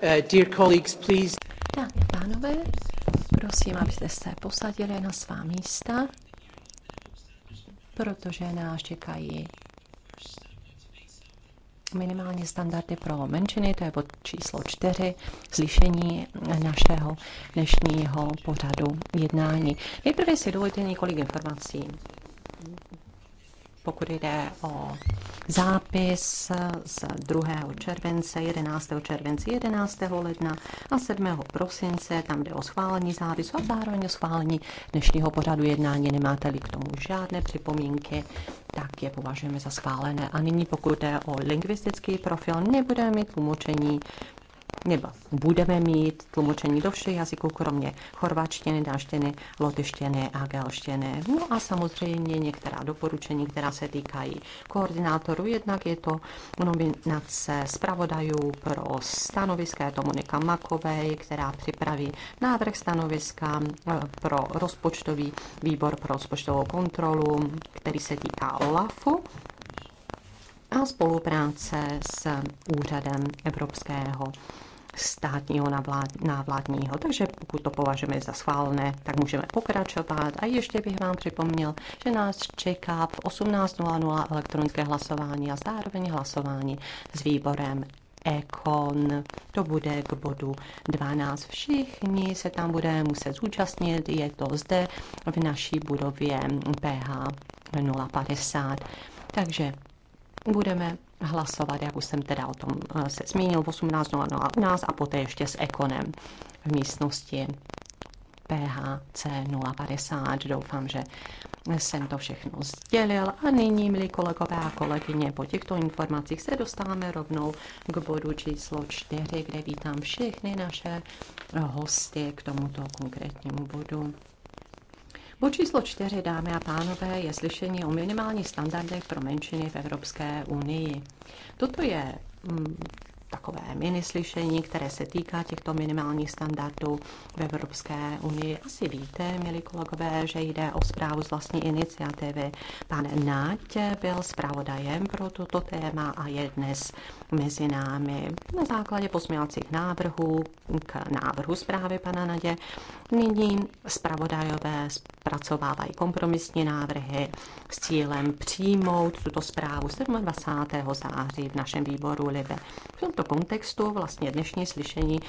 Eh, dear colleagues, please. Dámy a pánové, prosím, abyste se posadili na svá místa, protože nás čekají minimálně standardy pro menšiny, to je bod číslo čtyři, slyšení našeho dnešního pořadu jednání. Nejprve si dovolte několik informací pokud jde o zápis z 2. července, 11. července, 11. ledna a 7. prosince, tam jde o schválení zápisu a zároveň o schválení dnešního pořadu jednání. Nemáte-li k tomu žádné připomínky, tak je považujeme za schválené. A nyní, pokud jde o lingvistický profil, nebudeme mít tlumočení nebo budeme mít tlumočení do všech jazyků, kromě chorvačtiny, dáštiny, lotyštiny a gelštiny. No a samozřejmě některá doporučení, která se týkají koordinátorů. Jednak je to nominace zpravodajů pro stanoviska, je to Monika Makovej, která připraví návrh stanoviska eh, pro rozpočtový výbor pro rozpočtovou kontrolu, který se týká OLAFu a spolupráce s Úřadem Evropského státního na vládního. Takže pokud to považujeme za schválné, tak můžeme pokračovat. A ještě bych vám připomněl, že nás čeká v 18.00 elektronické hlasování a zároveň hlasování s výborem Ekon. To bude k bodu 12. Všichni se tam budeme muset zúčastnit. Je to zde v naší budově PH 050. Takže budeme hlasovat, jak už jsem teda o tom eh, se zmínil, 18.00 u nás a poté ještě s Ekonem v místnosti PHC 050. Doufám, že jsem to všechno sdělil a nyní, milí kolegové a kolegyně, po těchto informacích se dostáváme rovnou k bodu číslo 4, kde vítám všechny naše hosty k tomuto konkrétnímu bodu. Bod číslo čtyři, dámy a pánové, je slyšení o minimálních standardech pro menšiny v Evropské unii. Toto je mm, takové minislyšení, které se týká těchto minimálních standardů v Evropské unii. Asi víte, milí kolegové, že jde o zprávu z vlastní iniciativy. Pan Nať byl zpravodajem pro toto téma a je dnes mezi námi na základě pozměňovacích návrhů k návrhu zprávy pana Nadě. Nyní zpravodajové zpracovávají kompromisní návrhy s cílem přijmout tuto zprávu 27. září v našem výboru Libe tomto kontextu vlastně dnešní slyšení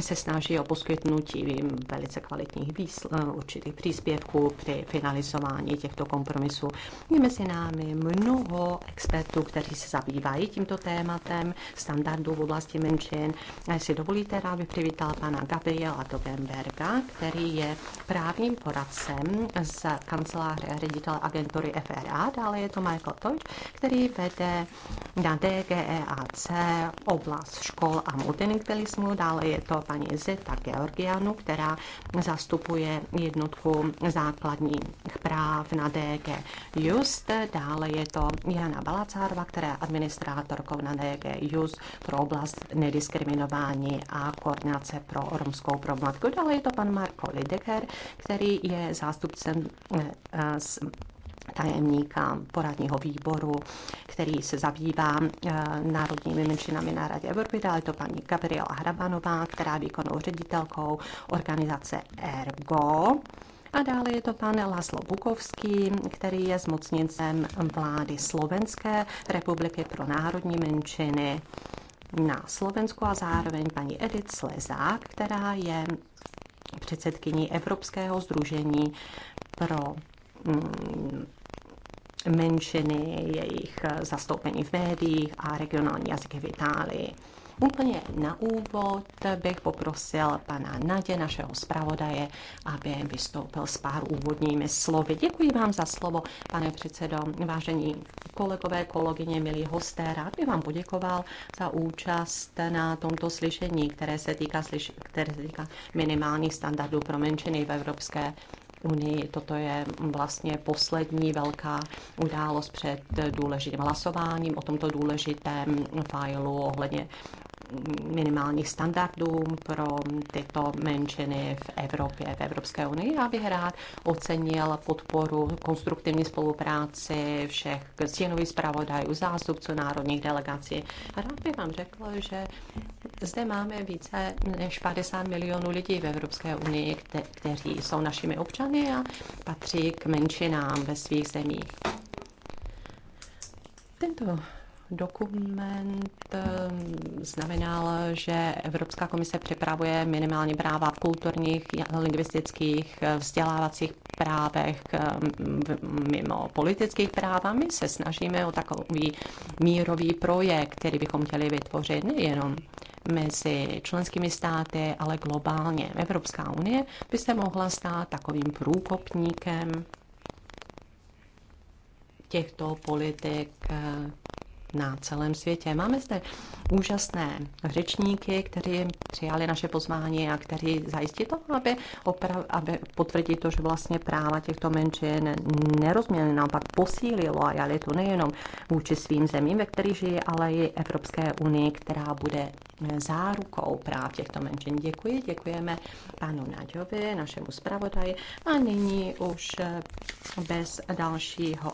se snaží o poskytnutí velice kvalitních výsl, určitých příspěvků při finalizování těchto kompromisů. Je mezi námi mnoho expertů, kteří se zabývají tímto tématem standardů v oblasti menšin. A jestli dovolíte, rád bych přivítala pana Gabriela Dogenberga, který je právním poradcem z kanceláře ředitele agentury FRA. Dále je to Michael Toč, který vede na DGEAC oblast hlas škol a multilingvalismu. Dále je to paní Zeta Georgianu, která zastupuje jednotku základních práv na DG Just. Dále je to Jana Balacárova, která je administrátorkou na DG Just pro oblast nediskriminování a koordinace pro romskou problematiku. Dále je to pan Marko Lideker, který je zástupcem eh, tajemníka poradního výboru, který se zabývá eh, národními menšinami na Radě Evropy. Dále to paní Gabriela Hrabanová, která je výkonnou ředitelkou organizace Ergo. A dále je to pan Laslo Bukovský, který je zmocněncem vlády Slovenské republiky pro národní menšiny na Slovensku a zároveň paní Edith Slezák, která je předsedkyní Evropského združení pro mm, menšiny, jejich eh, zastoupení v médiích a regionální jazyky v Itálii. Úplně na úvod bych poprosil pana Nadě, našeho zpravodaje, aby vystoupil s pár úvodními slovy. Děkuji vám za slovo, pane předsedo, vážení kolegové, kolegyně, milí hosté. Rád bych vám poděkoval za účast na tomto slyšení, které se týká, slyš- které se týká minimálních standardů pro menšiny v Evropské unii. Toto je vlastně poslední velká událost před důležitým hlasováním o tomto důležitém fajlu ohledně minimálních standardů pro tyto menšiny v Evropě, v Evropské unii. Já bych rád ocenil podporu konstruktivní spolupráci všech stěnových zpravodajů, zástupců národních delegací. Rád bych vám řekl, že zde máme více než 50 milionů lidí v Evropské unii, kte- kteří jsou našimi občany a patří k menšinám ve svých zemích. Tento dokument ehm, znamenal, že Evropská komise připravuje minimální práva v kulturních, lingvistických, vzdělávacích právech ehm, mimo politických práv a my se snažíme o takový mírový projekt, který bychom chtěli vytvořit nejenom mezi členskými státy, ale globálně. Evropská unie by se mohla stát takovým průkopníkem těchto politik, na celém světě. Máme zde úžasné řečníky, kteří přijali naše pozvání a kteří zajistí to, aby, oprav, aby potvrdí to, že vlastně práva těchto menšin nerozměrně naopak jali to nejenom vůči svým zemím, ve kterých žijí, ale i Evropské unii, která bude zárukou práv těchto menšin. Děkuji, děkujeme panu Naďovi, našemu zpravodaji a nyní už bez dalšího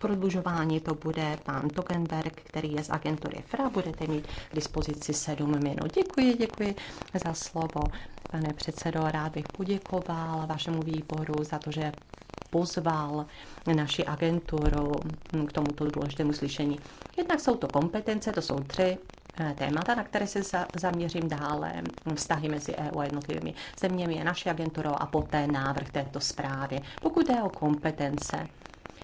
prodlužování to bude pan Tokenberg, který je z agentury FRA. Budete mít k dispozici sedm minut. Děkuji, děkuji za slovo. Pane předsedo, rád bych poděkoval vašemu výboru za to, že pozval naši agenturu k tomuto důležitému slyšení. Jednak jsou to kompetence, to jsou tři eh, témata, na které se zaměřím dále, vztahy mezi EU a jednotlivými zeměmi je naší agenturou a poté návrh této zprávy. Pokud jde o kompetence,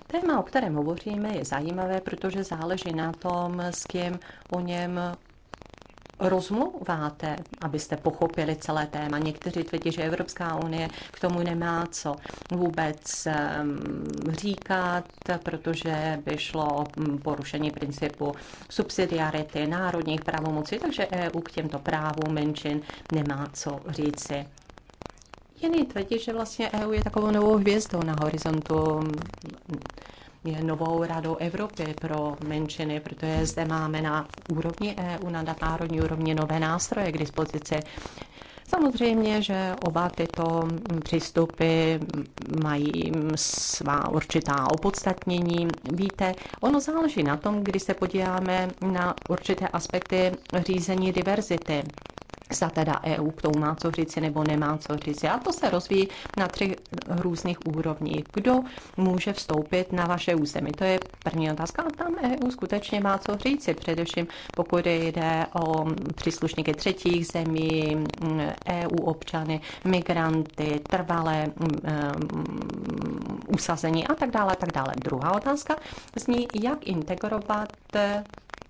Téma, o kterém hovoříme, je zajímavé, protože záleží na tom, s kým o něm rozmluváte, abyste pochopili celé téma. Někteří tvrdí, že Evropská unie k tomu nemá co vůbec říkat, protože by šlo o porušení principu subsidiarity národních pravomocí, takže EU k těmto právům menšin nemá co říci. Jiný tvrdí, že vlastně EU je takovou novou hvězdou na horizontu, je novou radou Evropy pro menšiny, protože zde máme na úrovni EU, na národní úrovni nové nástroje k dispozici. Samozřejmě, že oba tyto přístupy mají svá určitá opodstatnění. Víte, ono záleží na tom, když se podíváme na určité aspekty řízení diverzity za teda EU k tomu má co říci nebo nemá co říci. A to se rozvíjí na třech různých úrovních. Kdo může vstoupit na vaše území? To je první otázka. A tam EU skutečně má co říci, především pokud jde o příslušníky třetích zemí, EU občany, migranty, trvalé um, usazení a tak dále, a tak dále. Druhá otázka zní, jak integrovat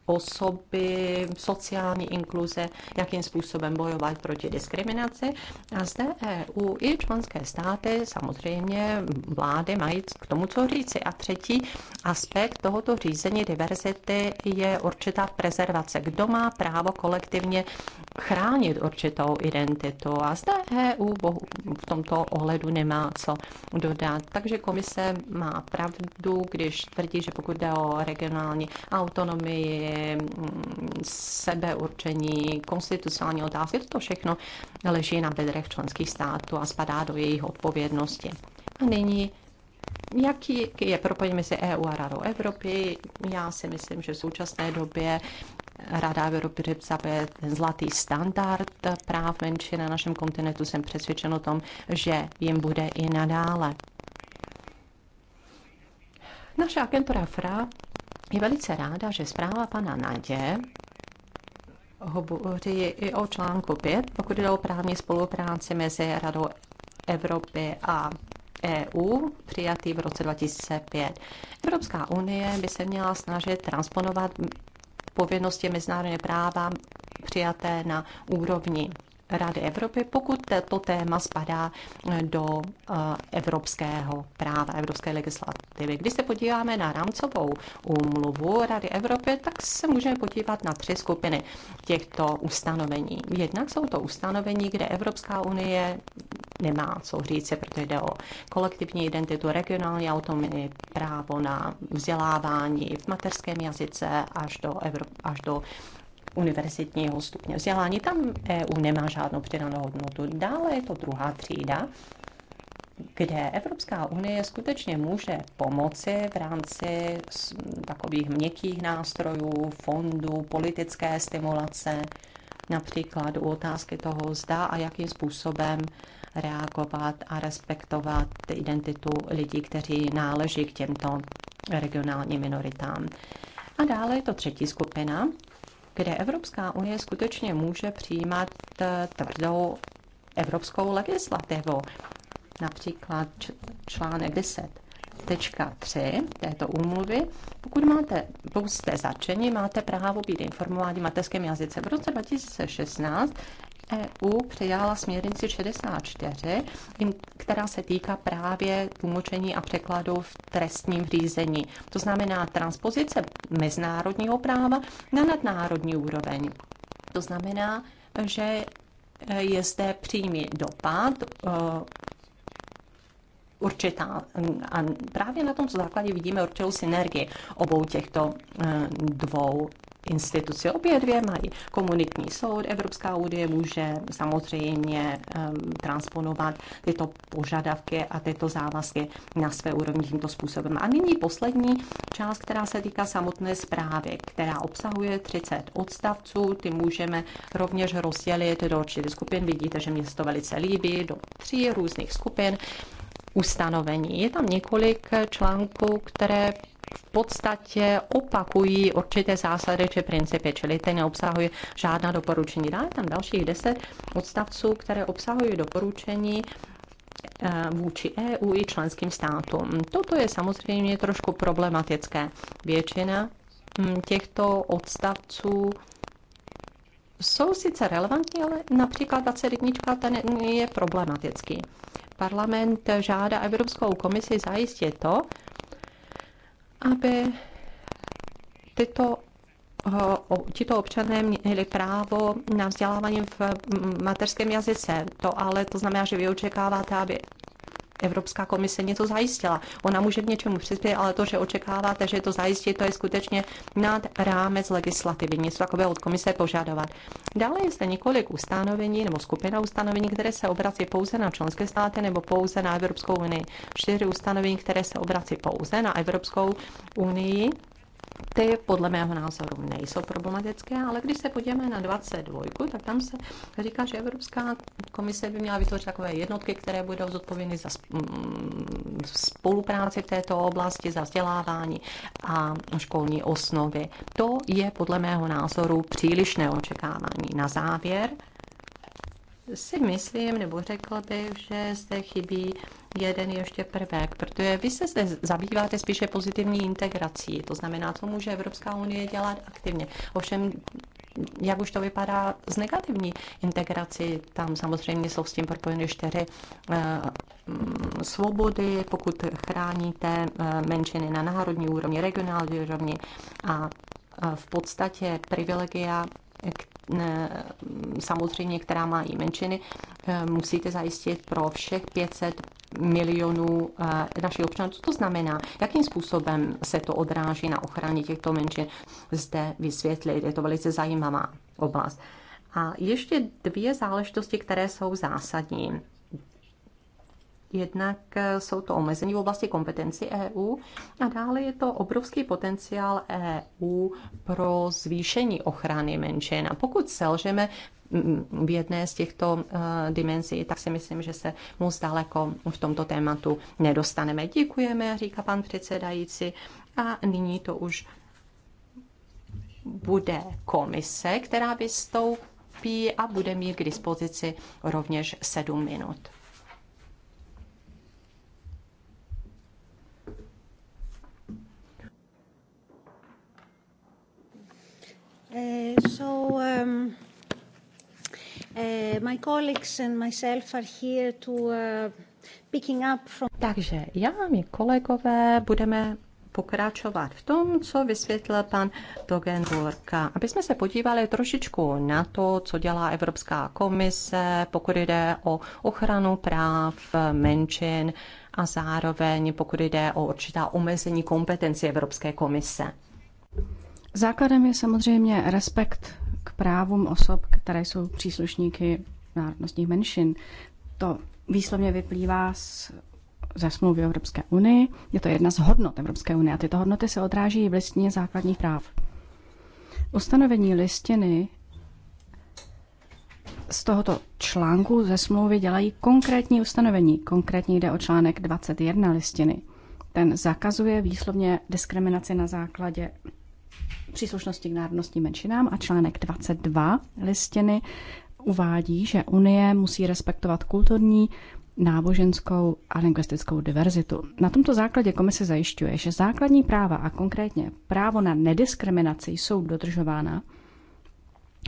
osoby, sociální inkluze, jakým způsobem bojovat proti diskriminaci. A zde EU i členské státy, samozřejmě vlády mají k tomu co říci. A třetí aspekt tohoto řízení diverzity je určitá prezervace. Kdo má právo kolektivně chránit určitou identitu? A zde EU v tomto ohledu nemá co dodat. Takže komise má pravdu, když tvrdí, že pokud jde o regionální autonomii, sebeurčení, konstitucionální otázky, toto všechno leží na bedrech členských států a spadá do jejich odpovědnosti. A nyní Jaký je propojení mezi EU a Radou Evropy? Já si myslím, že v současné době Rada Evropy představuje ten zlatý standard práv menšin na našem kontinentu. Jsem přesvědčen o tom, že jim bude i nadále. Naše agentura FRA je velice ráda, že zpráva pana Nadě hovoří i o článku 5, pokud jde o právní spolupráci mezi Radou Evropy a EU, přijatý v roce 2005. Evropská unie by se měla snažit transponovat povinnosti mezinárodně práva přijaté na úrovni Rady Evropy, pokud to téma spadá eh, do eh, evropského práva, evropské legislativy. Když se podíváme na rámcovou úmluvu Rady Evropy, tak se můžeme podívat na tři skupiny těchto ustanovení. Jednak jsou to ustanovení, kde Evropská unie nemá co říct, protože jde o kolektivní identitu, regionální autonomii, právo na vzdělávání v mateřském jazyce až do, Evrop, až do univerzitního stupně vzdělání. Tam EU nemá žádnou přidanou hodnotu. Dále je to druhá třída, kde Evropská unie skutečně může pomoci v rámci takových měkkých nástrojů, fondů, politické stimulace, například u otázky toho, zda a jakým způsobem reagovat a respektovat identitu lidí, kteří náleží k těmto regionálním minoritám. A dále je to třetí skupina, kde Evropská unie skutečně může přijímat eh, tvrdou evropskou legislativu. Například článek 3 této úmluvy. Pokud, máte, pokud jste začeni, máte právo být informováni v mateřském jazyce. V roce 2016 EU přijala směrnici 64, která se týká právě tlumočení a překladu v trestním řízení. To znamená transpozice mezinárodního práva na nadnárodní úroveň. To znamená, že e, je zde přímý dopad e, určitá. A právě na tomto základě vidíme určitou synergii obou těchto e, dvou instituce. Obě dvě mají komunitní soud. Evropská unie může samozřejmě ehm, transponovat tyto požadavky a tyto závazky na své úrovni tímto způsobem. A nyní poslední část, která se týká samotné zprávy, která obsahuje 30 odstavců. Ty můžeme rovněž rozdělit do určitých skupin. Vidíte, že mě se to velice líbí, do tří různých skupin ustanovení. Je tam několik článků, které v podstatě opakují určité zásady či principy, čili ten neobsahuje žádná doporučení. Dále tam dalších deset odstavců, které obsahují doporučení eh, vůči EU i členským státům. Toto je samozřejmě trošku problematické. Většina hm, těchto odstavců jsou sice relevantní, ale například 21. ten je problematický. Parlament žádá Evropskou komisi zajistit to, aby tyto eh, tito občané měli právo na vzdělávání v mm, mateřském jazyce. To ale to znamená, že vy očekáváte, aby Evropská komise něco zajistila. Ona může k něčemu přispět, ale to, že očekáváte, že to zajistí, to je skutečně nad rámec legislativy. Něco takového od komise požadovat. Dále je zde několik ustanovení nebo skupina ustanovení, které se obrací pouze na členské státy nebo pouze na Evropskou unii. Čtyři ustanovení, které se obrací pouze na Evropskou unii ty podle mého názoru nejsou problematické, ale když se podíváme na 22, tak tam se říká, že Evropská komise by měla vytvořit takové jednotky, které budou zodpovědny za mm, spolupráci v této oblasti, za vzdělávání a školní osnovy. To je podle mého názoru přílišné očekávání. Na závěr si myslím, nebo řekl bych, že zde chybí jeden ještě prvek, protože vy se zde zabýváte spíše pozitivní integrací, to znamená co může Evropská unie dělá aktivně. Ovšem, jak už to vypadá z negativní integrací, tam samozřejmě jsou s tím propojeny čtyři eh, mm, svobody, pokud chráníte eh, menšiny na národní úrovni, regionální úrovni a v podstatě privilegia, Eh, samozřejmě, která má i menšiny, eh, musíte zajistit pro všech 500 milionů eh, našich občanů. Co to znamená? Jakým způsobem se to odráží na ochraně těchto menšin? Zde vysvětlit. Je to velice zajímavá oblast. A ještě dvě záležitosti, které jsou zásadní. Jednak eh, jsou to omezení v oblasti kompetenci EU a dále je to obrovský potenciál EU pro zvýšení ochrany menšin. A pokud selžeme mm, mm, v jedné z těchto eh, dimenzí, tak si myslím, že se mu daleko v tomto tématu nedostaneme. Děkujeme, říká pan předsedající. A nyní to už bude komise, která vystoupí a bude mít k dispozici rovněž sedm minut. Eh, so, um, uh, my colleagues and myself are here to uh, picking up from... Takže já a mý kolegové budeme pokračovat v tom, co vysvětlil pan Togenburg. Aby jsme se podívali trošičku na to, co dělá Evropská komise, pokud jde o ochranu práv menšin a zároveň pokud jde o určitá omezení kompetenci Evropské komise. Základem je samozřejmě respekt k právům osob, které jsou příslušníky národnostních menšin. To výslovně vyplývá z, ze smlouvy Evropské unii. Je to jedna z hodnot Evropské unie a tyto hodnoty se odráží v listině základních práv. Ustanovení listiny z tohoto článku ze smlouvy dělají konkrétní ustanovení. Konkrétně jde o článek 21 listiny. Ten zakazuje výslovně diskriminaci na základě příslušnosti k národnostním menšinám a článek 22 listiny uvádí, že Unie musí respektovat kulturní, náboženskou a lingvistickou diverzitu. Na tomto základě komise zajišťuje, že základní práva a konkrétně právo na nediskriminaci jsou dodržována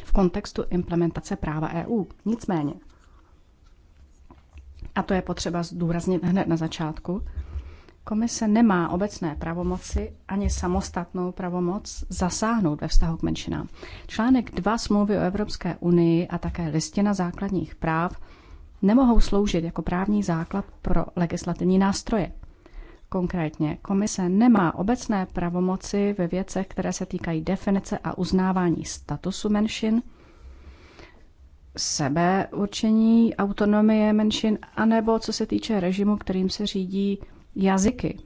v kontextu implementace práva EU. Nicméně, a to je potřeba zdůraznit hned na začátku, Komise nemá obecné pravomoci ani samostatnou pravomoc zasáhnout ve vztahu k menšinám. Článek 2 smlouvy o Evropské unii a také listina základních práv nemohou sloužit jako právní základ pro legislativní nástroje. Konkrétně komise nemá obecné pravomoci ve věcech, které se týkají definice a uznávání statusu menšin, sebeurčení autonomie menšin, anebo co se týče režimu, kterým se řídí jazyky.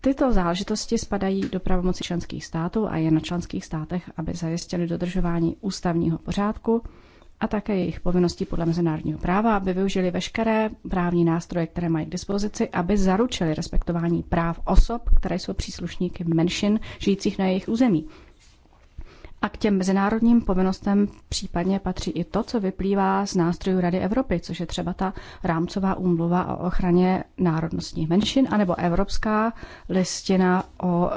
Tyto záležitosti spadají do pravomoci členských států a je na členských státech, aby zajistili dodržování ústavního pořádku a také jejich povinností podle mezinárodního práva, aby využili veškeré právní nástroje, které mají k dispozici, aby zaručili respektování práv osob, které jsou příslušníky menšin žijících na jejich území. A k těm mezinárodním povinnostem případně patří i to, co vyplývá z nástrojů Rady Evropy, což je třeba ta rámcová úmluva o ochraně národnostních menšin, anebo Evropská listina o eh,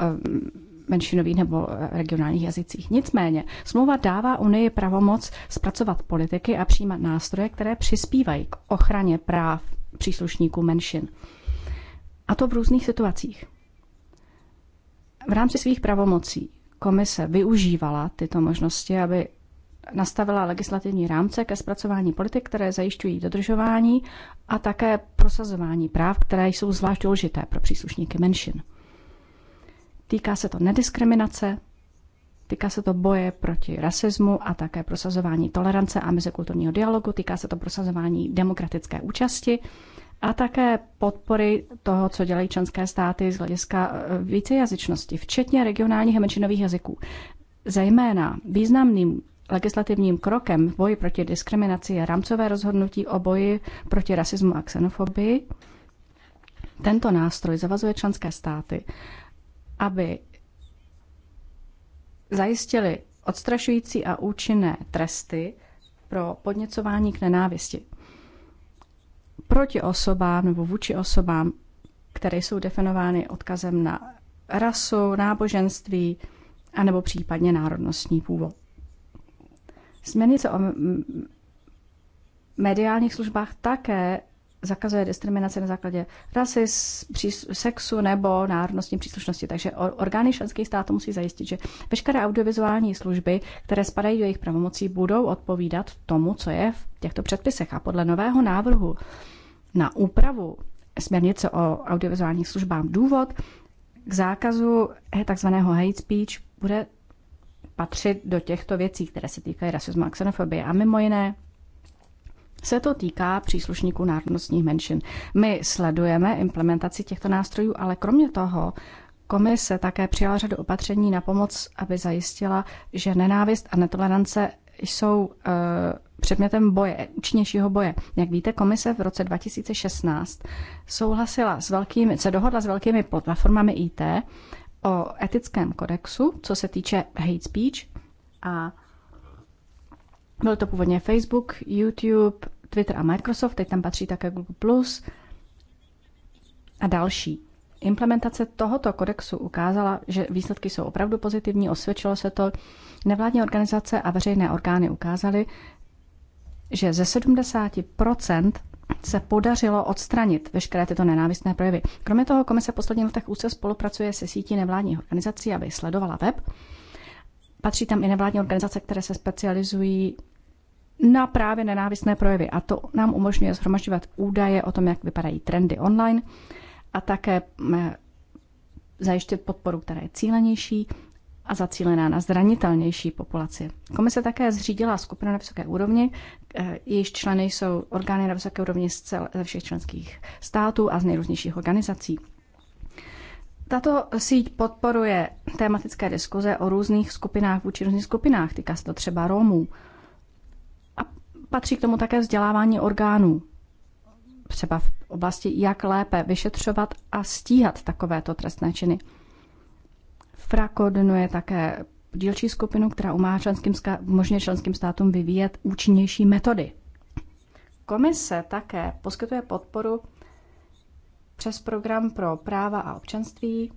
menšinových nebo eh, regionálních jazycích. Nicméně, smlouva dává Unii pravomoc zpracovat politiky a přijímat nástroje, které přispívají k ochraně práv příslušníků menšin. A to v různých situacích. V rámci svých pravomocí komise využívala tyto možnosti, aby nastavila legislativní rámce ke zpracování politik, které zajišťují dodržování a také prosazování práv, které jsou zvlášť důležité pro příslušníky menšin. Týká se to nediskriminace, týká se to boje proti rasismu a také prosazování tolerance a mezikulturního dialogu, týká se to prosazování demokratické účasti a také podpory toho, co dělají členské státy z hlediska eh, vícejazyčnosti, včetně regionálních a menšinových jazyků. Zejména významným legislativním krokem v boji proti diskriminaci je rámcové rozhodnutí o boji proti rasismu a xenofobii. Tento nástroj zavazuje členské státy, aby zajistili odstrašující a účinné tresty pro podněcování k nenávisti proti osobám nebo vůči osobám, které jsou definovány odkazem na rasu, náboženství anebo případně národnostní původ. Směrnice o mediálních službách také zakazuje diskriminace na základě rasy, sexu nebo národnostní příslušnosti. Takže orgány členských států musí zajistit, že veškeré audiovizuální služby, které spadají do jejich pravomocí, budou odpovídat tomu, co je v těchto předpisech. A podle nového návrhu na úpravu směrnice o audiovizuálních službám důvod k zákazu eh, takzvaného hate speech bude patřit do těchto věcí, které se týkají rasismu a xenofobie. A mimo jiné se to týká příslušníků národnostních menšin. My sledujeme implementaci těchto nástrojů, ale kromě toho komise také přijala řadu opatření na pomoc, aby zajistila, že nenávist a netolerance jsou eh, předmětem boje, účinnějšího boje. Jak víte, komise v roce 2016 souhlasila s velkými, se dohodla s velkými platformami IT o etickém kodexu, co se týče hate speech a byl to původně Facebook, YouTube, Twitter a Microsoft, teď tam patří také Google+, Plus a další. Implementace tohoto kodexu ukázala, že výsledky jsou opravdu pozitivní, osvědčilo se to. Nevládní organizace a veřejné orgány ukázaly, že ze 70% se podařilo odstranit veškeré tyto nenávistné projevy. Kromě toho komise v posledních letech úzce spolupracuje se sítí nevládních organizací, aby sledovala web. Patří tam i nevládní organizace, které se specializují na právě nenávistné projevy a to nám umožňuje zhromažďovat údaje o tom, jak vypadají trendy online a také eh, zajištět podporu, která je cílenější a zacílená na zranitelnější populaci. Komise také zřídila skupinu na vysoké úrovni, eh, jejíž členy jsou orgány na vysoké úrovni z cel, ze všech členských států a z nejrůznějších organizací. Tato síť podporuje tematické diskuze o různých skupinách vůči různých skupinách, týká se to třeba Romů. A patří k tomu také vzdělávání orgánů, třeba v oblasti, jak lépe vyšetřovat a stíhat takovéto trestné činy. FRA koordinuje také dílčí skupinu, která umá členským, možně členským státům vyvíjet účinnější metody. Komise také poskytuje podporu přes program pro práva a občanství,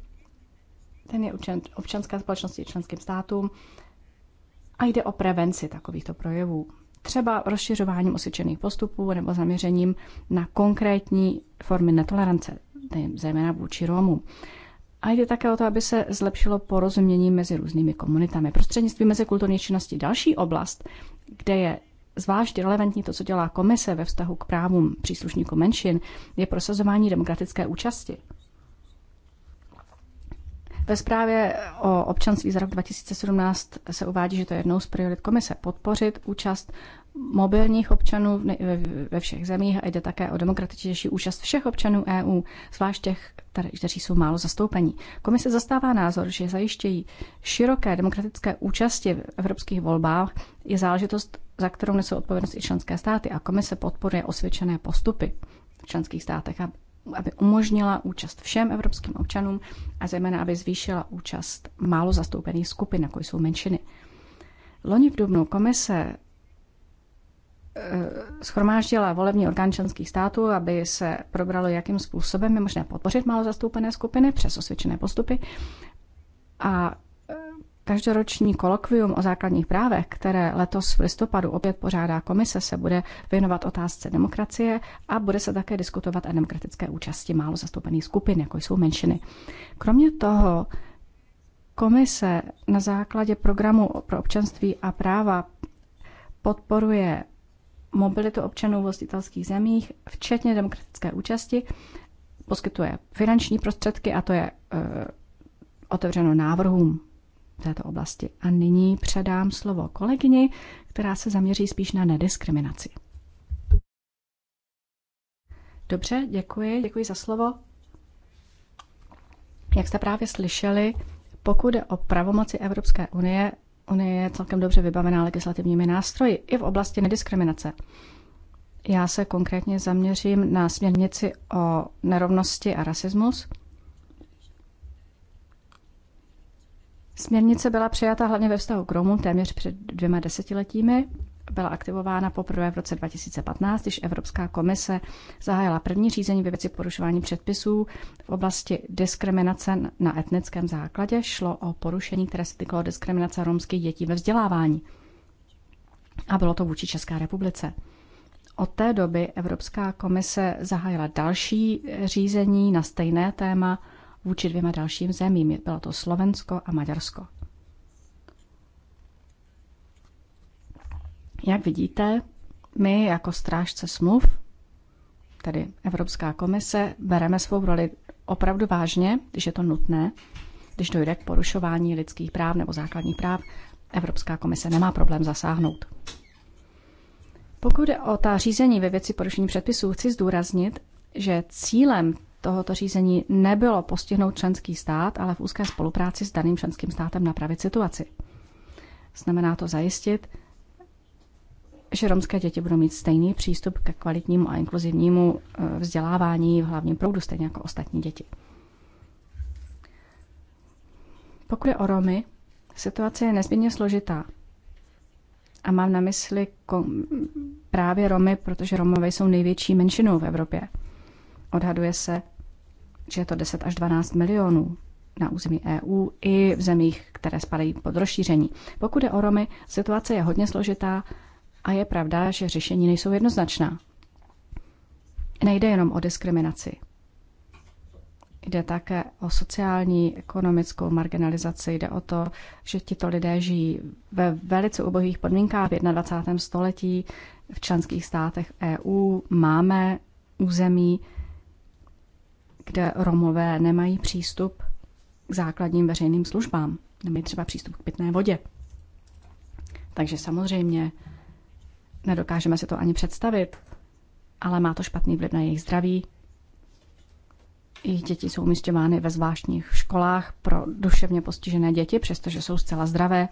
ten je občan, občanská společnosti členským státům, a jde o prevenci takovýchto projevů. Třeba rozšiřováním osvědčených postupů nebo zaměřením na konkrétní formy netolerance, zejména vůči Romům. A jde také o to, aby se zlepšilo porozumění mezi různými komunitami. Prostřednictvím mezikulturní činnosti další oblast, kde je zvlášť relevantní to, co dělá komise ve vztahu k právům příslušníků menšin, je prosazování demokratické účasti. Ve zprávě o občanství za rok 2017 se uvádí, že to je jednou z priorit komise podpořit účast mobilních občanů ve všech zemích a jde také o demokratičtější účast všech občanů EU, zvlášť těch, kteří jsou málo zastoupení. Komise zastává názor, že zajištění široké demokratické účasti v evropských volbách je záležitost, za kterou nesou odpovědnost i členské státy a komise podporuje osvědčené postupy v členských státech, aby umožnila účast všem evropským občanům a zejména, aby zvýšila účast málo zastoupených skupin, jako jsou menšiny. Loni v Dubnu komise Eh, schromáždila volební orgán členských států, aby se probralo, jakým způsobem je možné podpořit málo zastoupené skupiny přes osvědčené postupy. A eh, každoroční kolokvium o základních právech, které letos v listopadu opět pořádá komise, se bude věnovat otázce demokracie a bude se také diskutovat o demokratické účasti málo zastoupených skupin, jako jsou menšiny. Kromě toho, komise na základě programu pro občanství a práva podporuje mobilitu občanů v hostitelských zemích, včetně demokratické účasti, poskytuje finanční prostředky a to je e, otevřeno návrhům této oblasti. A nyní předám slovo kolegyni, která se zaměří spíš na nediskriminaci. Dobře, děkuji, děkuji za slovo. Jak jste právě slyšeli, pokud je o pravomoci Evropské unie Unie je celkem dobře vybavená legislativními nástroji i v oblasti nediskriminace. Já se konkrétně zaměřím na směrnici o nerovnosti a rasismus. Směrnice byla přijata hlavně ve vztahu k Romům téměř před dvěma desetiletími byla aktivována poprvé v roce 2015, když Evropská komise zahájila první řízení ve věci porušování předpisů v oblasti diskriminace na etnickém základě. Šlo o porušení, které se týkalo diskriminace romských dětí ve vzdělávání. A bylo to vůči České republice. Od té doby Evropská komise zahájila další řízení na stejné téma vůči dvěma dalším zemím. Bylo to Slovensko a Maďarsko. Jak vidíte, my jako strážce smluv, tedy Evropská komise, bereme svou roli opravdu vážně, když je to nutné, když dojde k porušování lidských práv nebo základních práv, Evropská komise nemá problém zasáhnout. Pokud je o ta řízení ve věci porušení předpisů, chci zdůraznit, že cílem tohoto řízení nebylo postihnout členský stát, ale v úzké spolupráci s daným členským státem napravit situaci. Znamená to zajistit, že romské děti budou mít stejný přístup ke kvalitnímu a inkluzivnímu eh, vzdělávání v hlavním proudu, stejně jako ostatní děti. Pokud je o Romy, situace je nezbytně složitá. A mám na mysli právě Romy, protože Romové jsou největší menšinou v Evropě. Odhaduje se, že je to 10 až 12 milionů na území EU i v zemích, které spadají pod rozšíření. Pokud je o Romy, situace je hodně složitá a je pravda, že řešení nejsou jednoznačná. Nejde jenom o diskriminaci. Jde také o sociální, ekonomickou marginalizaci. Jde o to, že tito lidé žijí ve velice ubohých podmínkách v 21. století. V členských státech EU máme území, kde Romové nemají přístup k základním veřejným službám. Nemají třeba přístup k pitné vodě. Takže samozřejmě Nedokážeme si to ani představit, ale má to špatný vliv na jejich zdraví. Jejich děti jsou umístěvány ve zvláštních školách pro duševně postižené děti, přestože jsou zcela zdravé.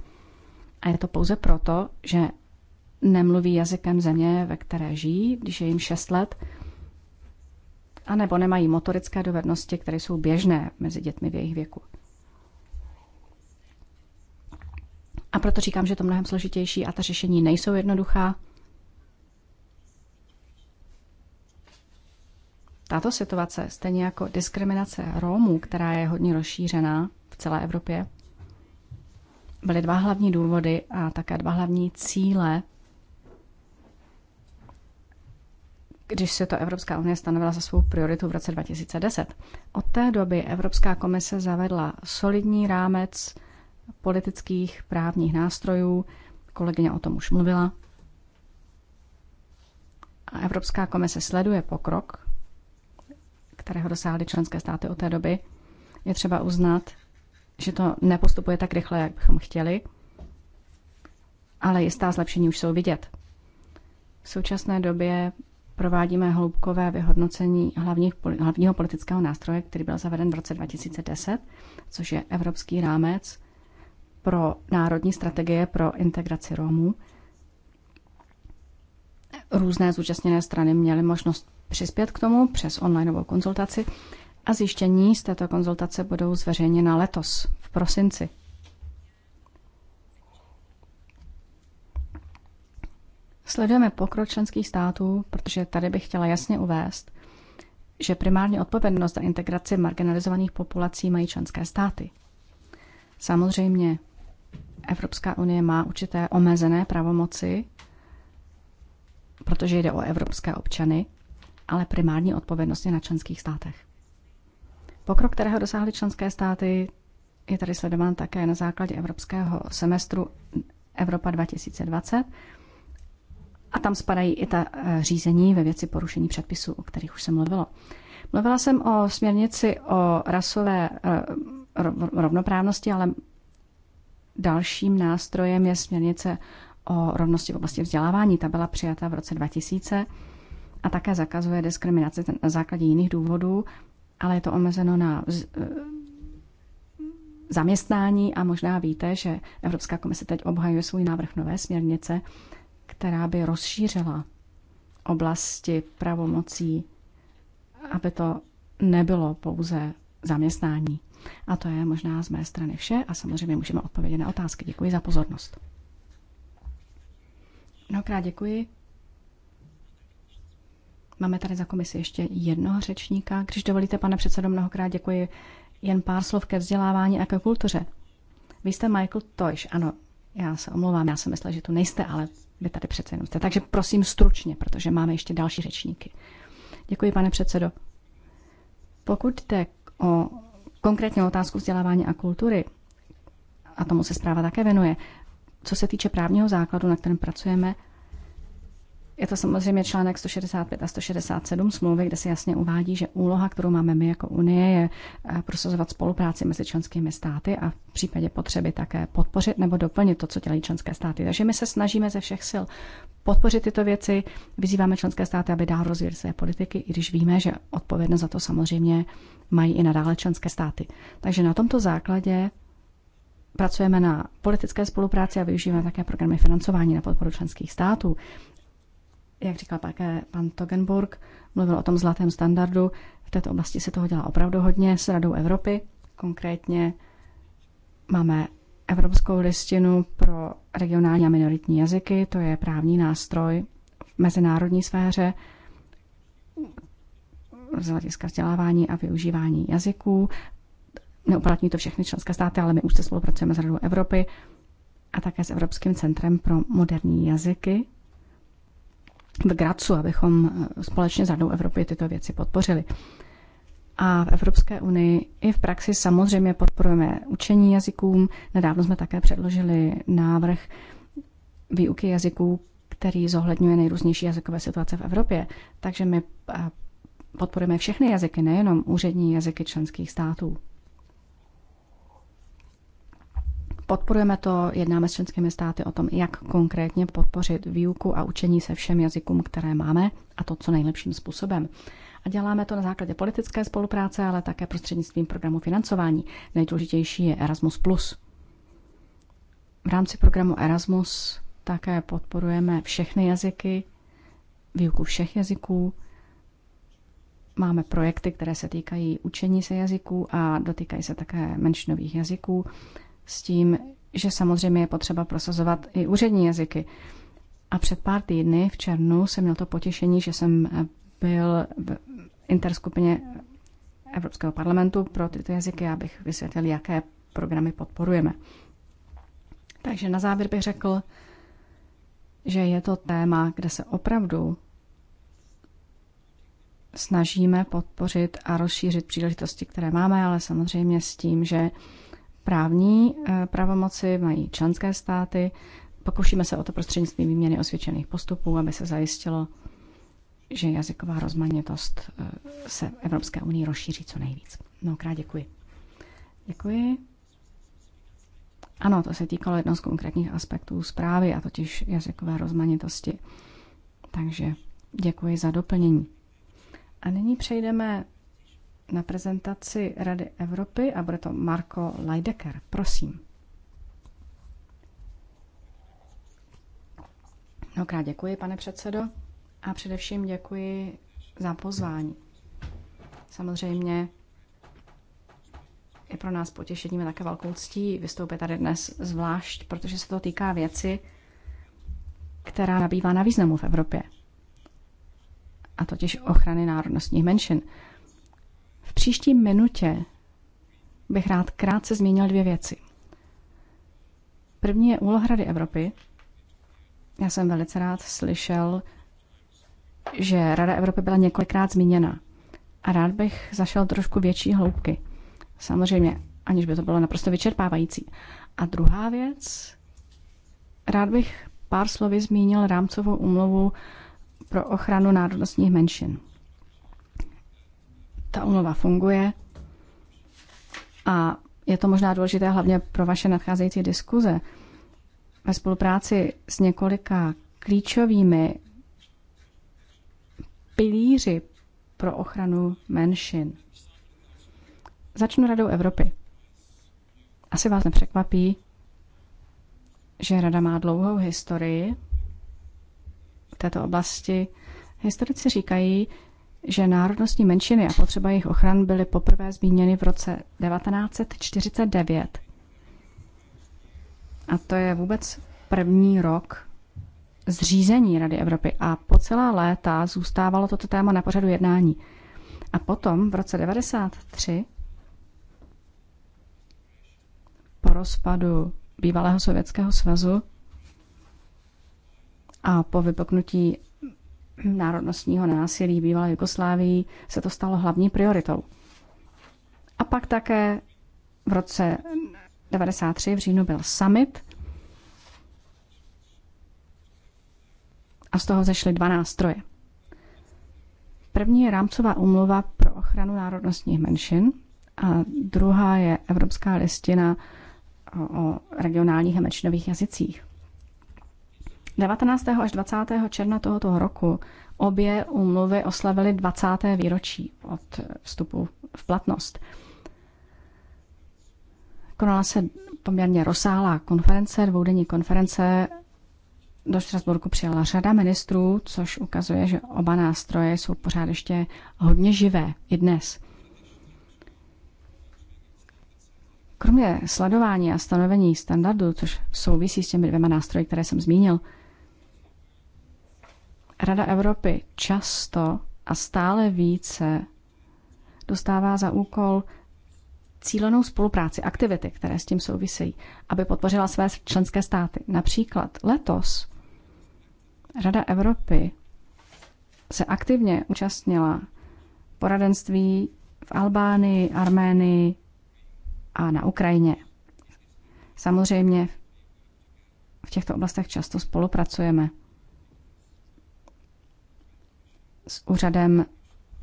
A je to pouze proto, že nemluví jazykem země, ve které žijí, když je jim 6 let, anebo nemají motorické dovednosti, které jsou běžné mezi dětmi v jejich věku. A proto říkám, že je to mnohem složitější a ta řešení nejsou jednoduchá. Tato situace, stejně jako diskriminace Rómů, která je hodně rozšířená v celé Evropě, byly dva hlavní důvody a také dva hlavní cíle, když se to Evropská unie stanovila za svou prioritu v roce 2010. Od té doby Evropská komise zavedla solidní rámec politických právních nástrojů, kolegyně o tom už mluvila, a Evropská komise sleduje pokrok kterého dosáhly členské státy od té doby, je třeba uznat, že to nepostupuje tak rychle, jak bychom chtěli, ale jistá zlepšení už jsou vidět. V současné době provádíme hloubkové vyhodnocení hlavního politického nástroje, který byl zaveden v roce 2010, což je Evropský rámec pro národní strategie pro integraci Romů. Různé zúčastněné strany měly možnost přispět k tomu přes onlineovou konzultaci a zjištění z této konzultace budou zveřejněna letos, v prosinci. Sledujeme pokrok členských států, protože tady bych chtěla jasně uvést, že primární odpovědnost za integraci marginalizovaných populací mají členské státy. Samozřejmě, Evropská unie má určité omezené pravomoci, protože jde o evropské občany, ale primární odpovědnost je na členských státech. Pokrok, kterého dosáhly členské státy, je tady sledován také na základě evropského semestru Evropa 2020 a tam spadají i ta eh, řízení ve věci porušení předpisů, o kterých už jsem mluvilo. Mluvila jsem o směrnici o rasové eh, rovnoprávnosti, ale dalším nástrojem je směrnice o rovnosti v oblasti vzdělávání. Ta byla přijata v roce 2000 a také zakazuje diskriminaci na základě jiných důvodů, ale je to omezeno na e, zaměstnání a možná víte, že Evropská komise teď obhajuje svůj návrh nové směrnice, která by rozšířila oblasti pravomocí, aby to nebylo pouze zaměstnání. A to je možná z mé strany vše a samozřejmě můžeme odpovědět na otázky. Děkuji za pozornost. Mnohokrát děkuji. Máme tady za komisi ještě jednoho řečníka. Když dovolíte, pane předsedo, mnohokrát děkuji. Jen pár slov ke vzdělávání a ke kultuře. Vy jste Michael Toš, ano, já se omlouvám, já jsem myslela, že tu nejste, ale vy tady přece jenom jste. Takže prosím stručně, protože máme ještě další řečníky. Děkuji, pane předsedo. Pokud jde o konkrétně otázku vzdělávání a kultury, a tomu se zpráva také věnuje, co se týče právního základu, na kterém pracujeme, je to samozřejmě článek 165 a 167 smlouvy, kde se jasně uvádí, že úloha, kterou máme my jako Unie, je eh, prosazovat spolupráci mezi členskými státy a v případě potřeby také podpořit nebo doplnit to, co dělají členské státy. Takže my se snažíme ze všech sil podpořit tyto věci, vyzýváme členské státy, aby dál rozvíjely své politiky, i když víme, že odpovědnost za to samozřejmě mají i nadále členské státy. Takže na tomto základě pracujeme na politické spolupráci a využíváme také programy financování na podporu členských států jak říkal také pan Togenburg, mluvil o tom zlatém standardu. V této oblasti se toho dělá opravdu hodně s Radou Evropy. Konkrétně máme Evropskou listinu pro regionální a minoritní jazyky, to je právní nástroj v mezinárodní sféře z hlediska vzdělávání a využívání jazyků. Neuplatní to všechny členské státy, ale my už se spolupracujeme s Radou Evropy a také s Evropským centrem pro moderní jazyky, v Gracu, abychom eh, společně s Radou Evropy tyto věci podpořili. A v Evropské unii i v praxi samozřejmě podporujeme učení jazykům. Nedávno jsme také předložili návrh výuky jazyků, který zohledňuje nejrůznější jazykové situace v Evropě. Takže my eh, podporujeme všechny jazyky, nejenom úřední jazyky členských států. Podporujeme to, jednáme s členskými státy o tom, jak konkrétně podpořit výuku a učení se všem jazykům, které máme, a to co nejlepším způsobem. A děláme to na základě politické spolupráce, ale také prostřednictvím programu financování. Nejdůležitější je Erasmus. V rámci programu Erasmus také podporujeme všechny jazyky, výuku všech jazyků. Máme projekty, které se týkají učení se jazyků a dotýkají se také menšinových jazyků s tím, že samozřejmě je potřeba prosazovat i úřední jazyky. A před pár týdny v černu jsem měl to potěšení, že jsem eh, byl v interskupině Evropského parlamentu pro tyto jazyky, abych vysvětlil, jaké programy podporujeme. Takže na závěr bych řekl, že je to téma, kde se opravdu snažíme podpořit a rozšířit příležitosti, které máme, ale samozřejmě s tím, že Právní eh, pravomoci mají členské státy. Pokoušíme se o to prostřednictvím výměny osvědčených postupů, aby se zajistilo, že jazyková rozmanitost eh, se v Evropské unii rozšíří co nejvíc. Mnohokrát děkuji. Děkuji. Ano, to se týkalo jednoho z konkrétních aspektů zprávy, a totiž jazykové rozmanitosti. Takže děkuji za doplnění. A nyní přejdeme na prezentaci Rady Evropy a bude to Marko Leidecker. Prosím. Mnohokrát děkuji, pane předsedo, a především děkuji za pozvání. Samozřejmě je pro nás potěšením a také velkou ctí vystoupit tady dnes zvlášť, protože se to týká věci, která nabývá na významu v Evropě, a totiž ochrany národnostních menšin příští minutě bych rád krátce zmínil dvě věci. První je úloha Rady Evropy. Já jsem velice rád slyšel, že Rada Evropy byla několikrát zmíněna. A rád bych zašel trošku větší hloubky. Samozřejmě, aniž by to bylo naprosto vyčerpávající. A druhá věc, rád bych pár slovy zmínil rámcovou umluvu pro ochranu národnostních menšin ta umluva funguje a je to možná důležité hlavně pro vaše nadcházející diskuze. Ve spolupráci s několika klíčovými pilíři pro ochranu menšin. Začnu Radou Evropy. Asi vás nepřekvapí, že Rada má dlouhou historii v této oblasti. Historici říkají, že národnostní menšiny a potřeba jejich ochran byly poprvé zmíněny v roce 1949. A to je vůbec první rok zřízení Rady Evropy. A po celá léta zůstávalo toto téma na pořadu jednání. A potom v roce 1993 po rozpadu bývalého Sovětského svazu a po vypoknutí národnostního násilí bývalé Jugoslávii se to stalo hlavní prioritou. A pak také v roce 93 v říjnu byl summit a z toho zešly dva nástroje. První je rámcová umluva pro ochranu národnostních menšin a druhá je Evropská listina o regionálních a menšinových jazycích. 19. až 20. června tohoto roku obě úmluvy oslavily 20. výročí od vstupu v platnost. Konala se poměrně rozsáhlá konference, dvoudenní konference. Do Štrasburku přijala řada ministrů, což ukazuje, že oba nástroje jsou pořád ještě hodně živé i dnes. Kromě sledování a stanovení standardů, což souvisí s těmi dvěma nástroji, které jsem zmínil, Rada Evropy často a stále více dostává za úkol cílenou spolupráci, aktivity, které s tím souvisejí, aby podpořila své členské státy. Například letos Rada Evropy se aktivně účastnila poradenství v Albánii, Arménii a na Ukrajině. Samozřejmě v těchto oblastech často spolupracujeme s úřadem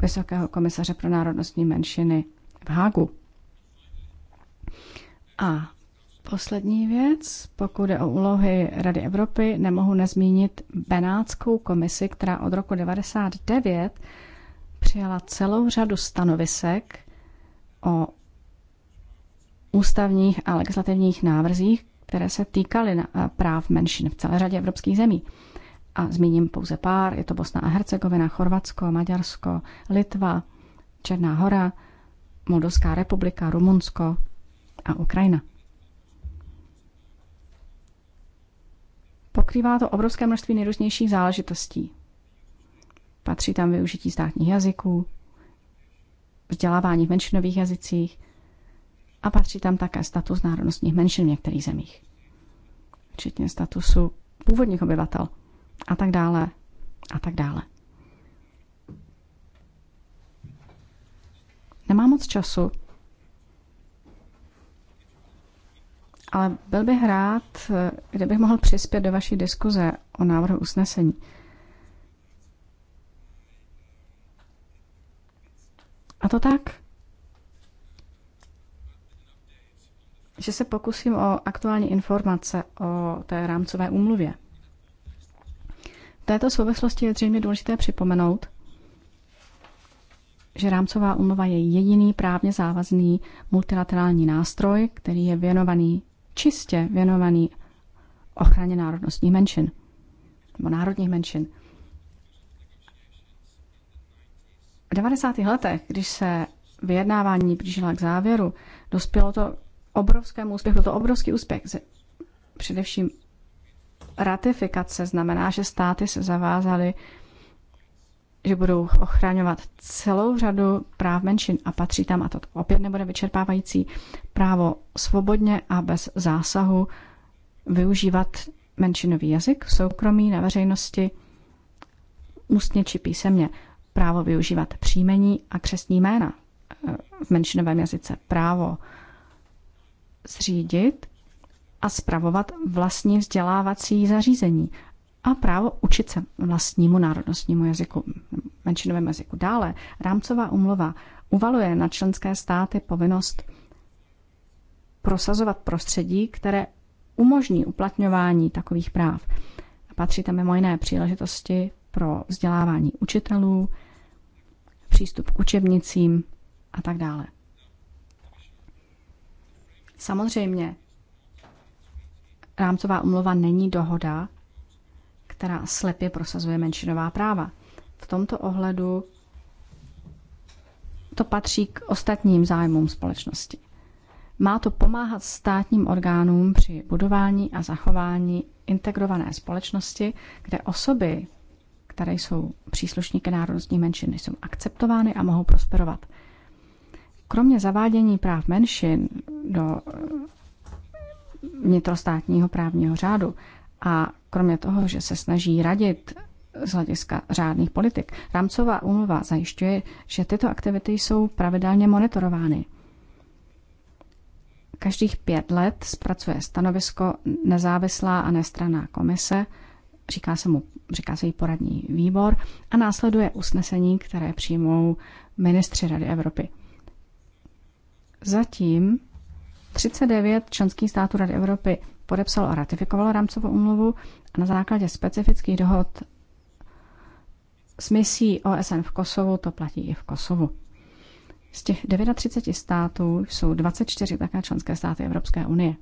Vysokého komisaře pro národnostní menšiny v Hágu. A poslední věc, pokud je o úlohy Rady Evropy, nemohu nezmínit Benátskou komisi, která od roku 1999 přijala celou řadu stanovisek o ústavních a legislativních návrzích, které se týkaly eh, práv menšin v celé řadě evropských zemí a zmíním pouze pár, je to Bosna a Hercegovina, Chorvatsko, Maďarsko, Litva, Černá hora, Moldovská republika, Rumunsko a Ukrajina. Pokrývá to obrovské množství nejrůznějších záležitostí. Patří tam využití státních jazyků, vzdělávání v menšinových jazycích a patří tam také status národnostních menšin v některých zemích, včetně statusu původních obyvatel – a tak dále a tak dále. Nemám moc času, ale byl bych rád, kdybych mohl přispět do vaší diskuze o návrhu usnesení. A to tak, že se pokusím o aktuální informace o té rámcové úmluvě této souvislosti je zřejmě důležité připomenout, že rámcová umluva je jediný právně závazný multilaterální nástroj, který je věnovaný, čistě věnovaný ochraně národnostních menšin, nebo národních menšin. V 90. letech, když se vyjednávání blížila k závěru, dospělo to obrovskému úspěchu, byl to obrovský úspěch, především ratifikace znamená, že státy se zavázaly, že budou ochraňovat celou řadu práv menšin a patří tam, a to opět nebude vyčerpávající, právo svobodně a bez zásahu využívat menšinový jazyk soukromí, na veřejnosti, ústně či písemně, právo využívat příjmení a křesní jména eh, v menšinovém jazyce, právo zřídit a spravovat vlastní vzdělávací zařízení a právo učit se vlastnímu národnostnímu jazyku, menšinovému jazyku. Dále rámcová umlova uvaluje na členské státy povinnost prosazovat prostředí, které umožní uplatňování takových práv. Patří tam mimo jiné příležitosti pro vzdělávání učitelů, přístup k učebnicím a tak dále. Samozřejmě rámcová umluva není dohoda, která slepě prosazuje menšinová práva. V tomto ohledu to patří k ostatním zájmům společnosti. Má to pomáhat státním orgánům při budování a zachování integrované společnosti, kde osoby, které jsou příslušníky národnostních menšiny, jsou akceptovány a mohou prosperovat. Kromě zavádění práv menšin do vnitrostátního právního řádu. A kromě toho, že se snaží radit z hlediska řádných politik, rámcová úmluva zajišťuje, že tyto aktivity jsou pravidelně monitorovány. Každých pět let zpracuje stanovisko nezávislá a nestraná komise, říká se, mu, říká se jí poradní výbor, a následuje usnesení, které přijmou ministři Rady Evropy. Zatím 39 členských států Rady Evropy podepsalo a ratifikovalo rámcovou umluvu a na základě specifických dohod s misí OSN v Kosovu to platí i v Kosovu. Z těch 39 států jsou 24 také členské státy Evropské unie.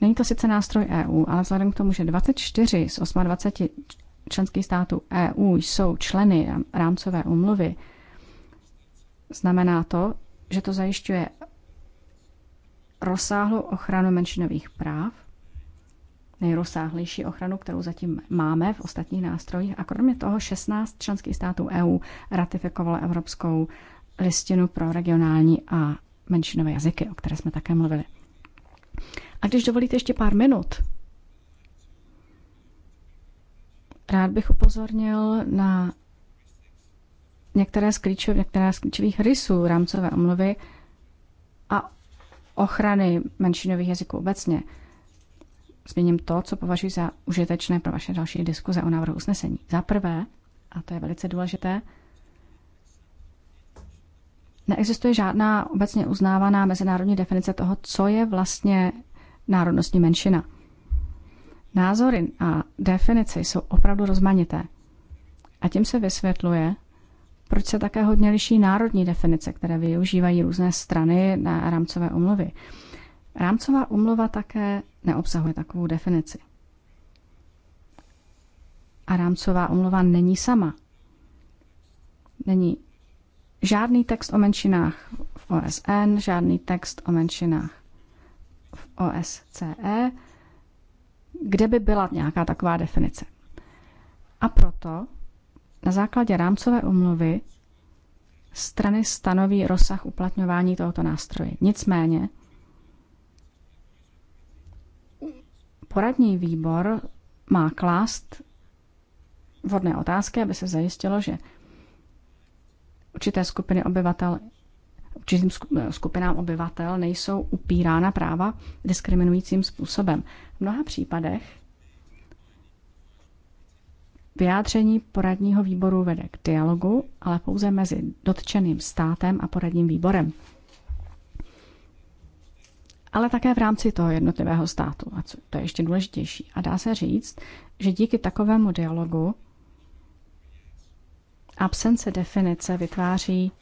Není to sice nástroj EU, ale vzhledem k tomu, že 24 z 28 členských států EU jsou členy rámcové umluvy, znamená to, že to zajišťuje rozsáhlou ochranu menšinových práv, nejrozsáhlejší ochranu, kterou zatím máme v ostatních nástrojích. A kromě toho 16 členských států EU ratifikovalo Evropskou listinu pro regionální a menšinové jazyky, o které jsme také mluvili. A když dovolíte ještě pár minut, rád bych upozornil na některé z, klíčov, některé z klíčových rysů rámcové omluvy a ochrany menšinových jazyků obecně. změním to, co považuji za užitečné pro vaše další diskuze o návrhu usnesení. Za prvé, a to je velice důležité, neexistuje žádná obecně uznávaná mezinárodní definice toho, co je vlastně národnostní menšina. Názory a definice jsou opravdu rozmanité. A tím se vysvětluje, proč se také hodně liší národní definice, které využívají různé strany na rámcové umluvy. Rámcová umluva také neobsahuje takovou definici. A rámcová umluva není sama. Není žádný text o menšinách v OSN, žádný text o menšinách v OSCE, kde by byla nějaká taková definice. A proto na základě rámcové umluvy strany stanoví rozsah uplatňování tohoto nástroje. Nicméně poradní výbor má klást vodné otázky, aby se zajistilo, že určité skupiny obyvatel, určitým eh, skupinám obyvatel nejsou upírána práva diskriminujícím způsobem. V mnoha případech Vyjádření poradního výboru vede k dialogu, ale pouze mezi dotčeným státem a poradním výborem. Ale také v rámci toho jednotlivého státu, a co, to je ještě důležitější. A dá se říct, že díky takovému dialogu absence definice vytváří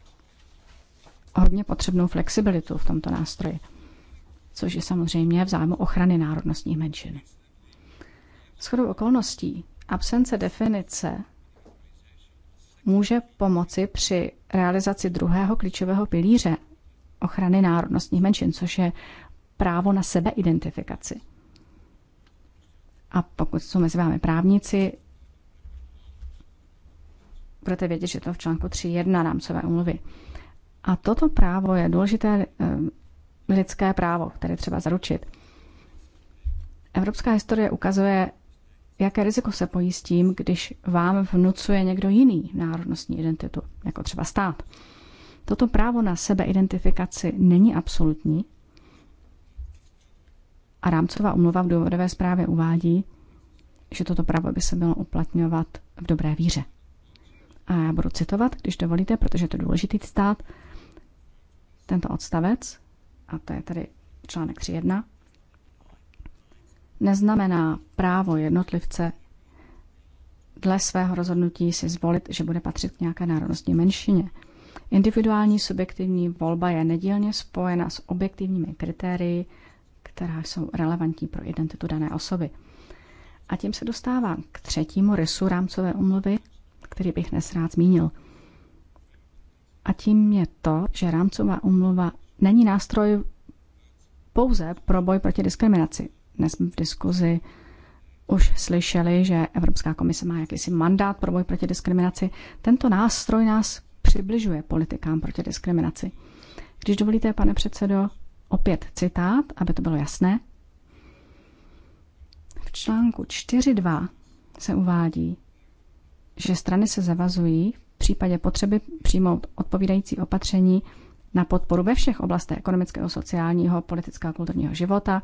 hodně potřebnou flexibilitu v tomto nástroji, což je samozřejmě v zájmu ochrany národnostních menšin. Shodou okolností Absence definice může pomoci při realizaci druhého klíčového pilíře ochrany národnostních menšin, což je právo na sebeidentifikaci. A pokud jsou mezi vámi právníci, budete vědět, že to v článku 3.1 rámcové umluvy. A toto právo je důležité eh, lidské právo, které třeba zaručit. Evropská historie ukazuje, jaké riziko se pojí s tím, když vám vnucuje někdo jiný národnostní identitu, jako třeba stát. Toto právo na sebeidentifikaci není absolutní a rámcová umluva v důvodové zprávě uvádí, že toto právo by se mělo uplatňovat v dobré víře. A já budu citovat, když dovolíte, protože to důležitý stát, tento odstavec, a to je tady článek neznamená právo jednotlivce dle svého rozhodnutí si zvolit, že bude patřit k nějaké národnostní menšině. Individuální subjektivní volba je nedílně spojena s objektivními kritérii, která jsou relevantní pro identitu dané osoby. A tím se dostávám k třetímu rysu rámcové umluvy, který bych dnes rád zmínil. A tím je to, že rámcová umluva není nástroj pouze pro boj proti diskriminaci dnes v diskuzi už slyšeli, že Evropská komise má jakýsi mandát pro boj proti diskriminaci. Tento nástroj nás přibližuje politikám proti diskriminaci. Když dovolíte, pane předsedo, opět citát, aby to bylo jasné. V článku 4.2 se uvádí, že strany se zavazují v případě potřeby přijmout odpovídající opatření na podporu ve všech oblastech ekonomického, sociálního, politického a kulturního života,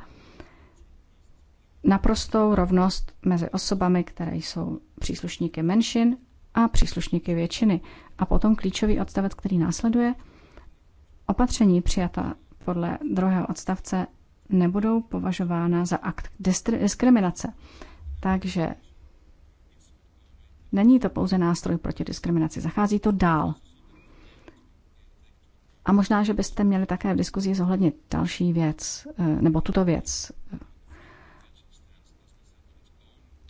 naprostou rovnost mezi osobami, které jsou příslušníky menšin a příslušníky většiny. A potom klíčový odstavec, který následuje, opatření přijata podle druhého odstavce nebudou považována za akt diskriminace. Takže není to pouze nástroj proti diskriminaci, zachází to dál. A možná, že byste měli také v diskuzi zohlednit další věc, eh, nebo tuto věc eh,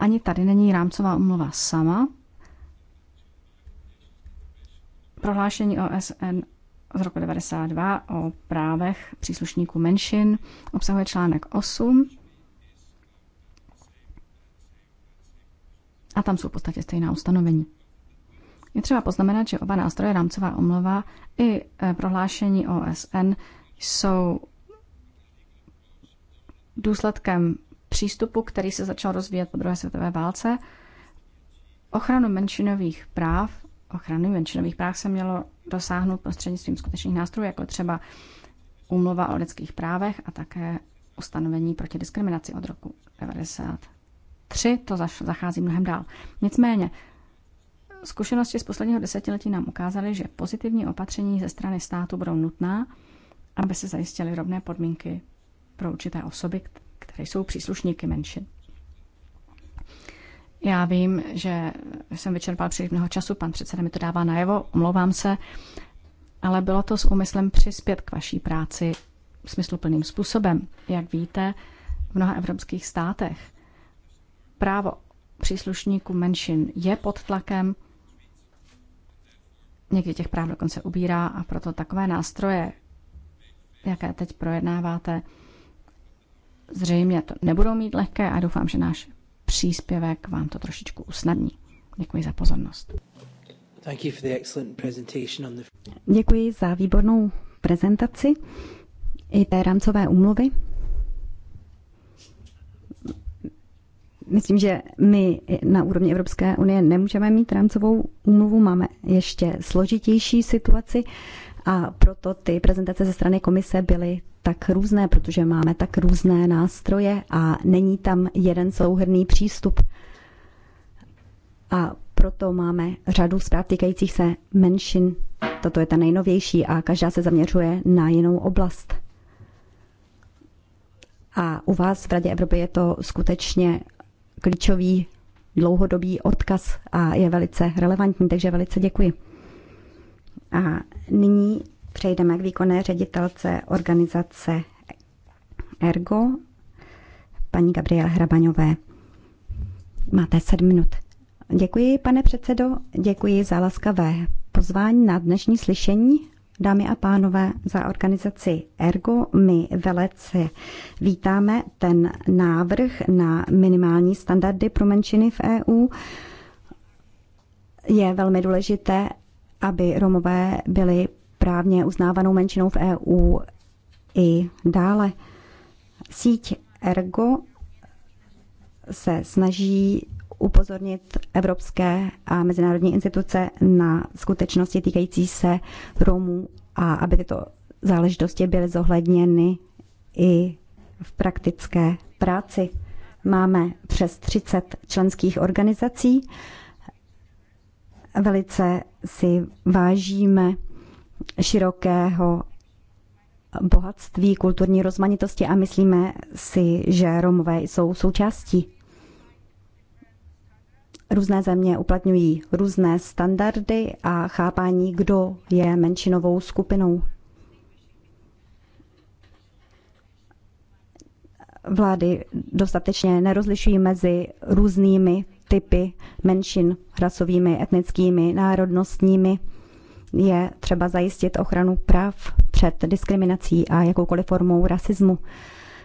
ani tady není rámcová umluva sama. Prohlášení OSN z roku 92 o právech příslušníků menšin obsahuje článek 8 a tam jsou v podstatě stejná ustanovení. Je třeba poznamenat, že oba nástroje, rámcová omlova i e, prohlášení OSN, jsou důsledkem přístupu, který se začal rozvíjet po druhé světové válce. Ochranu menšinových práv, ochranu menšinových práv se mělo dosáhnout prostřednictvím skutečných nástrojů, jako třeba úmluva o lidských právech a také ustanovení proti diskriminaci od roku 1993. To zachází mnohem dál. Nicméně, zkušenosti z posledního desetiletí nám ukázaly, že pozitivní opatření ze strany státu budou nutná, aby se zajistily rovné podmínky pro určité osoby, které jsou příslušníky menšin. Já vím, že jsem vyčerpal příliš mnoho času, pan předseda mi to dává najevo, omlouvám se, ale bylo to s úmyslem přispět k vaší práci smysluplným způsobem. Jak víte, v mnoha evropských státech právo příslušníků menšin je pod tlakem, někdy těch práv dokonce ubírá a proto takové nástroje, jaké teď projednáváte, Zřejmě to nebudou mít lehké a doufám, že náš příspěvek vám to trošičku usnadní. Děkuji za pozornost. Děkuji za výbornou prezentaci i té rámcové úmluvy. Myslím, že my na úrovni Evropské unie nemůžeme mít rámcovou úmluvu, máme ještě složitější situaci. A proto ty prezentace ze strany komise byly tak různé, protože máme tak různé nástroje a není tam jeden souhrný přístup. A proto máme řadu zpráv týkajících se menšin. Toto je ta nejnovější a každá se zaměřuje na jinou oblast. A u vás v Radě Evropy je to skutečně klíčový dlouhodobý odkaz a je velice relevantní, takže velice děkuji. A nyní přejdeme k výkonné ředitelce organizace Ergo, paní Gabriela Hrabaňové. Máte sedm minut. Děkuji, pane předsedo, děkuji za laskavé pozvání na dnešní slyšení. Dámy a pánové, za organizaci Ergo my velice vítáme ten návrh na minimální standardy pro menšiny v EU. Je velmi důležité, aby Romové byli právně uznávanou menšinou v EU i dále. Síť Ergo se snaží upozornit evropské a mezinárodní instituce na skutečnosti týkající se Romů a aby tyto záležitosti byly zohledněny i v praktické práci. Máme přes 30 členských organizací, Velice si vážíme širokého bohatství, kulturní rozmanitosti a myslíme si, že Romové jsou součástí. Různé země uplatňují různé standardy a chápání, kdo je menšinovou skupinou. Vlády dostatečně nerozlišují mezi různými typy menšin rasovými, etnickými, národnostními. Je třeba zajistit ochranu práv před diskriminací a jakoukoliv formou rasismu.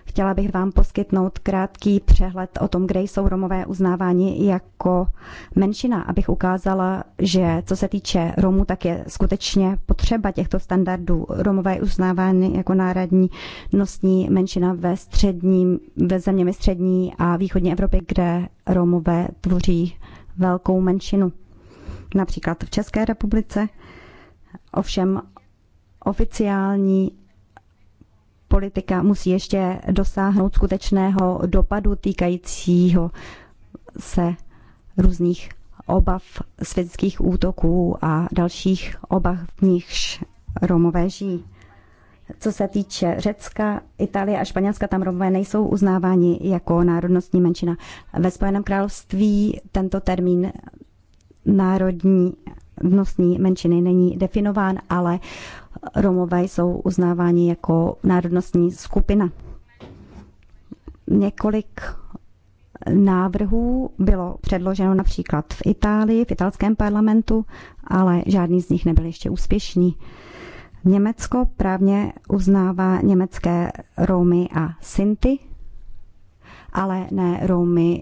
Chtěla bych vám poskytnout krátký přehled o tom, kde jsou Romové uznáváni jako menšina, abych ukázala, že co se týče Romů, tak je skutečně potřeba těchto standardů. Romové uznávání jako národní nosní menšina ve středním, ve zeměmi střední a východní Evropy, kde Romové tvoří velkou menšinu. Například v České republice. Ovšem oficiální politika musí ještě dosáhnout skutečného dopadu týkajícího se různých obav z fyzických útoků a dalších obav, v nichž Romové žijí. Co se týče Řecka, Itálie a Španělska, tam Romové nejsou uznáváni jako národnostní menšina. Ve Spojeném království tento termín národní nosní menšiny není definován, ale Romové jsou uznáváni jako národnostní skupina. Několik návrhů bylo předloženo například v Itálii, v italském parlamentu, ale žádný z nich nebyl ještě úspěšný. Německo právně uznává německé Romy a Sinty, ale ne Romy,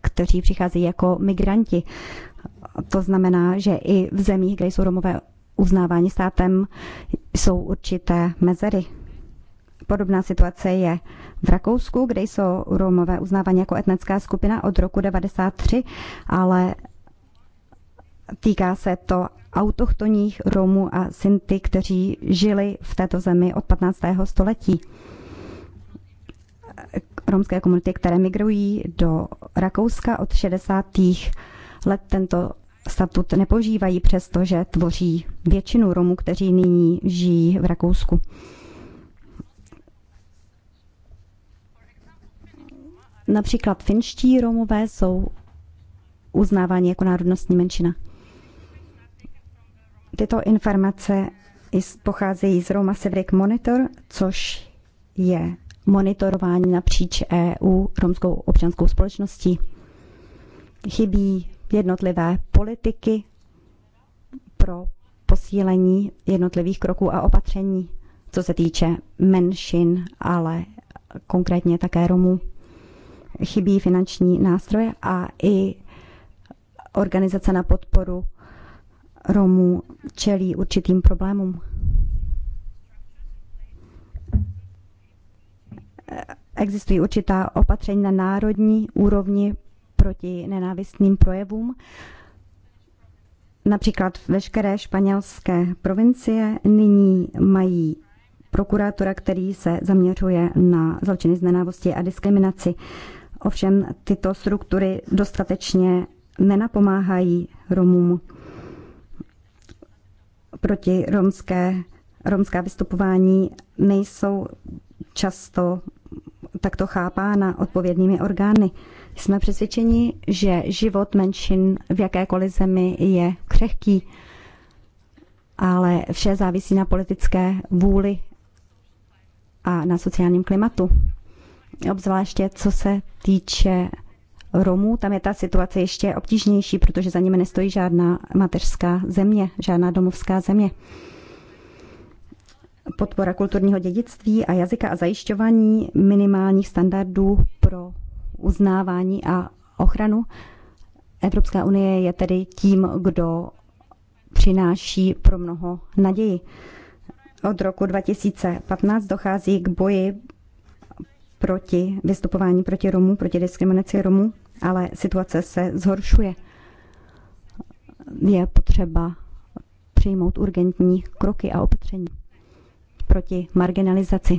kteří přicházejí jako migranti. To znamená, že i v zemích, kde jsou Romové uznávání státem jsou určité mezery. Podobná situace je v Rakousku, kde jsou Romové uznávání jako etnická skupina od roku 93, ale týká se to autochtonních Romů a Sinty, kteří žili v této zemi od 15. století. Romské komunity, které migrují do Rakouska od 60. let, tento statut nepožívají, přestože tvoří většinu Romů, kteří nyní žijí v Rakousku. Například finští Romové jsou uznáváni jako národnostní menšina. Tyto informace pocházejí z Roma Civic Monitor, což je monitorování napříč EU romskou občanskou společností. Chybí jednotlivé politiky pro posílení jednotlivých kroků a opatření, co se týče menšin, ale konkrétně také Romů. Chybí finanční nástroje a i organizace na podporu Romů čelí určitým problémům. Existují určitá opatření na národní úrovni proti nenávistným projevům. Například veškeré španělské provincie nyní mají prokurátora, který se zaměřuje na zločiny z nenávosti a diskriminaci. Ovšem tyto struktury dostatečně nenapomáhají Romům proti romské, romská vystupování nejsou často takto chápána odpovědnými orgány. Jsme přesvědčeni, že život menšin v jakékoliv zemi je křehký, ale vše závisí na politické vůli a na sociálním klimatu. Obzvláště co se týče Romů, tam je ta situace ještě obtížnější, protože za nimi nestojí žádná mateřská země, žádná domovská země. Podpora kulturního dědictví a jazyka a zajišťování minimálních standardů pro uznávání a ochranu. Evropská unie je tedy tím, kdo přináší pro mnoho naději. Od roku 2015 dochází k boji proti vystupování proti Romů, proti diskriminaci Romů, ale situace se zhoršuje. Je potřeba přijmout urgentní kroky a opatření proti marginalizaci.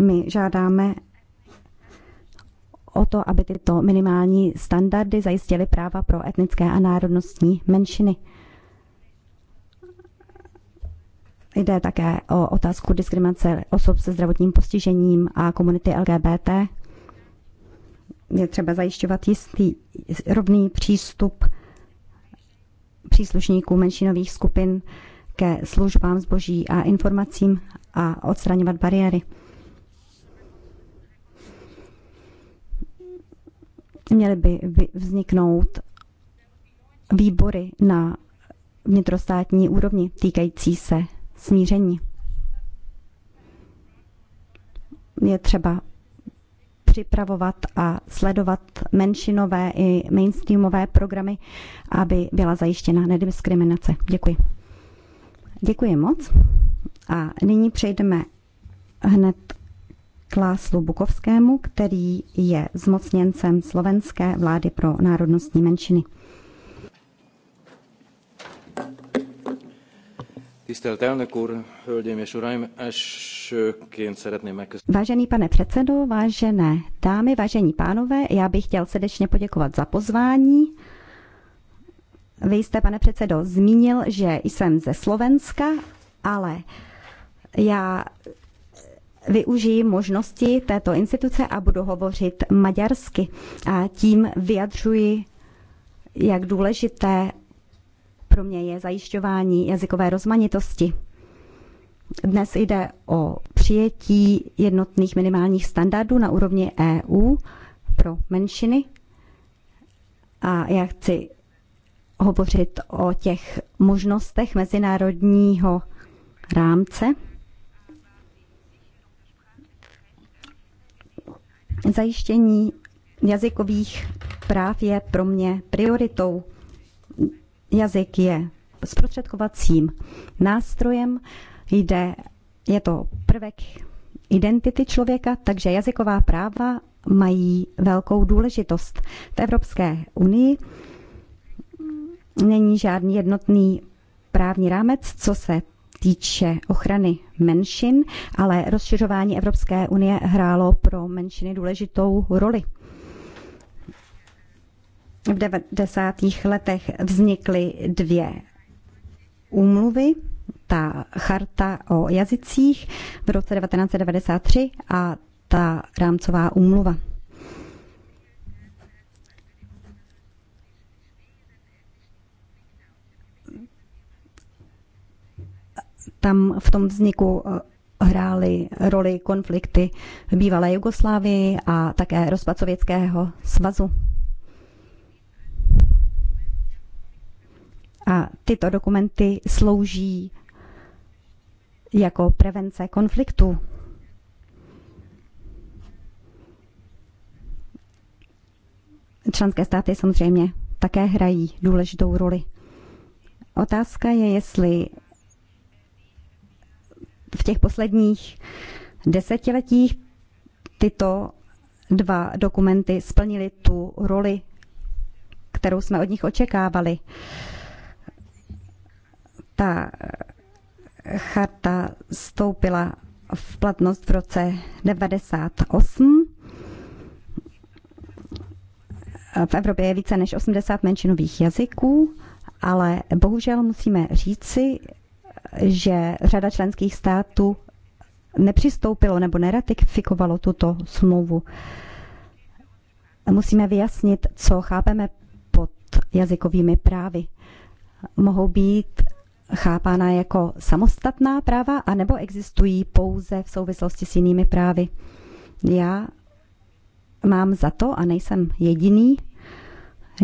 My žádáme o to, aby tyto minimální standardy zajistily práva pro etnické a národnostní menšiny. Jde také o otázku diskriminace osob se zdravotním postižením a komunity LGBT. Je třeba zajišťovat jistý rovný přístup příslušníků menšinových skupin ke službám zboží a informacím a odstraňovat bariéry. Prostě měly by vzniknout výbory na vnitrostátní úrovni týkající se smíření. Je třeba připravovat a sledovat menšinové i mainstreamové programy, aby byla zajištěna nediskriminace. Děkuji. Děkuji moc. A nyní přejdeme hned Kláslu Bukovskému, který je zmocněncem slovenské vlády pro národnostní menšiny. Vážený pane předsedo, vážené dámy, vážení pánové, já bych chtěl srdečně poděkovat za pozvání. Vy jste, pane předsedo, zmínil, že jsem ze Slovenska, ale já využiji možnosti této instituce a budu hovořit maďarsky. A tím vyjadřuji, jak důležité pro mě je zajišťování jazykové rozmanitosti. Dnes jde o přijetí jednotných minimálních standardů na úrovni EU pro menšiny. A já chci hovořit o těch možnostech mezinárodního rámce Zajištění jazykových práv je pro mě prioritou. Jazyk je zprostředkovacím nástrojem, jde, je to prvek identity člověka, takže jazyková práva mají velkou důležitost. V Evropské unii není žádný jednotný právní rámec, co se týče ochrany menšin, ale rozšiřování Evropské unie hrálo pro menšiny důležitou roli. V 90. letech vznikly dvě úmluvy, ta charta o jazycích v roce 1993 a ta rámcová úmluva. tam v tom vzniku eh, hrály roli konflikty v bývalé Jugoslávii a také rozpad Sovětského svazu. A tyto dokumenty slouží jako prevence konfliktu. Členské státy samozřejmě také hrají důležitou roli. Otázka je, jestli v těch posledních desetiletích tyto dva dokumenty splnily tu roli, kterou jsme od nich očekávali. Ta charta stoupila v platnost v roce 98. V Evropě je více než 80 menšinových jazyků, ale bohužel musíme říci, že řada členských států nepřistoupilo nebo neratifikovalo tuto smlouvu. Musíme vyjasnit, co chápeme pod jazykovými právy. Mohou být chápána jako samostatná práva, anebo existují pouze v souvislosti s jinými právy. Já mám za to, a nejsem jediný,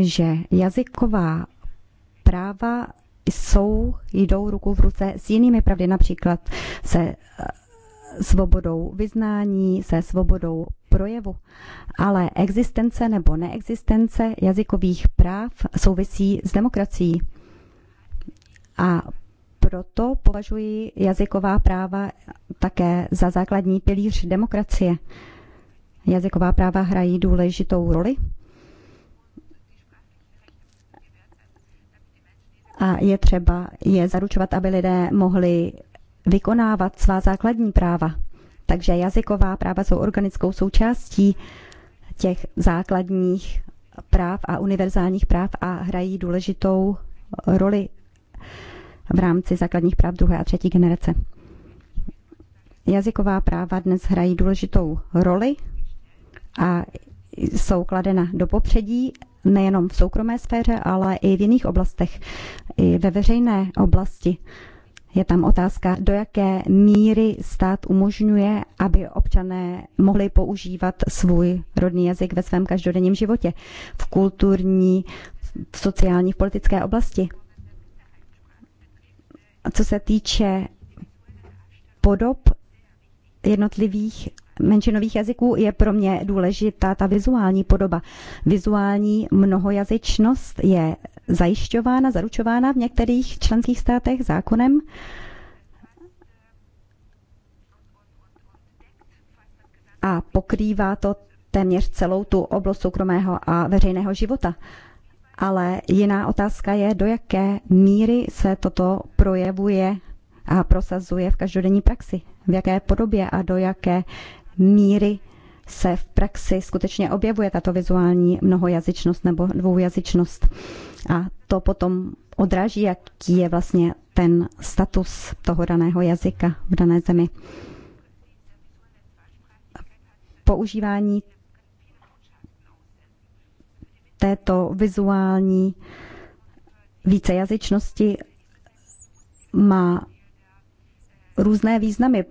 že jazyková práva jsou, jdou ruku v ruce s jinými pravdy, například se eh, svobodou vyznání, se svobodou projevu. Ale existence nebo neexistence jazykových práv souvisí s demokracií. A proto považuji jazyková práva také za základní pilíř demokracie. Jazyková práva hrají důležitou roli a je třeba je zaručovat, aby lidé mohli vykonávat svá základní práva. Takže jazyková práva jsou organickou součástí těch základních práv a univerzálních práv a hrají důležitou roli v rámci základních práv druhé a třetí generace. Jazyková práva dnes hrají důležitou roli a jsou kladena do popředí nejenom v soukromé sféře, ale i v jiných oblastech, i ve veřejné oblasti. Je tam otázka, do jaké míry stát umožňuje, aby občané mohli používat svůj rodný jazyk ve svém každodenním životě, v kulturní, v sociální, v politické oblasti. Co se týče podob jednotlivých menšinových jazyků je pro mě důležitá ta vizuální podoba. Vizuální mnohojazyčnost je zajišťována, zaručována v některých členských státech zákonem. A pokrývá to téměř celou tu oblast soukromého a veřejného života. Ale jiná otázka je, do jaké míry se toto projevuje a prosazuje v každodenní praxi, v jaké podobě a do jaké míry se v praxi skutečně objevuje tato vizuální mnohojazyčnost nebo dvoujazyčnost. A to potom odráží, jaký je vlastně ten status toho daného jazyka v dané zemi. Používání této vizuální vícejazyčnosti má různé významy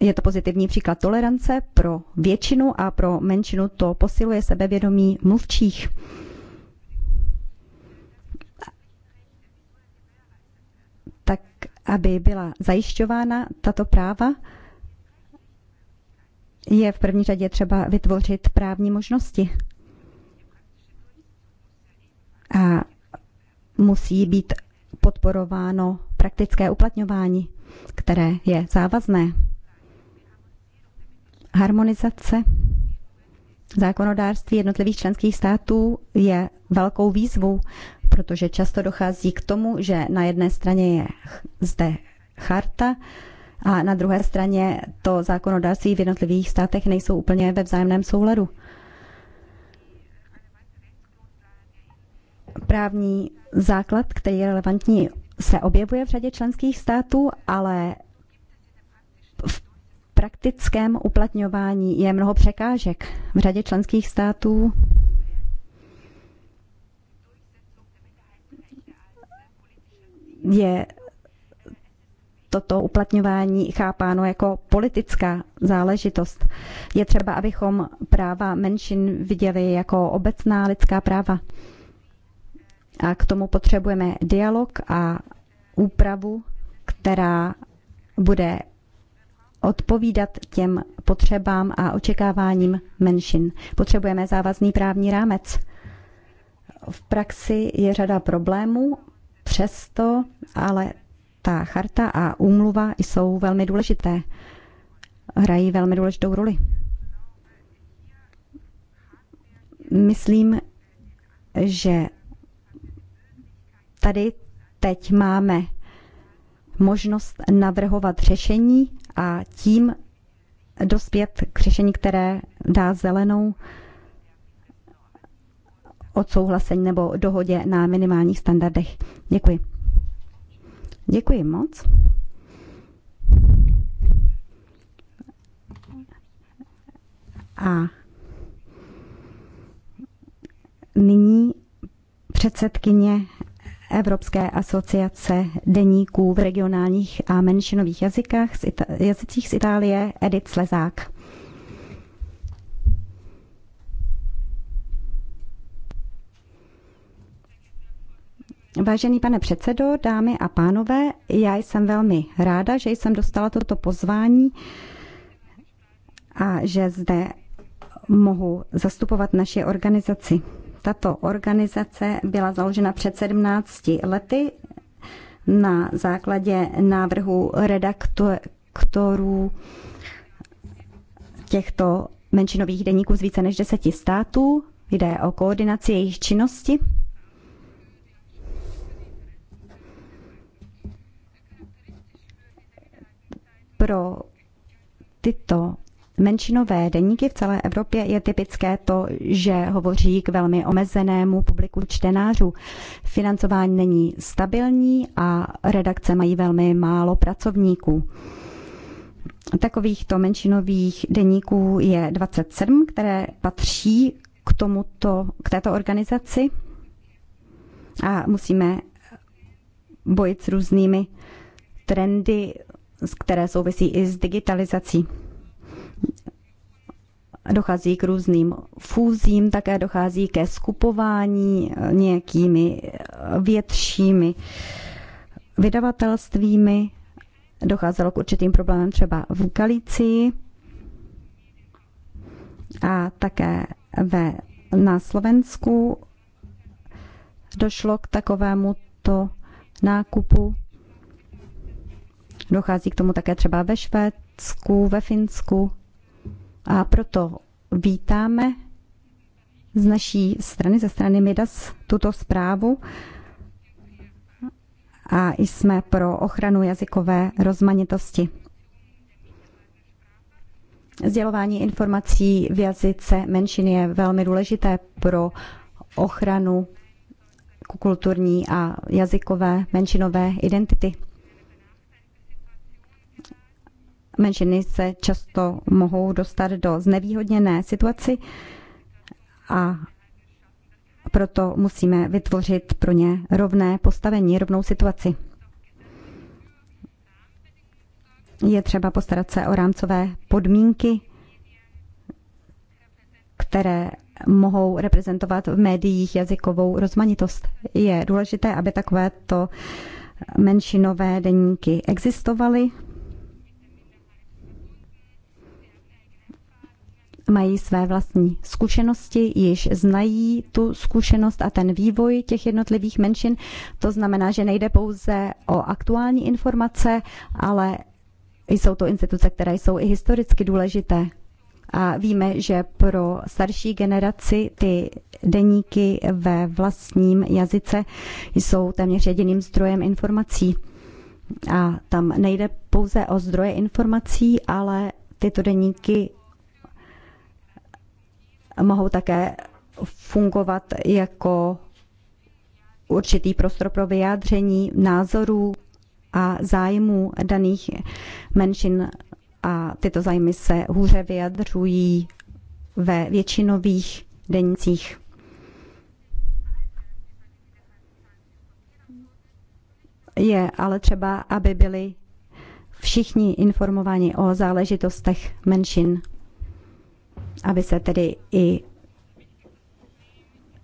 je to pozitivní příklad tolerance pro většinu a pro menšinu to posiluje sebevědomí mluvčích. Tak, aby byla zajišťována tato práva, je v první řadě třeba vytvořit právní možnosti. A musí být podporováno praktické uplatňování, které je závazné. Harmonizace zákonodárství jednotlivých členských států je velkou výzvou, protože často dochází k tomu, že na jedné straně je zde charta a na druhé straně to zákonodárství v jednotlivých státech nejsou úplně ve vzájemném souladu. Právní základ, který je relevantní, se objevuje v řadě členských států, ale v praktickém uplatňování je mnoho překážek. V řadě členských států je toto uplatňování chápáno jako politická záležitost. Je třeba, abychom práva menšin viděli jako obecná lidská práva. A k tomu potřebujeme dialog a úpravu, která bude odpovídat těm potřebám a očekáváním menšin. Potřebujeme závazný právní rámec. V praxi je řada problémů, přesto ale ta charta a úmluva jsou velmi důležité. Hrají velmi důležitou roli. Myslím, že tady teď máme možnost navrhovat řešení a tím dospět k řešení, které dá zelenou odsouhlasení nebo dohodě na minimálních standardech. Děkuji. Děkuji moc. A nyní předsedkyně Evropské asociace deníků v regionálních a menšinových jazykách, z Ita- jazycích z Itálie Edith Slezák. Vážený pane předsedo, dámy a pánové, já jsem velmi ráda, že jsem dostala toto pozvání a že zde mohu zastupovat naši organizaci. Tato organizace byla založena před 17 lety na základě návrhu redaktorů těchto menšinových deníků z více než deseti států. Jde o koordinaci jejich činnosti. Pro tyto menšinové deníky v celé Evropě je typické to, že hovoří k velmi omezenému publiku čtenářů. Financování není stabilní a redakce mají velmi málo pracovníků. Takovýchto menšinových deníků je 27, které patří k, tomuto, k této organizaci a musíme bojit s různými trendy, které souvisí i s digitalizací dochází k různým fúzím, také dochází ke skupování eh, nějakými eh, většími vydavatelstvími. Docházelo k určitým problémům třeba v Galicii a také ve, na Slovensku došlo k takovému to nákupu. Dochází k tomu také třeba ve Švédsku, ve Finsku. A proto vítáme z naší strany, ze strany MIDAS, tuto zprávu a jsme pro ochranu jazykové rozmanitosti. Sdělování informací v jazyce menšiny je velmi důležité pro ochranu kulturní a jazykové menšinové identity. menšiny se často mohou dostat do znevýhodněné situaci a proto musíme vytvořit pro ně rovné postavení, rovnou situaci. Je třeba postarat se o rámcové podmínky, které mohou reprezentovat v médiích jazykovou rozmanitost. Je důležité, aby takovéto menšinové deníky existovaly, mají své vlastní zkušenosti, již znají tu zkušenost a ten vývoj těch jednotlivých menšin. To znamená, že nejde pouze o aktuální informace, ale jsou to instituce, které jsou i historicky důležité. A víme, že pro starší generaci ty deníky ve vlastním jazyce jsou téměř jediným zdrojem informací. A tam nejde pouze o zdroje informací, ale tyto deníky mohou také fungovat jako určitý prostor pro vyjádření názorů a zájmů daných menšin a tyto zájmy se hůře vyjadřují ve většinových denicích. Je ale třeba, aby byli všichni informováni o záležitostech menšin aby se tedy i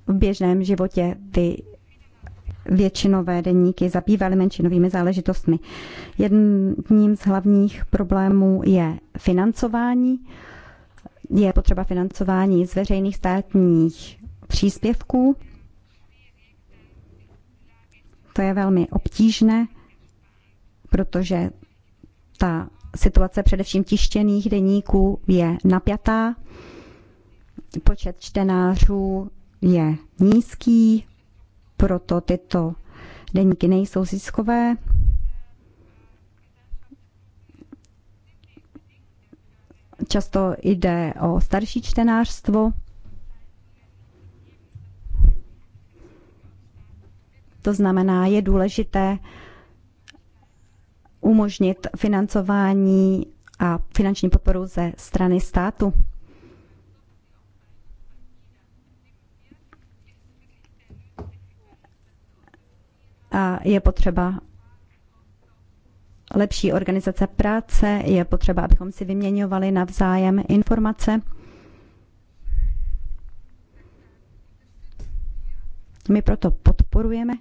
v běžném životě ty většinové denníky zabývaly menšinovými záležitostmi. Jedním z hlavních problémů je financování. Je potřeba financování z veřejných státních příspěvků. To je velmi obtížné, protože ta situace především tištěných denníků je napjatá, počet čtenářů je nízký, proto tyto denníky nejsou ziskové. Často jde o starší čtenářstvo. To znamená, je důležité umožnit financování a finanční podporu ze strany státu. A je potřeba lepší organizace práce, je potřeba, abychom si vyměňovali navzájem informace. My proto podporujeme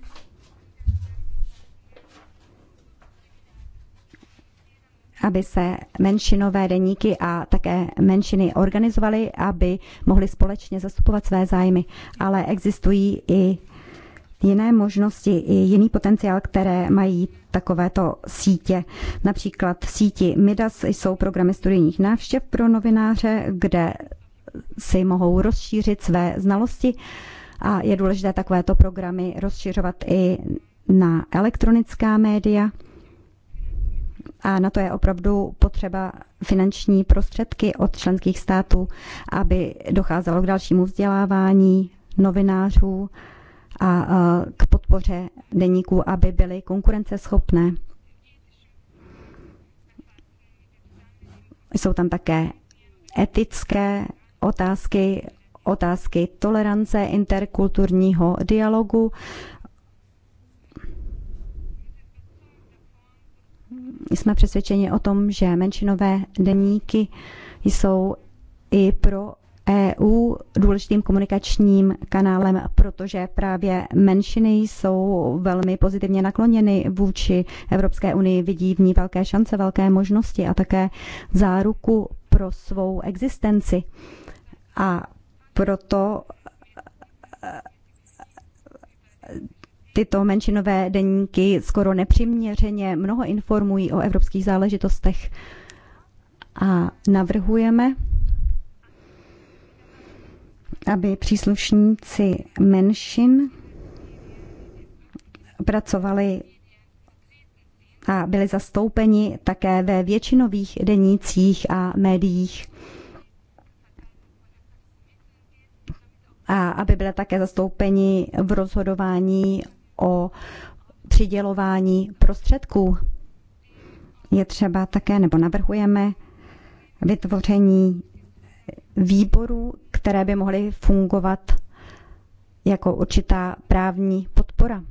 aby se menšinové deníky a také menšiny organizovaly, aby mohly společně zastupovat své zájmy. Ale existují i jiné možnosti, i jiný potenciál, které mají takovéto sítě. Například síti MIDAS jsou programy studijních návštěv pro novináře, kde si mohou rozšířit své znalosti a je důležité takovéto programy rozšiřovat i na elektronická média a na to je opravdu potřeba finanční prostředky od členských států, aby docházelo k dalšímu vzdělávání novinářů a e, k podpoře deníků, aby byly konkurenceschopné. Jsou tam také etické otázky, otázky tolerance interkulturního dialogu jsme přesvědčeni o tom, že menšinové deníky jsou i pro EU důležitým komunikačním kanálem, protože právě menšiny jsou velmi pozitivně nakloněny vůči Evropské unii, vidí v ní velké šance, velké možnosti a také záruku pro svou existenci. A proto tyto menšinové denníky skoro nepřiměřeně mnoho informují o evropských záležitostech a navrhujeme, aby příslušníci menšin pracovali a byli zastoupeni také ve většinových denících a médiích. A aby byla také zastoupeni v rozhodování o přidělování prostředků. Je třeba také, nebo navrhujeme vytvoření výborů, které by mohly fungovat jako určitá právní podpora.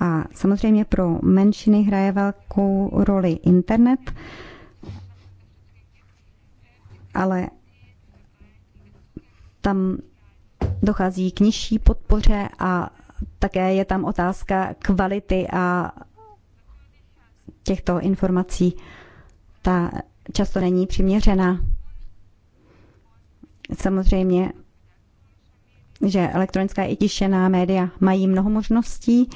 A samozřejmě pro menšiny hraje velkou roli internet, ale tam dochází k nižší podpoře a také je tam otázka kvality a těchto informací. Ta často není přiměřená. Samozřejmě, že elektronická i tišená média mají mnoho možností.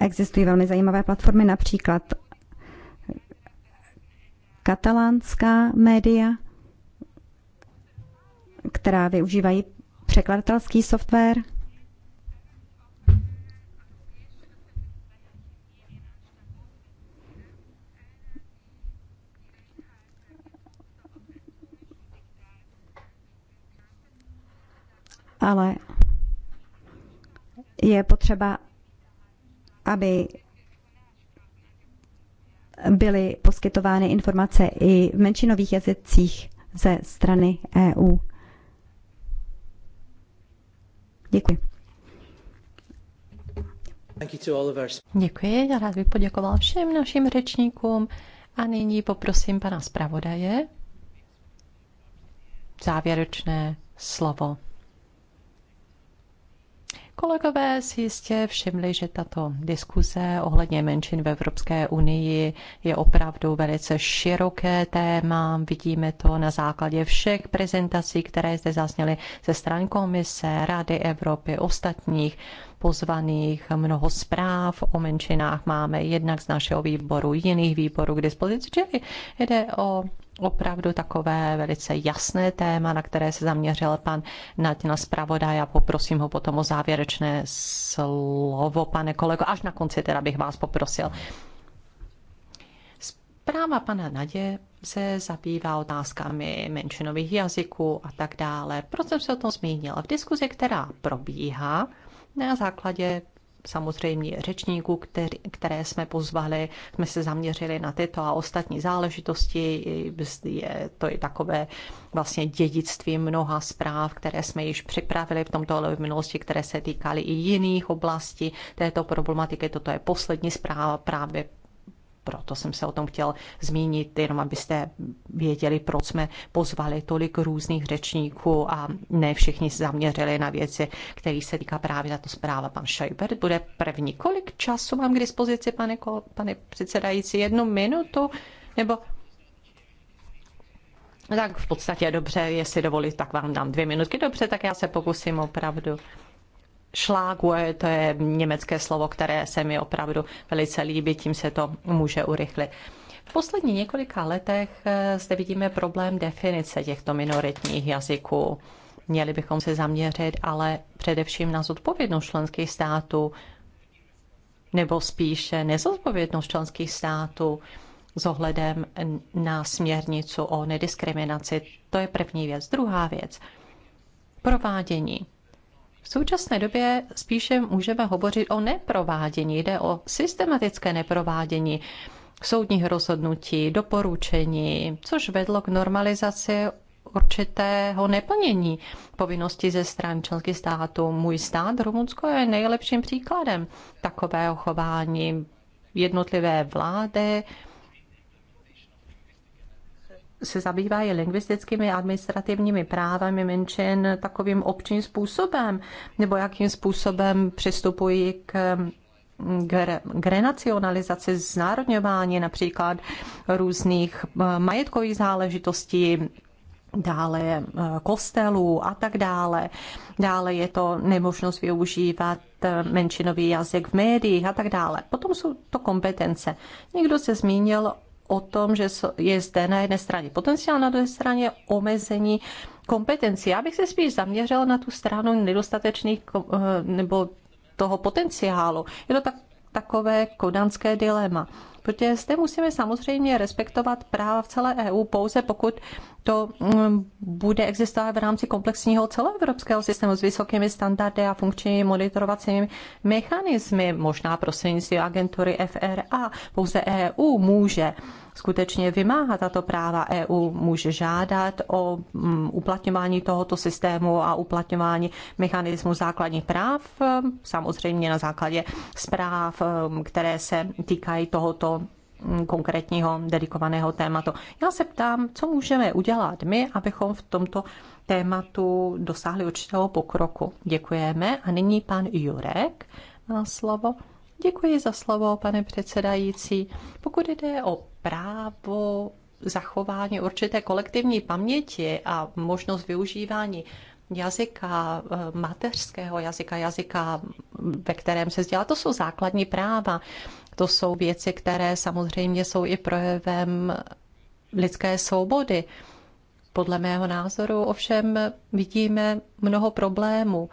Existují velmi zajímavé platformy, například katalánská média, která využívají překladatelský software – ale je potřeba, aby byly poskytovány informace i v menšinových jazycích ze strany EU. Děkuji. Děkuji, já rád bych poděkoval všem našim řečníkům a nyní poprosím pana zpravodaje závěrečné slovo. Kolegové si jistě všimli, že tato diskuze ohledně menšin v Evropské unii je opravdu velice široké téma. Vidíme to na základě všech prezentací, které zde zazněly ze stran komise, Rady Evropy, ostatních pozvaných, mnoho zpráv o menšinách máme jednak z našeho výboru, jiných výborů k dispozici, čili jde o opravdu takové velice jasné téma, na které se zaměřil pan Natina Spravoda. a poprosím ho potom o závěrečné slovo, pane kolego. Až na konci teda bych vás poprosil. Zpráva pana Nadě se zabývá otázkami menšinových jazyků a tak dále. Proč jsem se o tom zmínila? V diskuzi, která probíhá na základě samozřejmě řečníků, který, které jsme pozvali, jsme se zaměřili na tyto a ostatní záležitosti. Je to i takové vlastně dědictví mnoha zpráv, které jsme již připravili v tomto ale v minulosti, které se týkaly i jiných oblastí této problematiky. Toto je poslední zpráva právě proto jsem se o tom chtěl zmínit, jenom abyste věděli, proč jsme pozvali tolik různých řečníků a ne všichni se zaměřili na věci, které se týká právě tato zpráva. Pan Scheiber bude první. Kolik času mám k dispozici, pane, pane předsedající? Jednu minutu? Nebo tak v podstatě dobře, jestli dovolit, tak vám dám dvě minutky. Dobře, tak já se pokusím opravdu Schlagwe, eh, to je německé slovo, které se mi opravdu velice líbí, tím se to může urychlit. V poslední několika letech eh, zde vidíme problém definice těchto minoritních jazyků. Měli bychom se zaměřit ale především na zodpovědnost členských států, nebo spíše nezodpovědnost členských států s ohledem na směrnici o nediskriminaci. To je první věc. Druhá věc. Provádění v současné době spíše můžeme hovořit o neprovádění, jde o systematické neprovádění soudních rozhodnutí, doporučení, což vedlo k normalizaci určitého neplnění povinností ze strany členky státu. Můj stát Rumunsko je nejlepším příkladem takového chování. Jednotlivé vlády se zabývají lingvistickými administrativními právami menšin takovým občím způsobem, nebo jakým způsobem přistupují k k renacionalizaci, znárodňování například různých eh, majetkových záležitostí, dále eh, kostelů a tak dále. Dále je to nemožnost využívat eh, menšinový jazyk v médiích a tak dále. Potom jsou to kompetence. Někdo se zmínil o tom, že je zde na jedné straně potenciál, na druhé straně omezení kompetencí. Já bych se spíš zaměřil na tu stranu nedostatečných eh, nebo toho potenciálu. Je to tak takové kodanské dilema. Protože zde musíme samozřejmě respektovat práva v celé EU pouze pokud to mm, bude existovat v rámci komplexního celoevropského systému s vysokými standardy a funkčními monitorovacími mechanismy, možná prostřednictvím agentury FRA. Pouze EU může skutečně vymáhá tato práva. EU může žádat o mm, uplatňování tohoto systému a uplatňování mechanismu základních práv, eh, samozřejmě na základě zpráv, eh, které se týkají tohoto mm, konkrétního dedikovaného tématu. Já se ptám, co můžeme udělat my, abychom v tomto tématu dosáhli určitého pokroku. Děkujeme. A nyní pan Jurek má slovo. Děkuji za slovo, pane předsedající. Pokud jde o právo zachování určité kolektivní paměti a možnost využívání jazyka, eh, mateřského jazyka, jazyka, ve kterém se vzdělá, to jsou základní práva. To jsou věci, které samozřejmě jsou i projevem lidské svobody. Podle mého názoru ovšem vidíme mnoho problémů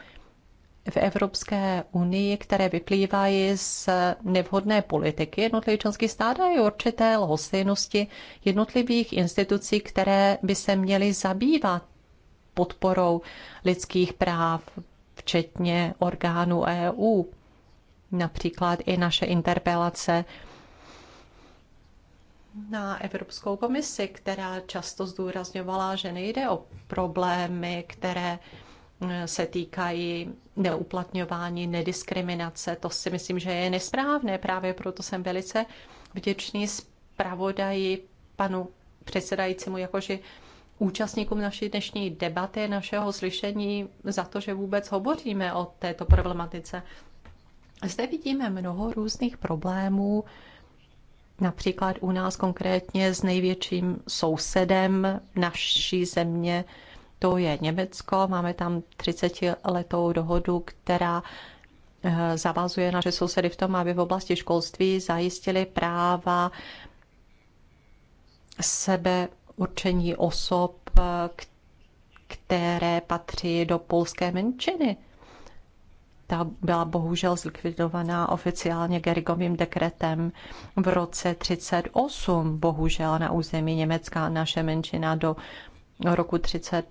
v Evropské unii, které vyplývají z nevhodné politiky jednotlivých členských států a i určité lhostejnosti jednotlivých institucí, které by se měly zabývat podporou lidských práv, včetně orgánů EU. Například i naše interpelace na Evropskou komisi, která často zdůrazňovala, že nejde o problémy, které se týkají neuplatňování, nediskriminace. To si myslím, že je nesprávné. Právě proto jsem velice vděčný zpravodaji panu předsedajícímu, jakože účastníkům naší dnešní debaty, našeho slyšení za to, že vůbec hovoříme o této problematice. Zde vidíme mnoho různých problémů, například u nás konkrétně s největším sousedem naší země, to je Německo. Máme tam 30-letou dohodu, která eh, zavazuje naše sousedy v tom, aby v oblasti školství zajistili práva sebe určení osob, eh, které patří do polské menšiny. Ta byla bohužel zlikvidovaná oficiálně Gerigovým dekretem v roce 38. Bohužel na území Německa naše menšina do roku 30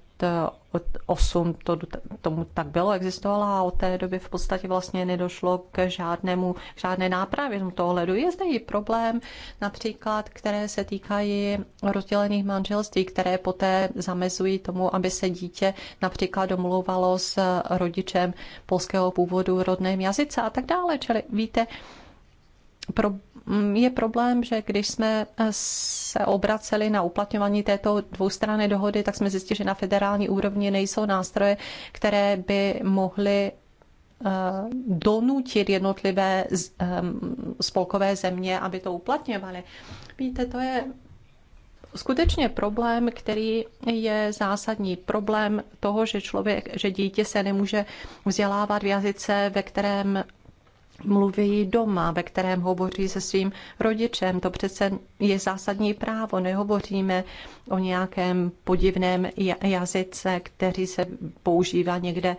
8 eh, to, tomu tak bylo, existovalo a od té doby v podstatě vlastně nedošlo k žádnému, k žádné nápravě z toho ohledu. Je zde i problém například, které se týkají rozdělených manželství, které poté zamezují tomu, aby se dítě například domluvalo s rodičem polského původu v rodném jazyce a tak dále. Čili víte, pro Mm, je problém, že když jsme eh, se obraceli na uplatňování této dvoustranné dohody, tak jsme zjistili, že na federální úrovni nejsou nástroje, které by mohly eh, donutit jednotlivé eh, spolkové země, aby to uplatňovaly. Víte, to je skutečně problém, který je zásadní. Problém toho, že člověk, že dítě se nemůže vzdělávat v jazyce, ve kterém mluví doma, ve kterém hovoří se svým rodičem. To přece je zásadní právo. Nehovoříme o nějakém podivném jazyce, který se používá někde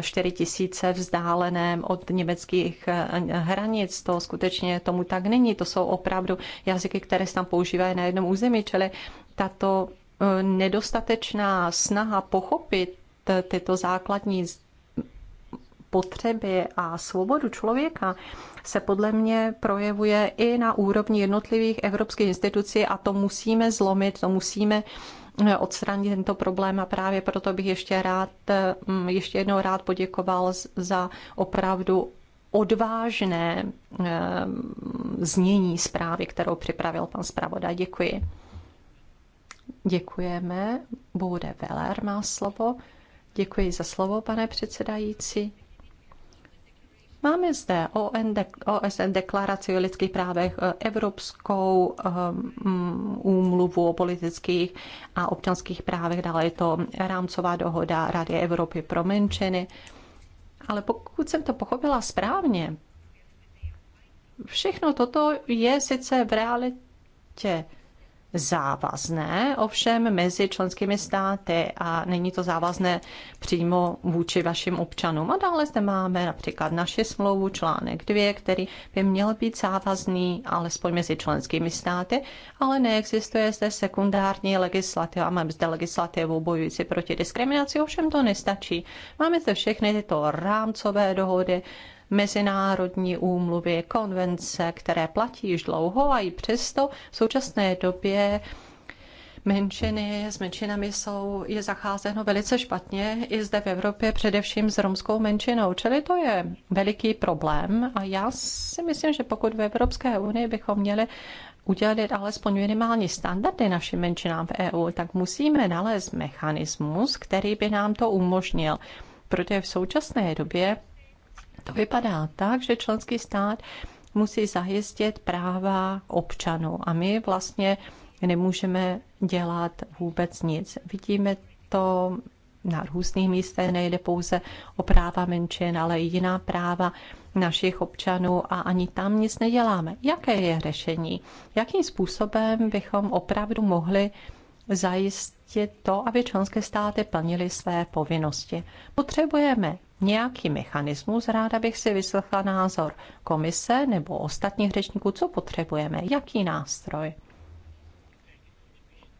4 eh, tisíce vzdáleném od německých eh, hranic. To skutečně tomu tak není. To jsou opravdu jazyky, které se tam používají na jednom území, čili tato eh, nedostatečná snaha pochopit tyto základní potřeby a svobodu člověka se podle mě projevuje i na úrovni jednotlivých evropských institucí a to musíme zlomit, to musíme eh, odstranit tento problém a právě proto bych ještě rád, eh, mm, ještě jednou rád poděkoval za opravdu odvážné eh, znění zprávy, kterou připravil pan zpravoda. Děkuji. Děkujeme. Bude Veler má slovo. Děkuji za slovo, pane předsedající. Máme zde OSN deklaraci o lidských právech, eh, Evropskou eh, mm, úmluvu o politických a občanských právech, dále je to rámcová dohoda Rady Evropy pro menšiny. Ale pokud jsem to pochopila správně, všechno toto je sice v realitě závazné, ovšem mezi členskými státy a není to závazné přímo vůči vašim občanům. A dále zde máme například naši smlouvu, článek 2, který by měl být závazný alespoň mezi členskými státy, ale neexistuje zde sekundární legislativa. Máme zde legislativu bojující proti diskriminaci, ovšem to nestačí. Máme zde všechny tyto rámcové dohody, mezinárodní úmluvy, konvence, které platí již dlouho a i přesto v současné době menšiny, s menšinami jsou, je zacházeno velice špatně i zde v Evropě, především s romskou menšinou. Čili to je veliký problém a já si myslím, že pokud v Evropské unii bychom měli udělat alespoň minimální standardy našim menšinám v EU, tak musíme nalézt mechanismus, který by nám to umožnil. Protože v současné době to vypadá tak, že členský stát musí zajistit práva občanů a my vlastně nemůžeme dělat vůbec nic. Vidíme to na různých místech, nejde pouze o práva menšin, ale i jiná práva našich občanů a ani tam nic neděláme. Jaké je řešení? Jakým způsobem bychom opravdu mohli zajistit to, aby členské státy plnily své povinnosti? Potřebujeme nějaký mechanismus, ráda bych si vyslechla názor komise nebo ostatních řečníků, co potřebujeme, jaký nástroj.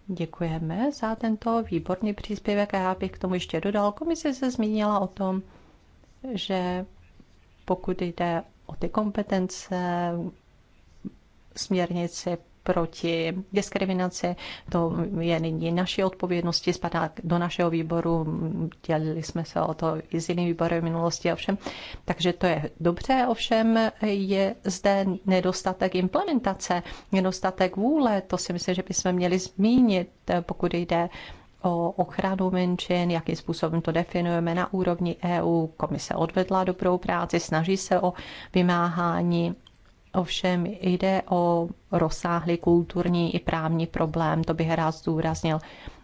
Děkujeme za tento výborný příspěvek a já bych k tomu ještě dodal. Komise se zmínila o tom, že pokud jde o ty kompetence, směrnici proti diskriminaci. To je nyní naší odpovědnosti, spadá do našeho výboru. Dělili jsme se o to i z jiným výborem v minulosti, ovšem. Takže to je dobře, ovšem je zde nedostatek implementace, nedostatek vůle. To si myslím, že bychom měli zmínit, pokud jde o ochranu menšin, jakým způsobem to definujeme na úrovni EU. Komise odvedla dobrou práci, snaží se o vymáhání Ovšem jde o rozsáhlý kulturní i právní problém, to bych rád zdůraznil,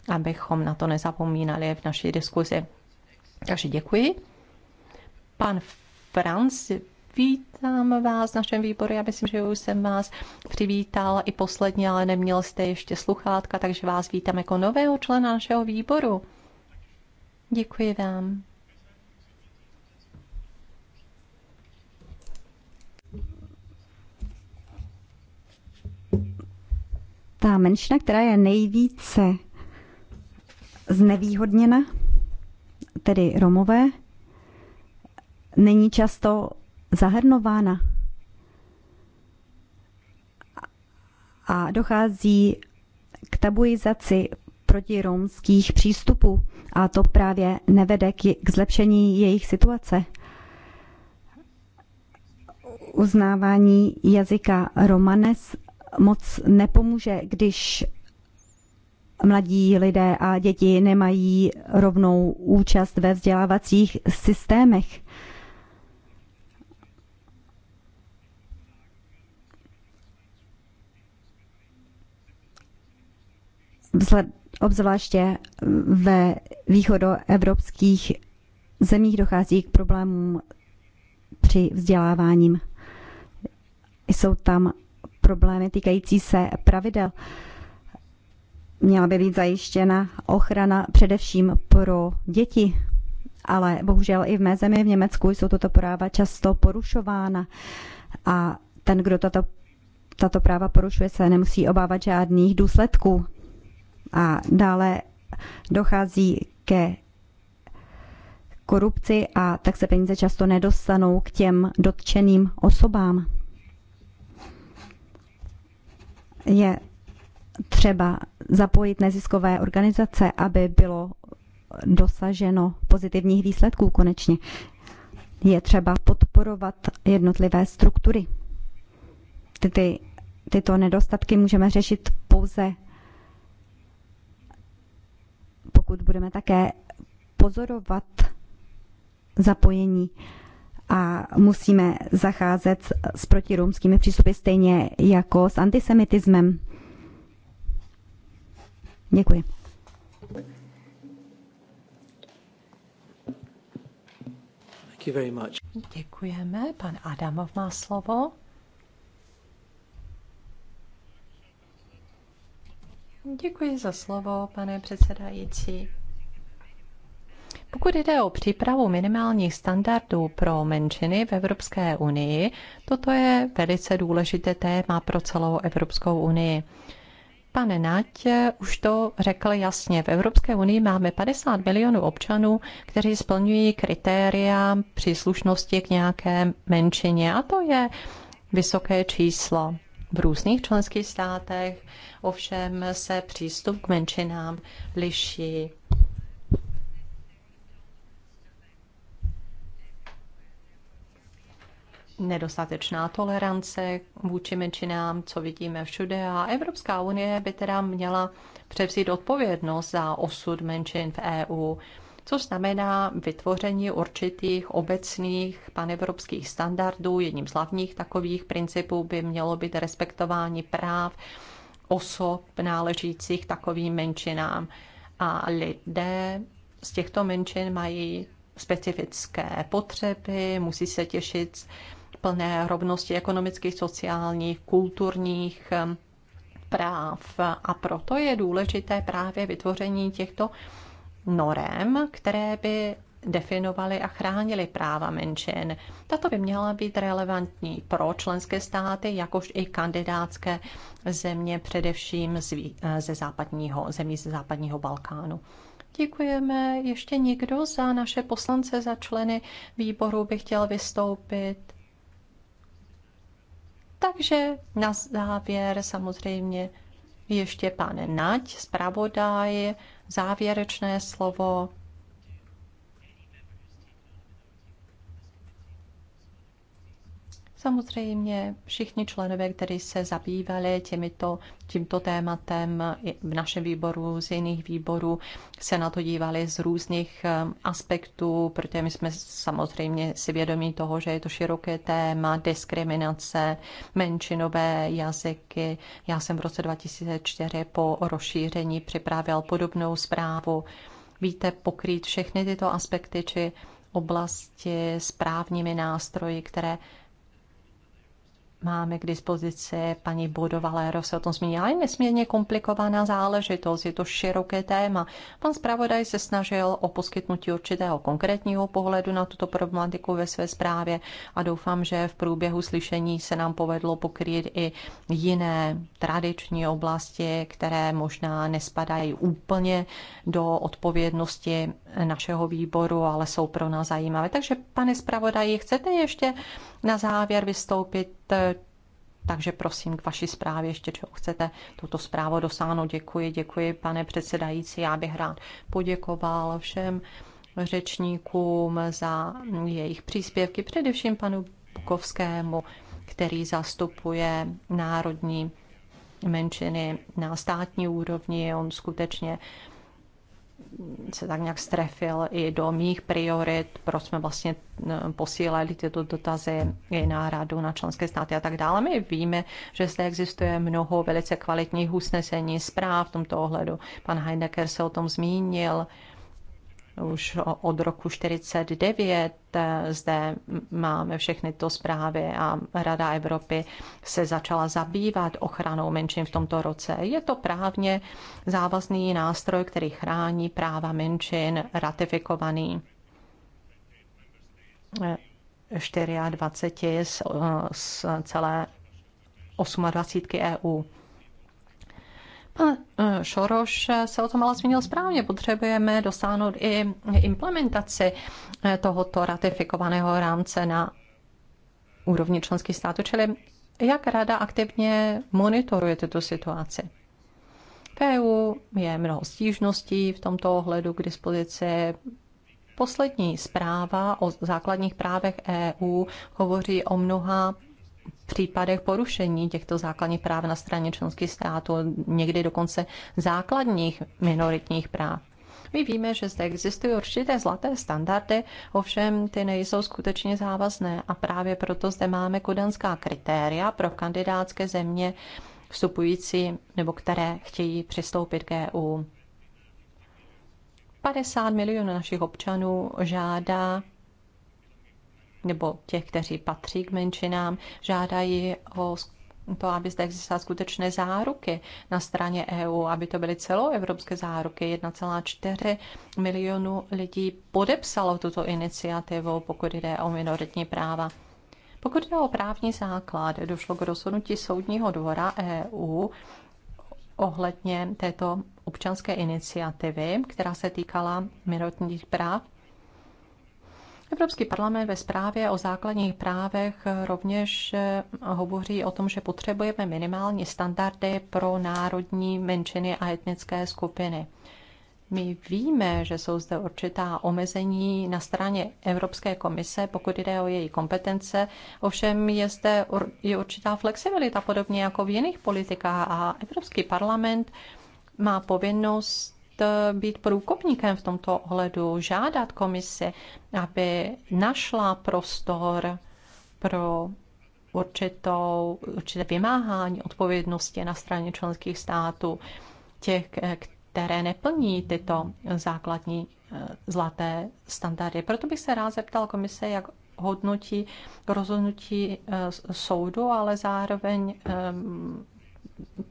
abychom na to nezapomínali v naší diskuzi. Takže děkuji. Pan Franc, vítám vás v našem výboru. Já myslím, že už jsem vás přivítal i posledně, ale neměl jste ještě sluchátka, takže vás vítám jako nového člena našeho výboru. Děkuji vám. ta menšina, která je nejvíce znevýhodněna, tedy Romové, není často zahrnována. A dochází k tabuizaci proti romských přístupů a to právě nevede k zlepšení jejich situace. Uznávání jazyka romanes moc nepomůže, když mladí lidé a děti nemají rovnou účast ve vzdělávacích systémech. Vzhled, obzvláště ve východoevropských zemích dochází k problémům při vzděláváním. Jsou tam problémy týkající se pravidel. Měla by být zajištěna ochrana především pro děti, ale bohužel i v mé zemi v Německu jsou toto práva často porušována a ten, kdo tato, tato práva porušuje, se nemusí obávat žádných důsledků. A dále dochází ke korupci a tak se peníze často nedostanou k těm dotčeným osobám. Je třeba zapojit neziskové organizace, aby bylo dosaženo pozitivních výsledků konečně. Je třeba podporovat jednotlivé struktury. Ty, ty, tyto nedostatky můžeme řešit pouze, pokud budeme také pozorovat zapojení a musíme zacházet s protiromskými přístupy stejně jako s antisemitismem. Děkuji. Děkujeme. Pan Adamov má slovo. Děkuji za slovo, pane předsedající. Pokud jde o přípravu minimálních standardů pro menšiny v Evropské unii, toto je velice důležité téma pro celou Evropskou unii. Pane Nať už to řekl jasně. V Evropské unii máme 50 milionů občanů, kteří splňují kritéria příslušnosti k nějaké menšině a to je vysoké číslo. V různých členských státech ovšem se přístup k menšinám liší. nedostatečná tolerance vůči menšinám, co vidíme všude. A Evropská unie by teda měla převzít odpovědnost za osud menšin v EU, co znamená vytvoření určitých obecných panevropských standardů. Jedním z hlavních takových principů by mělo být respektování práv osob náležících takovým menšinám. A lidé z těchto menšin mají specifické potřeby, musí se těšit plné rovnosti ekonomických, sociálních, kulturních práv. A proto je důležité právě vytvoření těchto norem, které by definovali a chránili práva menšin. Tato by měla být relevantní pro členské státy, jakož i kandidátské země, především eh, ze západního, zemí ze západního Balkánu. Děkujeme. Ještě někdo za naše poslance, za členy výboru by chtěl vystoupit? Takže na závěr samozřejmě ještě pane Nať, zpravodaj, závěrečné slovo. Samozřejmě všichni členové, kteří se zabývali těmito, tímto tématem v našem výboru, z jiných výborů, se na to dívali z různých eh, aspektů, protože my jsme samozřejmě si vědomí toho, že je to široké téma, diskriminace, menšinové jazyky. Já jsem v roce 2004 po rozšíření připravil podobnou zprávu. Víte, pokrýt všechny tyto aspekty či oblasti správními nástroji, které máme k dispozici, paní Budovalero se o tom zmínila, je nesmírně komplikovaná záležitost, je to široké téma. Pan zpravodaj se snažil o poskytnutí určitého konkrétního pohledu na tuto problematiku ve své zprávě a doufám, že v průběhu slyšení se nám povedlo pokrýt i jiné tradiční oblasti, které možná nespadají úplně do odpovědnosti našeho výboru, ale jsou pro nás zajímavé. Takže, pane zpravodaji, chcete ještě na závěr vystoupit Eh, takže prosím k vaší zprávě ještě, čeho chcete tuto zprávu dosáhnout. Děkuji, děkuji, pane předsedající. Já bych rád poděkoval všem řečníkům za jejich příspěvky, především panu Bukovskému, který zastupuje národní menšiny na státní úrovni. On skutečně se tak nějak strefil i do mých priorit, proč jsme vlastně eh, posílali tyto dotazy i na radu, na členské státy a tak dále. My víme, že zde existuje mnoho velice kvalitních usnesení, zpráv v tomto ohledu. Pan Heinecker se o tom zmínil už od roku 49 eh, zde máme všechny to zprávy a Rada Evropy se začala zabývat ochranou menšin v tomto roce. Je to právně závazný nástroj, který chrání práva menšin ratifikovaný 24 eh, z, eh, z celé 28 EU. Pan Šoroš se o tom ale zmínil správně. Potřebujeme dosáhnout i implementaci eh, tohoto ratifikovaného rámce na úrovni členských států. Čili jak rada aktivně monitoruje tuto situaci? V EU je mnoho stížností v tomto ohledu k dispozici. Poslední zpráva o základních právech EU hovoří o mnoha případech porušení těchto základních práv na straně členských států, někdy dokonce základních minoritních práv. My víme, že zde existují určité zlaté standardy, ovšem ty nejsou skutečně závazné a právě proto zde máme kodanská kritéria pro kandidátské země vstupující nebo které chtějí přistoupit k EU. 50 milionů našich občanů žádá nebo těch, kteří patří k menšinám, žádají o to, aby zde existovaly skutečné záruky na straně EU, aby to byly celoevropské záruky. 1,4 milionu lidí podepsalo tuto iniciativu, pokud jde o minoritní práva. Pokud jde o právní základ, došlo k rozhodnutí Soudního dvora EU ohledně této občanské iniciativy, která se týkala minoritních práv Evropský parlament ve zprávě o základních právech rovněž eh, hovoří o tom, že potřebujeme minimální standardy pro národní menšiny a etnické skupiny. My víme, že jsou zde určitá omezení na straně Evropské komise, pokud jde o její kompetence, ovšem je zde je určitá flexibilita, podobně jako v jiných politikách a Evropský parlament má povinnost Eh, být průkopníkem v tomto ohledu, žádat komisi, aby našla prostor pro určitou, určité vymáhání odpovědnosti na straně členských států, těch, eh, které neplní tyto základní eh, zlaté standardy. Proto bych se rád zeptal komise, jak hodnotí rozhodnutí soudu, ale zároveň ehm,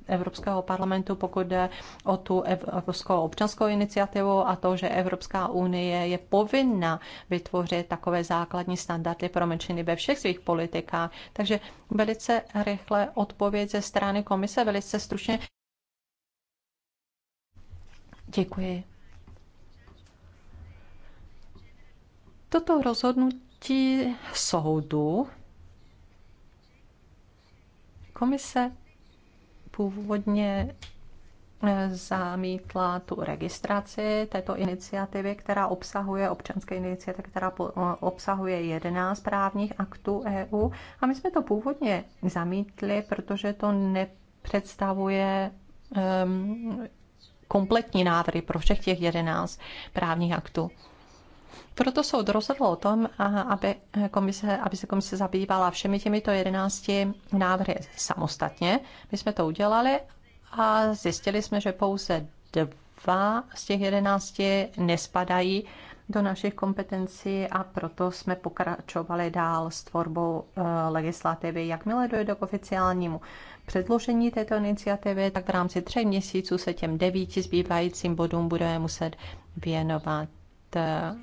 Evropského parlamentu, pokud jde o tu Evropskou občanskou iniciativu a to, že Evropská unie je povinna vytvořit takové základní standardy pro menšiny ve všech svých politikách. Takže velice rychle odpověď ze strany komise, velice stručně. Děkuji. Toto rozhodnutí soudu komise původně eh, zamítla tu registraci této iniciativy, která obsahuje občanské iniciativy, která obsahuje 11 právních aktů EU. A my jsme to původně zamítli, protože to nepředstavuje um, kompletní návrhy pro všech těch 11 právních aktů. Proto soud rozhodl o tom, aby, eh, komise, aby se komise zabývala všemi těmito 11 návrhy samostatně. My jsme to udělali a zjistili jsme, že pouze dva z těch 11 nespadají do našich kompetencí a proto jsme pokračovali dál s tvorbou eh, legislativy. Jakmile dojde k oficiálnímu předložení této iniciativy, tak v rámci třech měsíců se těm devíti zbývajícím bodům budeme muset věnovat eh,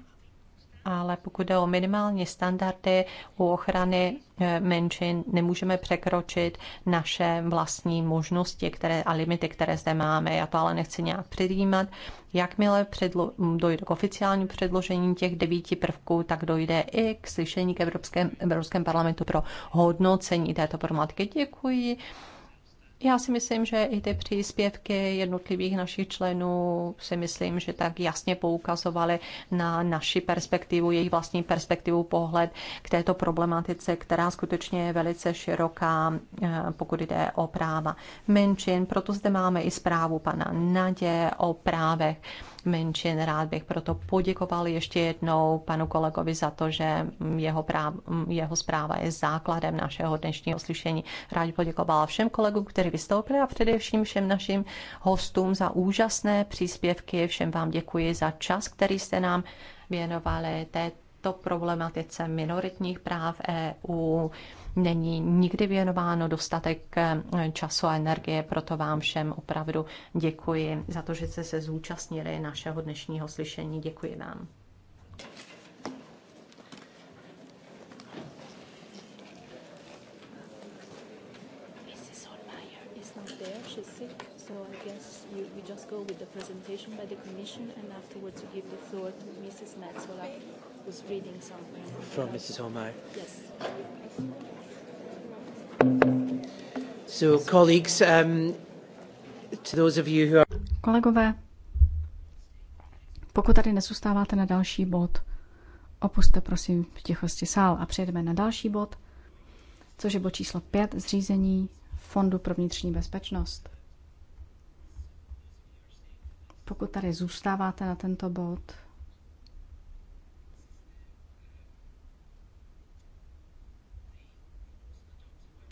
ale pokud jde o minimální standardy u ochrany eh, menšin, nemůžeme překročit naše vlastní možnosti které, a limity, které zde máme. Já to ale nechci nějak předjímat. Jakmile předlo- dojde k oficiálnímu předložení těch devíti prvků, tak dojde i k slyšení k Evropském, Evropském parlamentu pro hodnocení této problematiky. Děkuji já si myslím, že i ty příspěvky jednotlivých našich členů si myslím, že tak jasně poukazovaly na naši perspektivu, jejich vlastní perspektivu, pohled k této problematice, která skutečně je velice široká, eh, pokud jde o práva menšin. Proto zde máme i zprávu pana Nadě o právech menšin. Rád bych proto poděkoval ještě jednou panu kolegovi za to, že jeho, práv, jeho zpráva je základem našeho dnešního slyšení. Rád poděkoval všem kolegům, kteří vystoupili a především všem našim hostům za úžasné příspěvky. Všem vám děkuji za čas, který jste nám věnovali této problematice minoritních práv EU není nikdy věnováno dostatek eh, času a energie, proto vám všem opravdu děkuji za to, že jste se zúčastnili našeho dnešního slyšení. Děkuji vám. so I guess you, we just go with the presentation by the Commission and afterwards you give the floor to Mrs. Metzola, who's reading something. From Mrs. Yes. So, colleagues, um, to those of you who are... Kolegové, pokud tady nezůstáváte na další bod, opuste prosím v tichosti sál a přejdeme na další bod, což je bod číslo 5, zřízení Fondu pro vnitřní bezpečnost. Pokud tady zůstáváte na tento bod,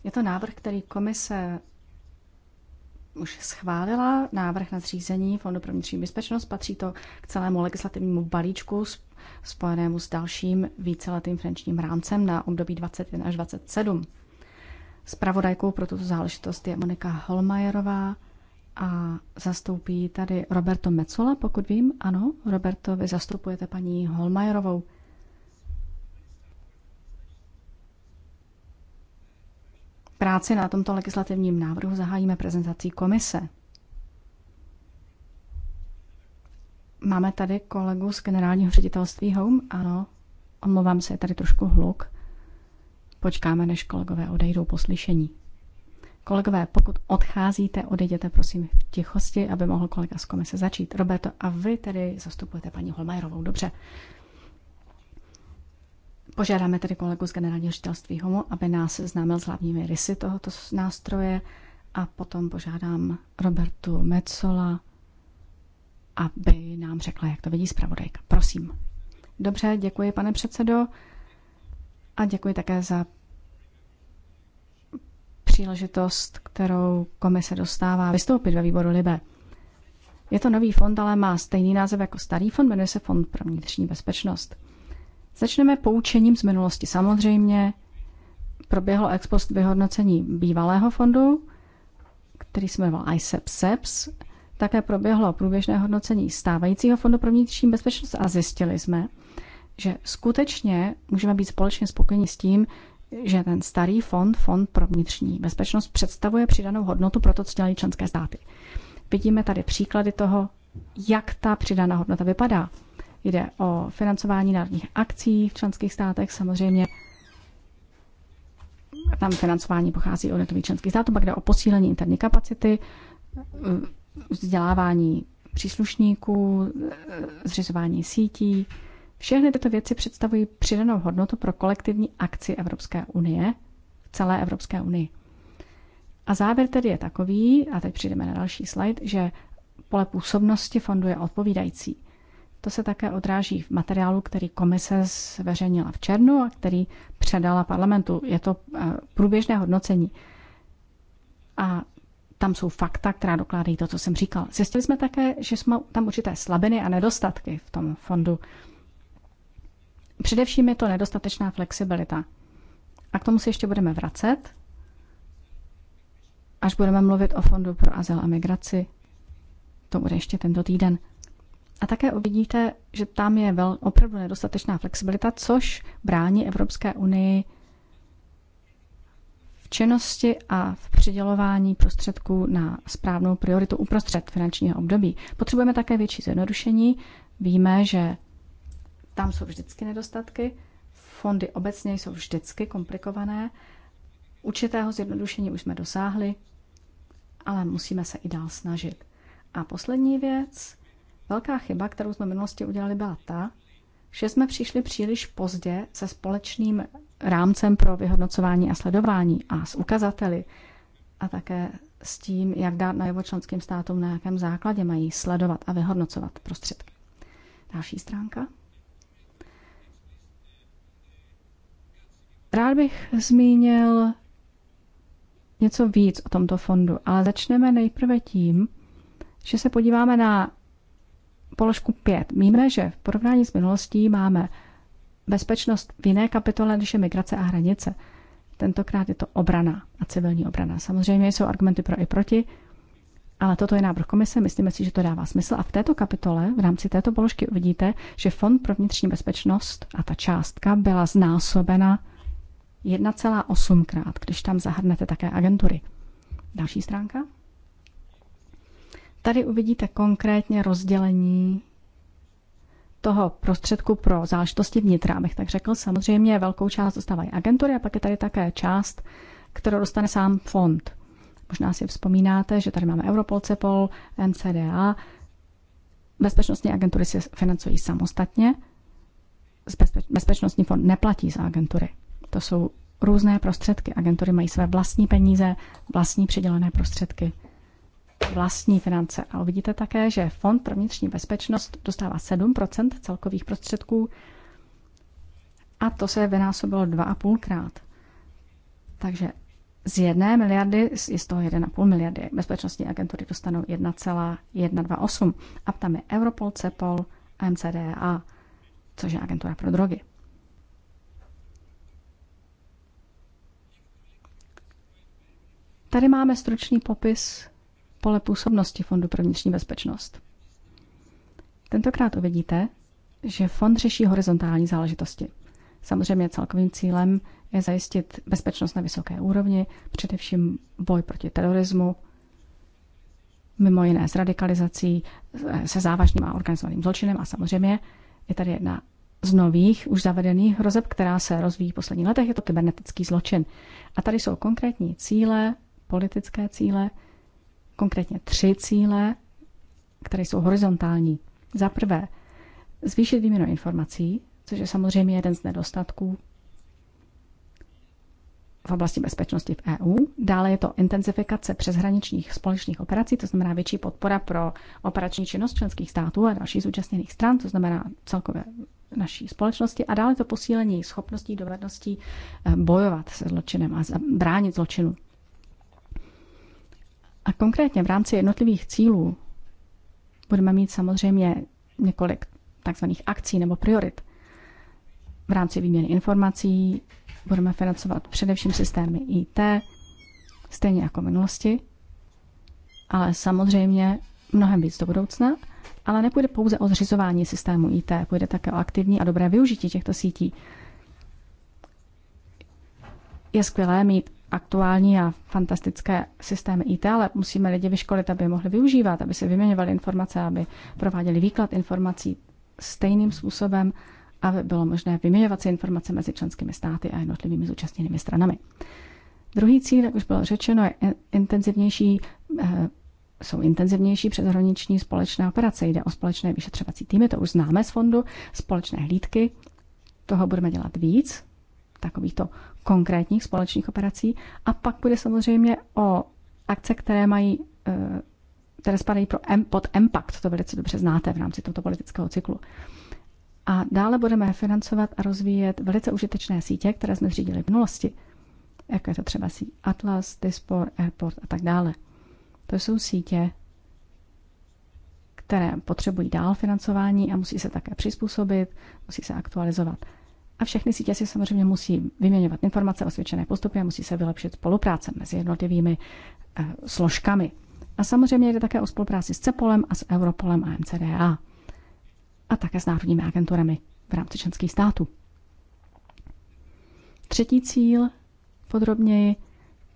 Je to návrh, který komise už schválila, návrh na zřízení Fondu pro vnitřní bezpečnost. Patří to k celému legislativnímu balíčku spojenému s dalším víceletým finančním rámcem na období 21 až 27. Spravodajkou pro tuto záležitost je Monika Holmajerová a zastoupí tady Roberto Mecola, pokud vím. Ano, Roberto, vy zastupujete paní Holmajerovou. Práci na tomto legislativním návrhu zahájíme prezentací komise. Máme tady kolegu z generálního ředitelství Home? Ano, omlouvám se, je tady trošku hluk. Počkáme, než kolegové odejdou po slyšení. Kolegové, pokud odcházíte, odejděte prosím v tichosti, aby mohl kolega z komise začít. Roberto, a vy tedy zastupujete paní Holmajerovou, dobře. Požádáme tedy kolegu z generálního ředitelství HOMO, aby nás seznámil s hlavními rysy tohoto nástroje a potom požádám Robertu Metzola, aby nám řekla, jak to vidí zpravodajka. Prosím. Dobře, děkuji, pane předsedo. A děkuji také za příležitost, kterou komise dostává vystoupit ve výboru Libe. Je to nový fond, ale má stejný název jako starý fond, jmenuje se Fond pro vnitřní bezpečnost. Začneme poučením z minulosti. Samozřejmě proběhlo ex post vyhodnocení bývalého fondu, který se jmenoval ISEP-SEPS. E e Také proběhlo průběžné hodnocení stávajícího fondu pro vnitřní bezpečnost a zjistili jsme, že skutečně můžeme být společně spokojeni s tím, že ten starý fond, fond pro vnitřní bezpečnost, představuje přidanou hodnotu pro to, co dělají členské státy. Vidíme tady příklady toho, jak ta přidaná hodnota vypadá. Jde o financování národních akcí v členských státech. Samozřejmě tam financování pochází od netových členských států, pak jde o posílení interní kapacity, eh, vzdělávání příslušníků, eh, zřizování sítí. Všechny tyto věci představují přidanou hodnotu pro kolektivní akci Evropské unie v celé Evropské unii. A závěr tedy je takový, a teď přijdeme na další slide, že pole působnosti fondu je odpovídající. To se také odráží v materiálu, který komise zveřejnila v černu a který předala parlamentu. Je to eh, průběžné hodnocení. A tam jsou fakta, která dokládají to, co jsem říkal. Zjistili jsme také, že jsme tam určité slabiny a nedostatky v tom fondu. Především je to nedostatečná flexibilita. A k tomu se ještě budeme vracet, až budeme mluvit o Fondu pro azyl a migraci. To bude ještě tento týden. A také uvidíte, že tam je vel, opravdu nedostatečná flexibilita, což brání Evropské unii v činnosti a v přidělování prostředků na správnou prioritu uprostřed finančního období. Potřebujeme také větší zjednodušení. Víme, že tam jsou vždycky nedostatky, fondy obecně jsou vždycky komplikované. Určitého zjednodušení už jsme dosáhli, ale musíme se i dál snažit. A poslední věc, Velká chyba, kterou jsme v minulosti udělali, byla ta, že jsme přišli příliš pozdě se společným rámcem pro vyhodnocování a sledování a s ukazateli a také s tím, jak dát najevo členským státům, na jakém základě mají sledovat a vyhodnocovat prostředky. Další stránka. Rád bych zmínil něco víc o tomto fondu, ale začneme nejprve tím, že se podíváme na položku 5. Víme, že v porovnání s minulostí máme bezpečnost v jiné kapitole, než je migrace a hranice. Tentokrát je to obrana a civilní obrana. Samozřejmě jsou argumenty pro i proti, ale toto je návrh komise, myslíme si, že to dává smysl. A v této kapitole, v rámci této položky, uvidíte, že Fond pro vnitřní bezpečnost a ta částka byla znásobena 1,8krát, když tam zahrnete také agentury. Další stránka. Tady uvidíte konkrétně rozdělení toho prostředku pro záležitosti vnitra, abych tak řekl. Samozřejmě velkou část dostávají agentury a pak je tady také část, kterou dostane sám fond. Možná si vzpomínáte, že tady máme Europol, Cepol, MCDA. Bezpečnostní agentury se financují samostatně. Bezpečnostní fond neplatí za agentury. To jsou různé prostředky. Agentury mají své vlastní peníze, vlastní předělené prostředky vlastní finance. A uvidíte také, že Fond pro vnitřní bezpečnost dostává 7 celkových prostředků a to se vynásobilo 2,5 krát. Takže z jedné miliardy, je z toho 1,5 miliardy, bezpečnostní agentury dostanou 1,128. A tam je Europol, Cepol, MCDA, což je agentura pro drogy. Tady máme stručný popis pole působnosti Fondu pro vnitřní bezpečnost. Tentokrát uvidíte, že fond řeší horizontální záležitosti. Samozřejmě celkovým cílem je zajistit bezpečnost na vysoké úrovni, především boj proti terorismu, mimo jiné s radikalizací, se závažným a organizovaným zločinem a samozřejmě je tady jedna z nových, už zavedených hrozeb, která se rozvíjí v posledních letech, je to kybernetický zločin. A tady jsou konkrétní cíle, politické cíle, konkrétně tři cíle, které jsou horizontální. Za prvé, zvýšit výměnu informací, což je samozřejmě jeden z nedostatků v oblasti bezpečnosti v EU. Dále je to intenzifikace přeshraničních společných operací, to znamená větší podpora pro operační činnost členských států a dalších zúčastněných stran, to znamená celkové naší společnosti a dále to posílení schopností, dovedností eh, bojovat se zločinem a bránit zločinu. A konkrétně v rámci jednotlivých cílů budeme mít samozřejmě několik takzvaných akcí nebo priorit. V rámci výměny informací budeme financovat především systémy IT, stejně jako v minulosti, ale samozřejmě mnohem víc do budoucna, ale nepůjde pouze o zřizování systému IT, půjde také o aktivní a dobré využití těchto sítí. Je skvělé mít aktuální a fantastické systémy IT, ale musíme lidi vyškolit, aby je mohli využívat, aby se vyměňovali informace, aby prováděli výklad informací stejným způsobem, aby bylo možné vyměňovat si informace mezi členskými státy a jednotlivými zúčastněnými stranami. Druhý cíl, jak už bylo řečeno, je intenzivnější, eh, jsou intenzivnější přeshraniční společné operace. Jde o společné vyšetřovací týmy, to už známe z fondu, společné hlídky, toho budeme dělat víc, takovýchto konkrétních společných operací. A pak bude samozřejmě o akce, které mají eh, které spadají pro M, pod impact, to velice dobře znáte v rámci tohoto politického cyklu. A dále budeme financovat a rozvíjet velice užitečné sítě, které jsme zřídili v minulosti, jako je to třeba síť Atlas, Dispor, Airport a tak dále. To jsou sítě, které potřebují dál financování a musí se také přizpůsobit, musí se aktualizovat. A všechny sítě si samozřejmě musí vyměňovat informace, osvědčené postupy a musí se vylepšit spolupráce mezi jednotlivými eh, složkami. A samozřejmě jde také o spolupráci s CEPOLem a s Europolem a MCDA. A také s národními agenturami v rámci členských států. Třetí cíl podrobněji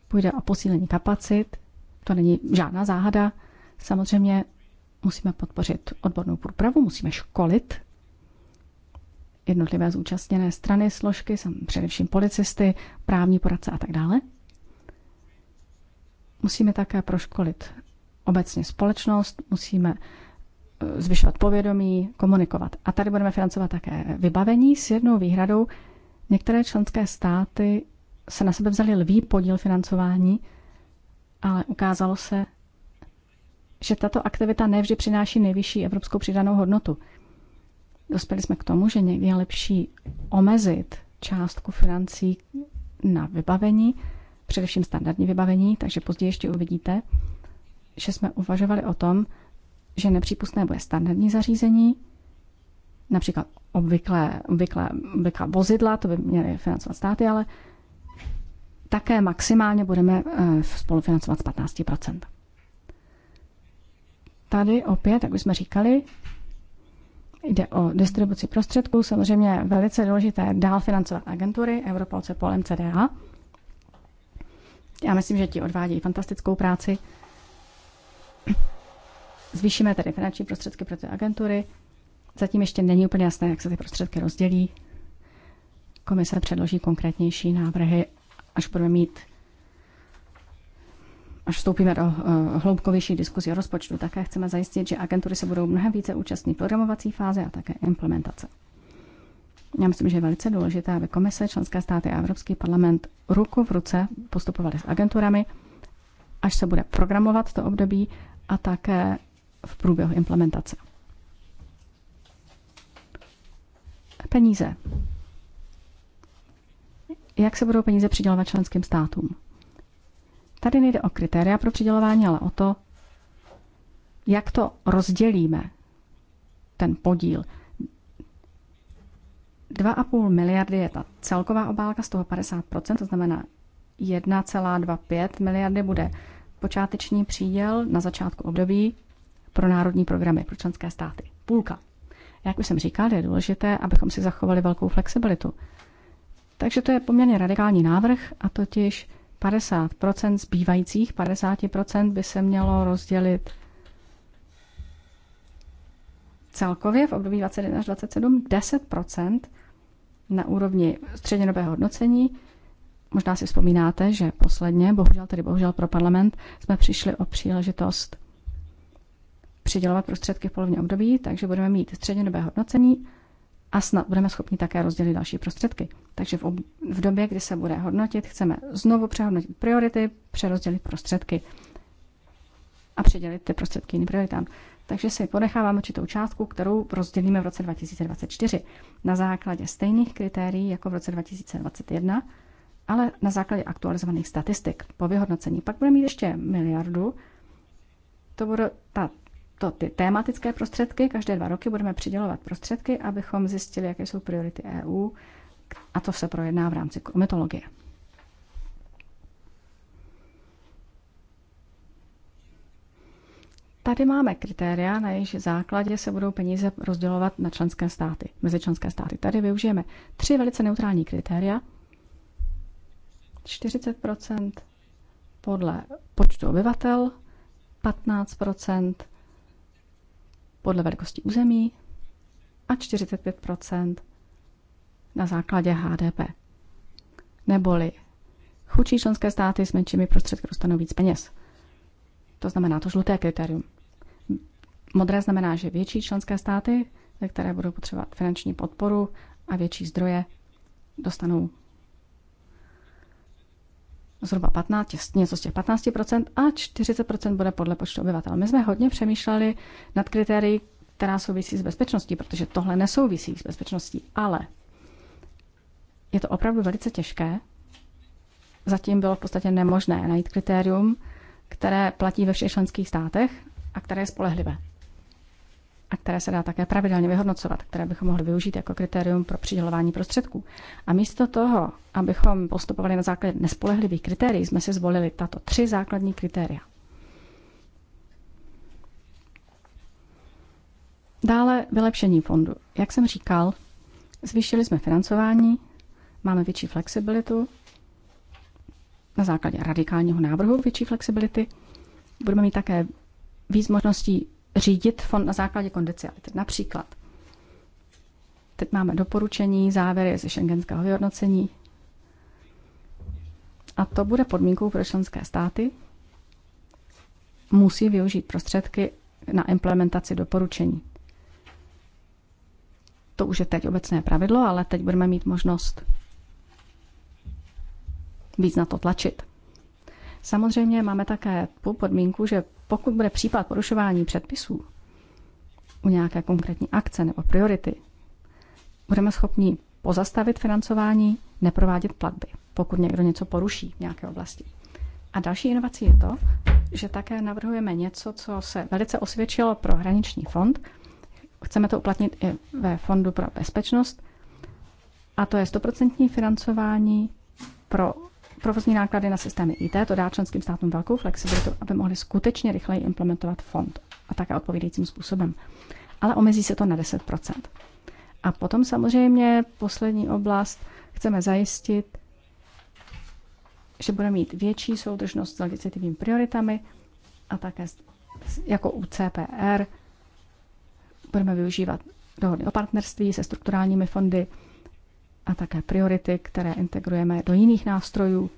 půjde o posílení kapacit. To není žádná záhada. Samozřejmě musíme podpořit odbornou průpravu, musíme školit jednotlivé zúčastněné strany, složky, především policisty, právní poradce a tak dále. Musíme také proškolit obecně společnost, musíme eh, zvyšovat povědomí, komunikovat. A tady budeme financovat také vybavení s jednou výhradou. Některé členské státy se na sebe vzali lvý podíl financování, ale ukázalo se, že tato aktivita nevždy přináší nejvyšší evropskou přidanou hodnotu. Dospěli jsme k tomu, že někdy je lepší omezit částku financí na vybavení, především standardní vybavení, takže později ještě uvidíte, že jsme uvažovali o tom, že nepřípustné bude standardní zařízení, například obvyklé, obvyklé, obvyklé vozidla, to by měly financovat státy, ale také maximálně budeme eh, spolufinancovat z 15 Tady opět, jak už jsme říkali, Jde o distribuci prostředků, samozřejmě velice důležité dál financovat agentury, Europol, Cepol, CDA. Já myslím, že ti odvádějí fantastickou práci. Zvýšíme tedy finanční prostředky pro ty agentury. Zatím ještě není úplně jasné, jak se ty prostředky rozdělí. Komise předloží konkrétnější návrhy, až budeme mít až vstoupíme do eh, hloubkovější diskuzi o rozpočtu, také chceme zajistit, že agentury se budou mnohem více účastnit programovací fáze a také implementace. Já myslím, že je velice důležité, aby komise, členské státy a Evropský parlament ruku v ruce postupovali s agenturami, až se bude programovat to období a také v průběhu implementace. Peníze. Jak se budou peníze přidělovat členským státům? Tady nejde o kritéria pro přidělování, ale o to, jak to rozdělíme, ten podíl. 2,5 miliardy je ta celková obálka, z toho 50%, to znamená 1,25 miliardy bude počáteční příděl na začátku období pro národní programy, pro členské státy. Půlka. Jak už jsem říkal, je důležité, abychom si zachovali velkou flexibilitu. Takže to je poměrně radikální návrh, a totiž 50 zbývajících 50 by se mělo rozdělit celkově v období 21 až 27 10 na úrovni střednědobého hodnocení. Možná si vzpomínáte, že posledně, bohužel tedy bohužel pro parlament, jsme přišli o příležitost přidělovat prostředky v polovině období, takže budeme mít střednědobé hodnocení a snad budeme schopni také rozdělit další prostředky. Takže v, ob- v době, kdy se bude hodnotit, chceme znovu přehodnotit priority, přerozdělit prostředky a předělit ty prostředky jiným prioritám. Takže si ponechávám určitou částku, kterou rozdělíme v roce 2024 na základě stejných kritérií jako v roce 2021, ale na základě aktualizovaných statistik po vyhodnocení. Pak budeme mít ještě miliardu, to bude ta to ty tématické prostředky. Každé dva roky budeme přidělovat prostředky, abychom zjistili, jaké jsou priority EU a to se projedná v rámci komitologie. Tady máme kritéria, na jejich základě se budou peníze rozdělovat na členské státy, mezi členské státy. Tady využijeme tři velice neutrální kritéria. 40 podle počtu obyvatel, 15 podle velikosti území a 45 na základě HDP. Neboli chudší členské státy s menšími prostředky dostanou víc peněz. To znamená to žluté kritérium. Modré znamená, že větší členské státy, které budou potřebovat finanční podporu a větší zdroje, dostanou zhruba 15, něco z těch 15% a 40% bude podle počtu obyvatel. My jsme hodně přemýšleli nad kritérii, která souvisí s bezpečností, protože tohle nesouvisí s bezpečností, ale je to opravdu velice těžké. Zatím bylo v podstatě nemožné najít kritérium, které platí ve všech členských státech a které je spolehlivé a které se dá také pravidelně vyhodnocovat, které bychom mohli využít jako kritérium pro přidělování prostředků. A místo toho, abychom postupovali na základě nespolehlivých kritérií, jsme si zvolili tato tři základní kritéria. Dále vylepšení fondu. Jak jsem říkal, zvýšili jsme financování, máme větší flexibilitu, na základě radikálního návrhu větší flexibility. Budeme mít také víc možností řídit fond na základě kondiciality. Například, teď máme doporučení, závěry ze šengenského vyhodnocení. A to bude podmínkou pro členské státy. Musí využít prostředky na implementaci doporučení. To už je teď obecné pravidlo, ale teď budeme mít možnost víc na to tlačit. Samozřejmě máme také tu podmínku, že pokud bude případ porušování předpisů u nějaké konkrétní akce nebo priority, budeme schopni pozastavit financování, neprovádět platby, pokud někdo něco poruší v nějaké oblasti. A další inovací je to, že také navrhujeme něco, co se velice osvědčilo pro hraniční fond. Chceme to uplatnit i ve Fondu pro bezpečnost. A to je stoprocentní financování pro provozní náklady na systémy IT, to dá členským státům velkou flexibilitu, aby mohli skutečně rychleji implementovat fond a také odpovídajícím způsobem. Ale omezí se to na 10 A potom samozřejmě poslední oblast, chceme zajistit, že bude mít větší soudržnost s legislativními prioritami a také jako u CPR budeme využívat dohody o partnerství se strukturálními fondy, a také priority, které integrujeme do jiných nástrojů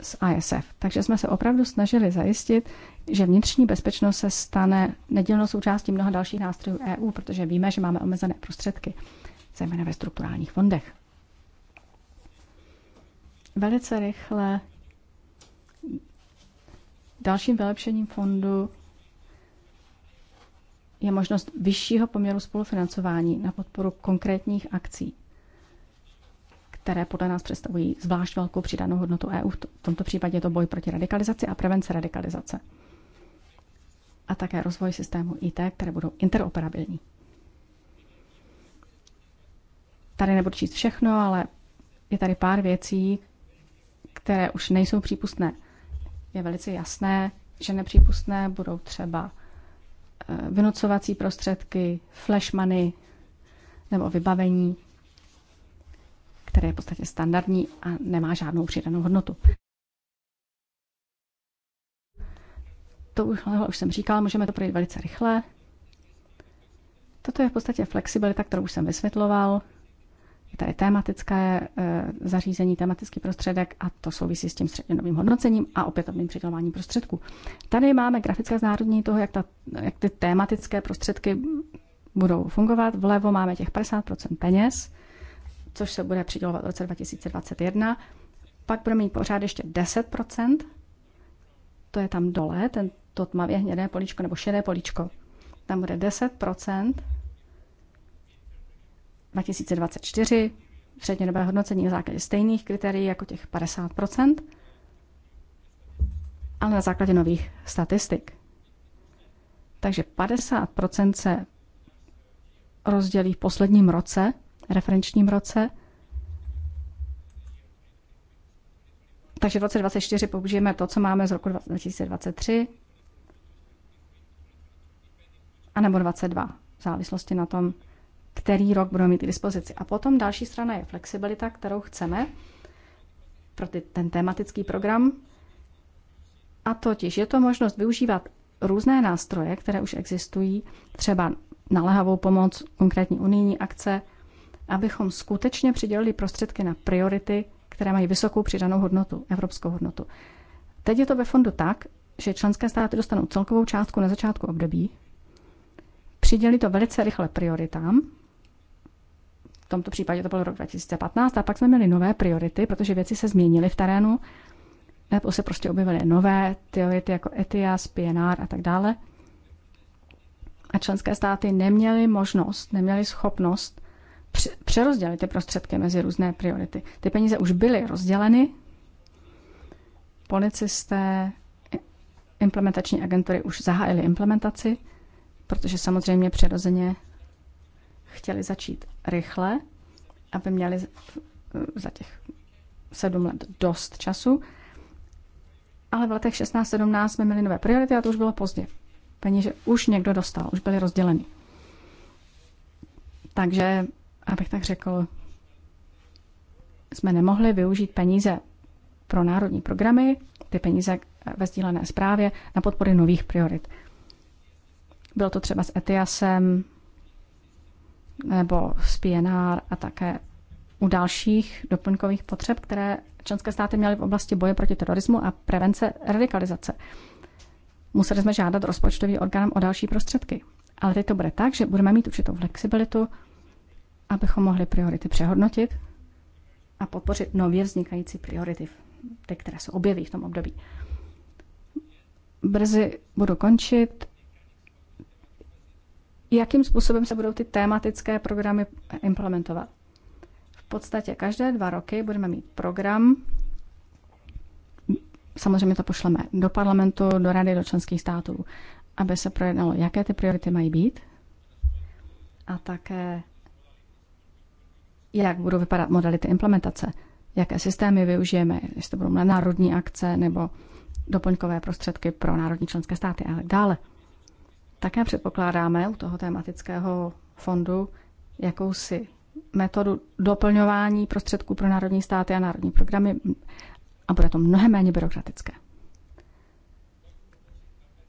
z ISF. Takže jsme se opravdu snažili zajistit, že vnitřní bezpečnost se stane nedělnou součástí mnoha dalších nástrojů EU, protože víme, že máme omezené prostředky, zejména ve strukturálních fondech. Velice rychle dalším vylepšením fondu je možnost vyššího poměru spolufinancování na podporu konkrétních akcí, které podle nás představují zvlášť velkou přidanou hodnotu EU. V tomto případě je to boj proti radikalizaci a prevence radikalizace. A také rozvoj systému IT, které budou interoperabilní. Tady nebudu číst všechno, ale je tady pár věcí, které už nejsou přípustné. Je velice jasné, že nepřípustné budou třeba Eh, vynucovací prostředky, flashmany nebo vybavení, které je v podstatě standardní a nemá žádnou přidanou hodnotu. To už, už jsem říkala, můžeme to projít velice rychle. Toto je v podstatě flexibilita, kterou už jsem vysvětloval. Je tady tematické eh, zařízení, tematický prostředek a to souvisí s tím střednědobým hodnocením a opětovným přidělováním prostředků. Tady máme grafické znárodní toho, jak, ta, jak ty tematické prostředky budou fungovat. Vlevo máme těch 50% peněz, což se bude přidělovat v roce 2021. Pak budeme mít pořád ještě 10%, to je tam dole, ten, to tmavě hnědé políčko nebo šedé políčko. Tam bude 10% 2024 střednědobé hodnocení na základě stejných kritérií jako těch 50 ale na základě nových statistik. Takže 50 se rozdělí v posledním roce, referenčním roce. Takže v roce 2024 použijeme to, co máme z roku 2023 a nebo 22, v závislosti na tom, který rok budeme mít k dispozici. A potom další strana je flexibilita, kterou chceme pro ty, ten tematický program. A totiž je to možnost využívat různé nástroje, které už existují, třeba lehavou pomoc, konkrétní unijní akce, abychom skutečně přidělili prostředky na priority, které mají vysokou přidanou hodnotu, evropskou hodnotu. Teď je to ve fondu tak, že členské státy dostanou celkovou částku na začátku období, přidělí to velice rychle prioritám, v tomto případě to byl rok 2015, a pak jsme měli nové priority, protože věci se změnily v terénu, nebo se prostě objevily nové teority jako ETIAS, PNR a tak dále. A členské státy neměly možnost, neměly schopnost přerozdělit ty prostředky mezi různé priority. Ty peníze už byly rozděleny, policisté implementační agentury už zahájili implementaci, protože samozřejmě přirozeně chtěli začít rychle, aby měli eh, za těch sedm let dost času. Ale v letech 16-17 jsme měli nové priority a to už bylo pozdě. Peníze už někdo dostal, už byly rozděleny. Takže, abych tak řekl, jsme nemohli využít peníze pro národní programy, ty peníze ve sdílené zprávě, na podpory nových priorit. Bylo to třeba s ETIASem, nebo z PNR a také u dalších doplňkových potřeb, které členské státy měly v oblasti boje proti terorismu a prevence radikalizace. Museli jsme žádat rozpočtový orgán o další prostředky. Ale teď to bude tak, že budeme mít určitou flexibilitu, abychom mohli priority přehodnotit a podpořit nově vznikající priority, ty, které se objeví v tom období. Brzy budu končit jakým způsobem se budou ty tématické programy implementovat. V podstatě každé dva roky budeme mít program. Samozřejmě to pošleme do parlamentu, do rady, do členských států, aby se projednalo, jaké ty priority mají být a také jak budou vypadat modality implementace, jaké systémy využijeme, jestli to budou národní akce nebo doplňkové prostředky pro národní členské státy a tak dále. Také předpokládáme u toho tematického fondu jakousi metodu doplňování prostředků pro národní státy a národní programy a bude to mnohem méně byrokratické.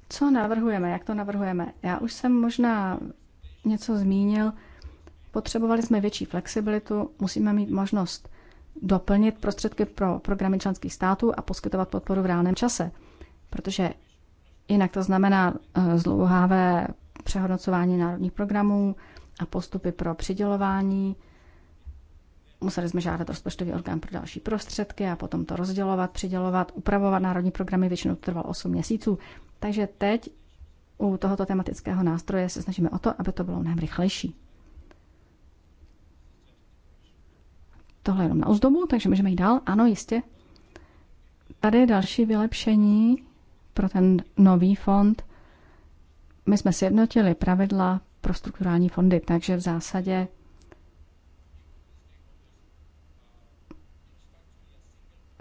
Co navrhujeme, jak to navrhujeme? Já už jsem možná něco zmínil. Potřebovali jsme větší flexibilitu, musíme mít možnost doplnit prostředky pro programy členských států a poskytovat podporu v reálném čase, protože Jinak to znamená eh, zlouhávé přehodnocování národních programů a postupy pro přidělování. Museli jsme žádat rozpočtový orgán pro další prostředky a potom to rozdělovat, přidělovat, upravovat národní programy. Většinou to trvalo 8 měsíců. Takže teď u tohoto tematického nástroje se snažíme o to, aby to bylo mnohem rychlejší. Tohle jenom na uzdobu, takže můžeme jít dál. Ano, jistě. Tady je další vylepšení pro ten nový fond. My jsme sjednotili pravidla pro strukturální fondy, takže v zásadě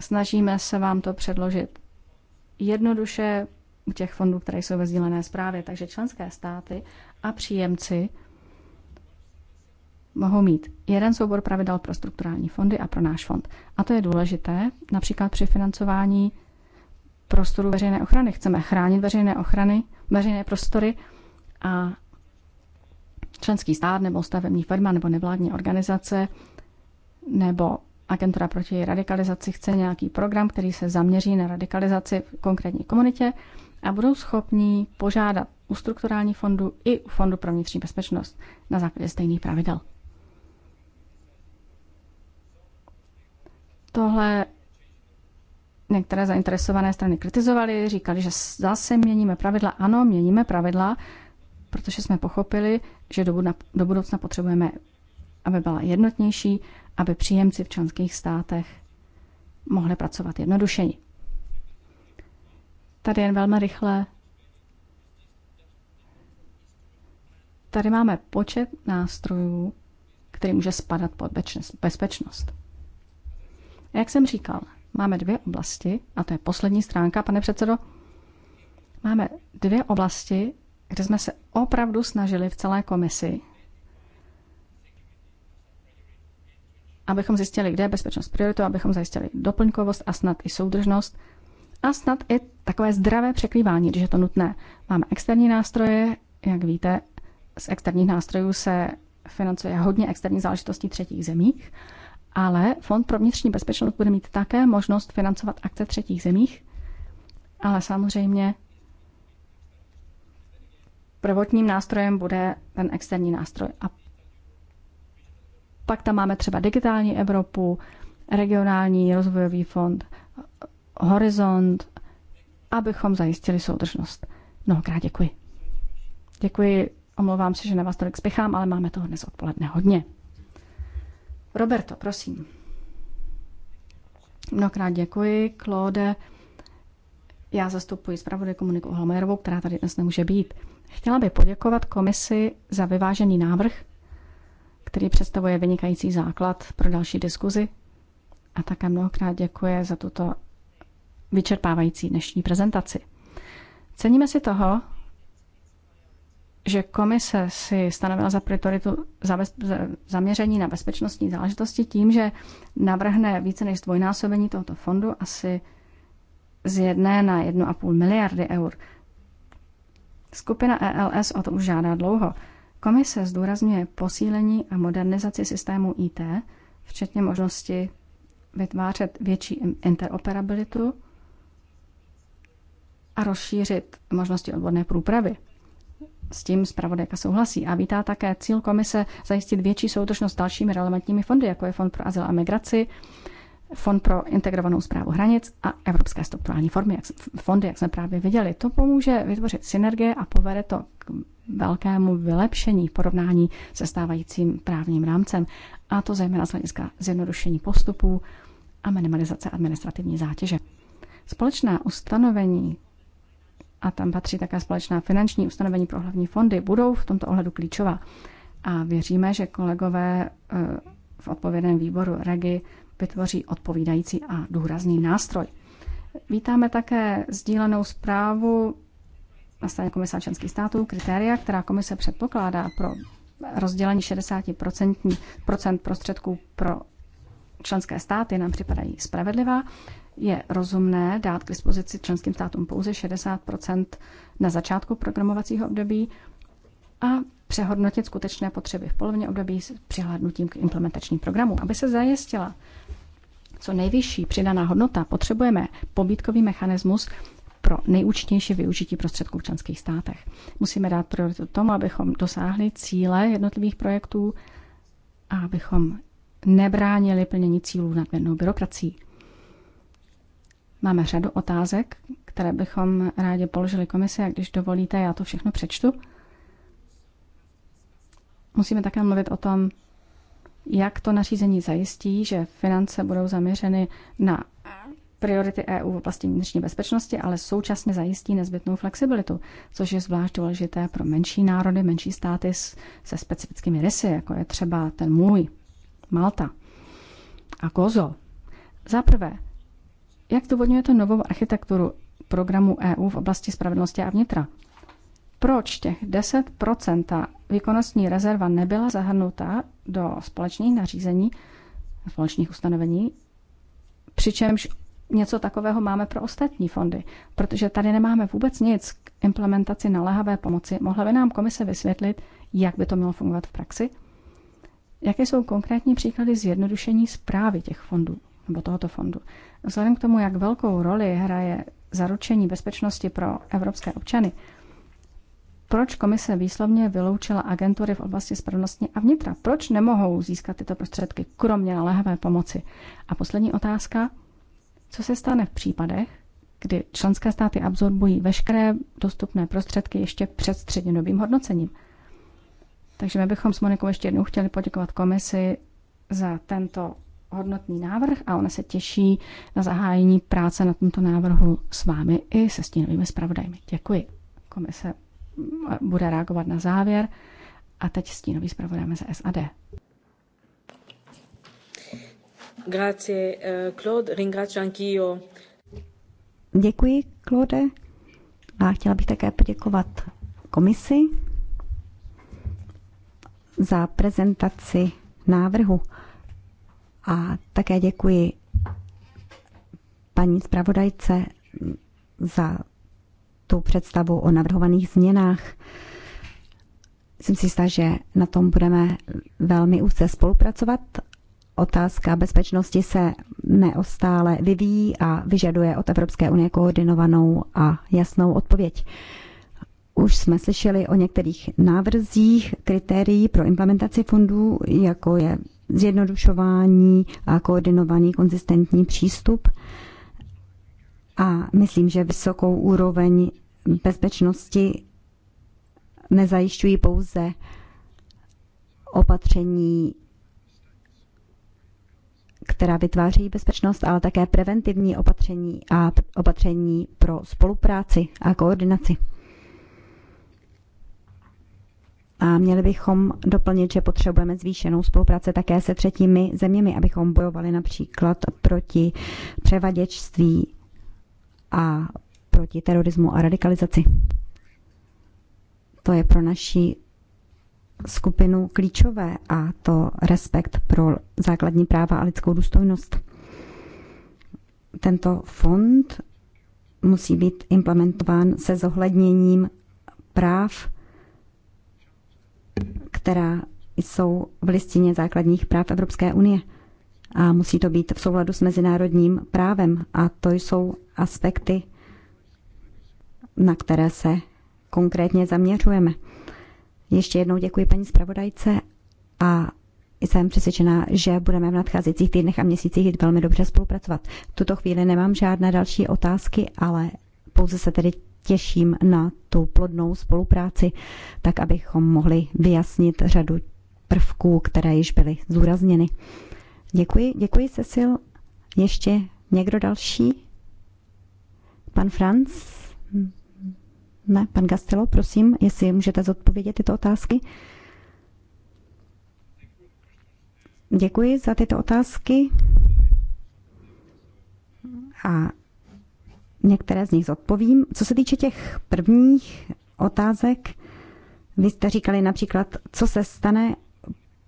snažíme se vám to předložit jednoduše u těch fondů, které jsou ve sdílené zprávě. Takže členské státy a příjemci mohou mít jeden soubor pravidel pro strukturální fondy a pro náš fond. A to je důležité, například při financování prostoru veřejné ochrany. Chceme chránit veřejné ochrany, veřejné prostory a členský stát nebo stavební firma nebo nevládní organizace nebo agentura proti radikalizaci chce nějaký program, který se zaměří na radikalizaci v konkrétní komunitě a budou schopní požádat u strukturální fondu i u fondu pro vnitřní bezpečnost na základě stejných pravidel. Tohle některé zainteresované strany kritizovaly, říkali, že zase měníme pravidla. Ano, měníme pravidla, protože jsme pochopili, že do, budna, do budoucna potřebujeme, aby byla jednotnější, aby příjemci v členských státech mohli pracovat jednodušeji. Tady jen velmi rychle. Tady máme počet nástrojů, který může spadat pod bezpečnost. Jak jsem říkal, Máme dvě oblasti, a to je poslední stránka, pane předsedo. Máme dvě oblasti, kde jsme se opravdu snažili v celé komisi, abychom zjistili, kde je bezpečnost prioritou, abychom zajistili doplňkovost a snad i soudržnost a snad i takové zdravé překrývání, když je to nutné. Máme externí nástroje, jak víte, z externích nástrojů se financuje hodně externích záležitostí třetích zemích ale Fond pro vnitřní bezpečnost bude mít také možnost financovat akce třetích zemích, ale samozřejmě prvotním nástrojem bude ten externí nástroj. A pak tam máme třeba digitální Evropu, regionální rozvojový fond, horizont, abychom zajistili soudržnost. Mnohokrát děkuji. Děkuji, omlouvám se, že na vás tolik spěchám, ale máme toho dnes odpoledne hodně. Roberto, prosím. Mnohokrát děkuji, Claude. Já zastupuji zpravodajku komuniku Holmerovou, která tady dnes nemůže být. Chtěla bych poděkovat komisi za vyvážený návrh, který představuje vynikající základ pro další diskuzi. A také mnohokrát děkuji za tuto vyčerpávající dnešní prezentaci. Ceníme si toho, že komise si stanovila za prioritu zaměření na bezpečnostní záležitosti tím, že navrhne více než dvojnásobení tohoto fondu asi z jedné na 1,5 miliardy eur. Skupina ELS o to už žádá dlouho. Komise zdůrazňuje posílení a modernizaci systému IT, včetně možnosti vytvářet větší interoperabilitu a rozšířit možnosti odborné průpravy. S tím zpravodajka souhlasí a vítá také cíl komise zajistit větší soudržnost s dalšími relevantními fondy, jako je Fond pro azyl a migraci, Fond pro integrovanou zprávu hranic a Evropské strukturální formy, jak, fondy, jak jsme právě viděli. To pomůže vytvořit synergie a povede to k velkému vylepšení v porovnání se stávajícím právním rámcem, a to zejména z hlediska zjednodušení postupů a minimalizace administrativní zátěže. Společná ustanovení a tam patří také společná finanční ustanovení pro hlavní fondy, budou v tomto ohledu klíčová. A věříme, že kolegové eh, v odpovědném výboru REGI vytvoří odpovídající a důrazný nástroj. Vítáme také sdílenou zprávu na straně Komisa členských států kritéria, která komise předpokládá pro rozdělení 60% procent prostředků pro členské státy nám připadají spravedlivá je rozumné dát k dispozici členským státům pouze 60 na začátku programovacího období a přehodnotit skutečné potřeby v polovině období s přihlédnutím k implementačním programu. Aby se zajistila co nejvyšší přidaná hodnota, potřebujeme pobítkový mechanismus pro nejúčinnější využití prostředků v členských státech. Musíme dát prioritu tomu, abychom dosáhli cíle jednotlivých projektů a abychom nebránili plnění cílů nadměrnou byrokracií. Máme řadu otázek, které bychom rádi položili komisi a když dovolíte, já to všechno přečtu. Musíme také mluvit o tom, jak to nařízení zajistí, že finance budou zaměřeny na priority EU v oblasti vnitřní bezpečnosti, ale současně zajistí nezbytnou flexibilitu, což je zvlášť důležité pro menší národy, menší státy se specifickými rysy, jako je třeba ten můj, Malta a Kozo. Za prvé, jak zdůvodňujete novou architekturu programu EU v oblasti spravedlnosti a vnitra? Proč těch 10 výkonnostní rezerva nebyla zahrnuta do společných nařízení, společných ustanovení, přičemž něco takového máme pro ostatní fondy, protože tady nemáme vůbec nic k implementaci naléhavé pomoci. Mohla by nám komise vysvětlit, jak by to mělo fungovat v praxi? Jaké jsou konkrétní příklady zjednodušení zprávy těch fondů nebo tohoto fondu? Vzhledem k tomu, jak velkou roli hraje zaručení bezpečnosti pro evropské občany, proč komise výslovně vyloučila agentury v oblasti spravnosti a vnitra? Proč nemohou získat tyto prostředky, kromě naléhavé pomoci? A poslední otázka, co se stane v případech, kdy členské státy absorbují veškeré dostupné prostředky ještě před střednědobým hodnocením? Takže my bychom s Monikou ještě jednou chtěli poděkovat komisi za tento hodnotný návrh a ona se těší na zahájení práce na tomto návrhu s vámi i se stínovými zpravodajmi. Děkuji. Komise mm, bude reagovat na závěr a teď stínový zpravodajme za SAD. Grazie, eh, Claude. Ringrazio anch'io. Děkuji, Claude. A chtěla bych také poděkovat komisi za prezentaci návrhu. A také děkuji paní zpravodajce za tu představu o navrhovaných změnách. Jsem si jistá, že na tom budeme velmi úzce spolupracovat. Otázka bezpečnosti se neostále vyvíjí a vyžaduje od Evropské unie koordinovanou a jasnou odpověď. Už jsme slyšeli o některých návrzích kritérií pro implementaci fondů, jako je zjednodušování a koordinovaný konzistentní přístup. A myslím, že vysokou úroveň bezpečnosti nezajišťují pouze opatření, která vytváří bezpečnost, ale také preventivní opatření a opatření pro spolupráci a koordinaci. A měli bychom doplnit, že potřebujeme zvýšenou spolupráci také se třetími zeměmi, abychom bojovali například proti převaděčství a proti terorismu a radikalizaci. To je pro naši skupinu klíčové a to respekt pro základní práva a lidskou důstojnost. Tento fond musí být implementován se zohledněním práv která jsou v listině základních práv Evropské unie. A musí to být v souladu s mezinárodním právem. A to jsou aspekty, na které se konkrétně zaměřujeme. Ještě jednou děkuji paní zpravodajce a jsem přesvědčená, že budeme v nadcházejících týdnech a měsících velmi dobře spolupracovat. V tuto chvíli nemám žádné další otázky, ale pouze se tedy těším na tu plodnou spolupráci, tak abychom mohli vyjasnit řadu prvků, které již byly zúrazněny. Děkuji, děkuji Cecil. Ještě někdo další? Pan Franz? Ne, pan Gastelo, prosím, jestli můžete zodpovědět tyto otázky. Děkuji za tyto otázky. A Některé z nich zodpovím. Co se týče těch prvních otázek, vy jste říkali například, co se stane,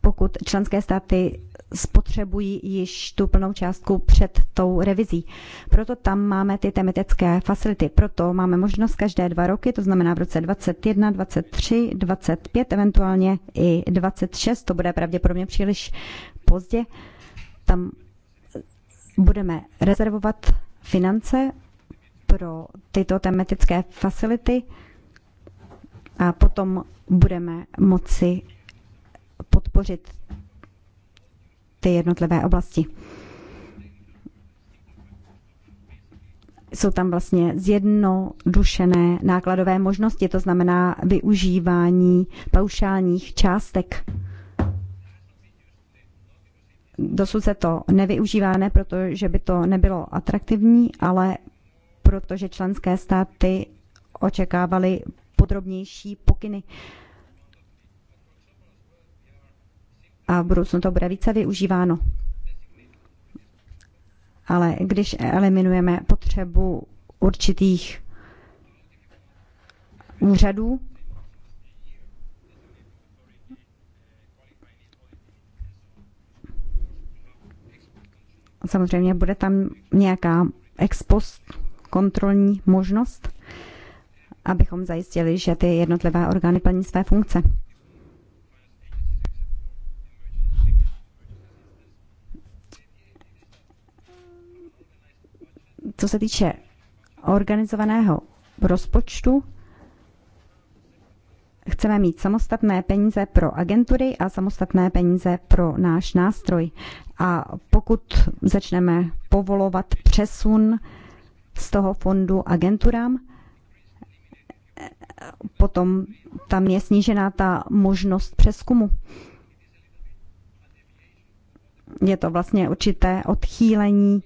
pokud členské státy spotřebují již tu plnou částku před tou revizí. Proto tam máme ty tematické facility. Proto máme možnost každé dva roky, to znamená v roce 21, 23, 25, eventuálně i 26, to bude pravděpodobně příliš pozdě, tam budeme rezervovat finance pro tyto tematické facility a potom budeme moci podpořit ty jednotlivé oblasti. Jsou tam vlastně zjednodušené nákladové možnosti, to znamená využívání paušálních částek. Dosud se to nevyužívá, ne protože by to nebylo atraktivní, ale protože členské státy očekávaly podrobnější pokyny. A v budoucnu to bude více využíváno. Ale když eliminujeme potřebu určitých úřadů, samozřejmě bude tam nějaká expost. post kontrolní možnost, abychom zajistili, že ty jednotlivé orgány plní své funkce. Co se týče organizovaného rozpočtu, chceme mít samostatné peníze pro agentury a samostatné peníze pro náš nástroj. A pokud začneme povolovat přesun, z toho fondu agenturám. Potom tam je snížená ta možnost přeskumu. Je to vlastně určité odchýlení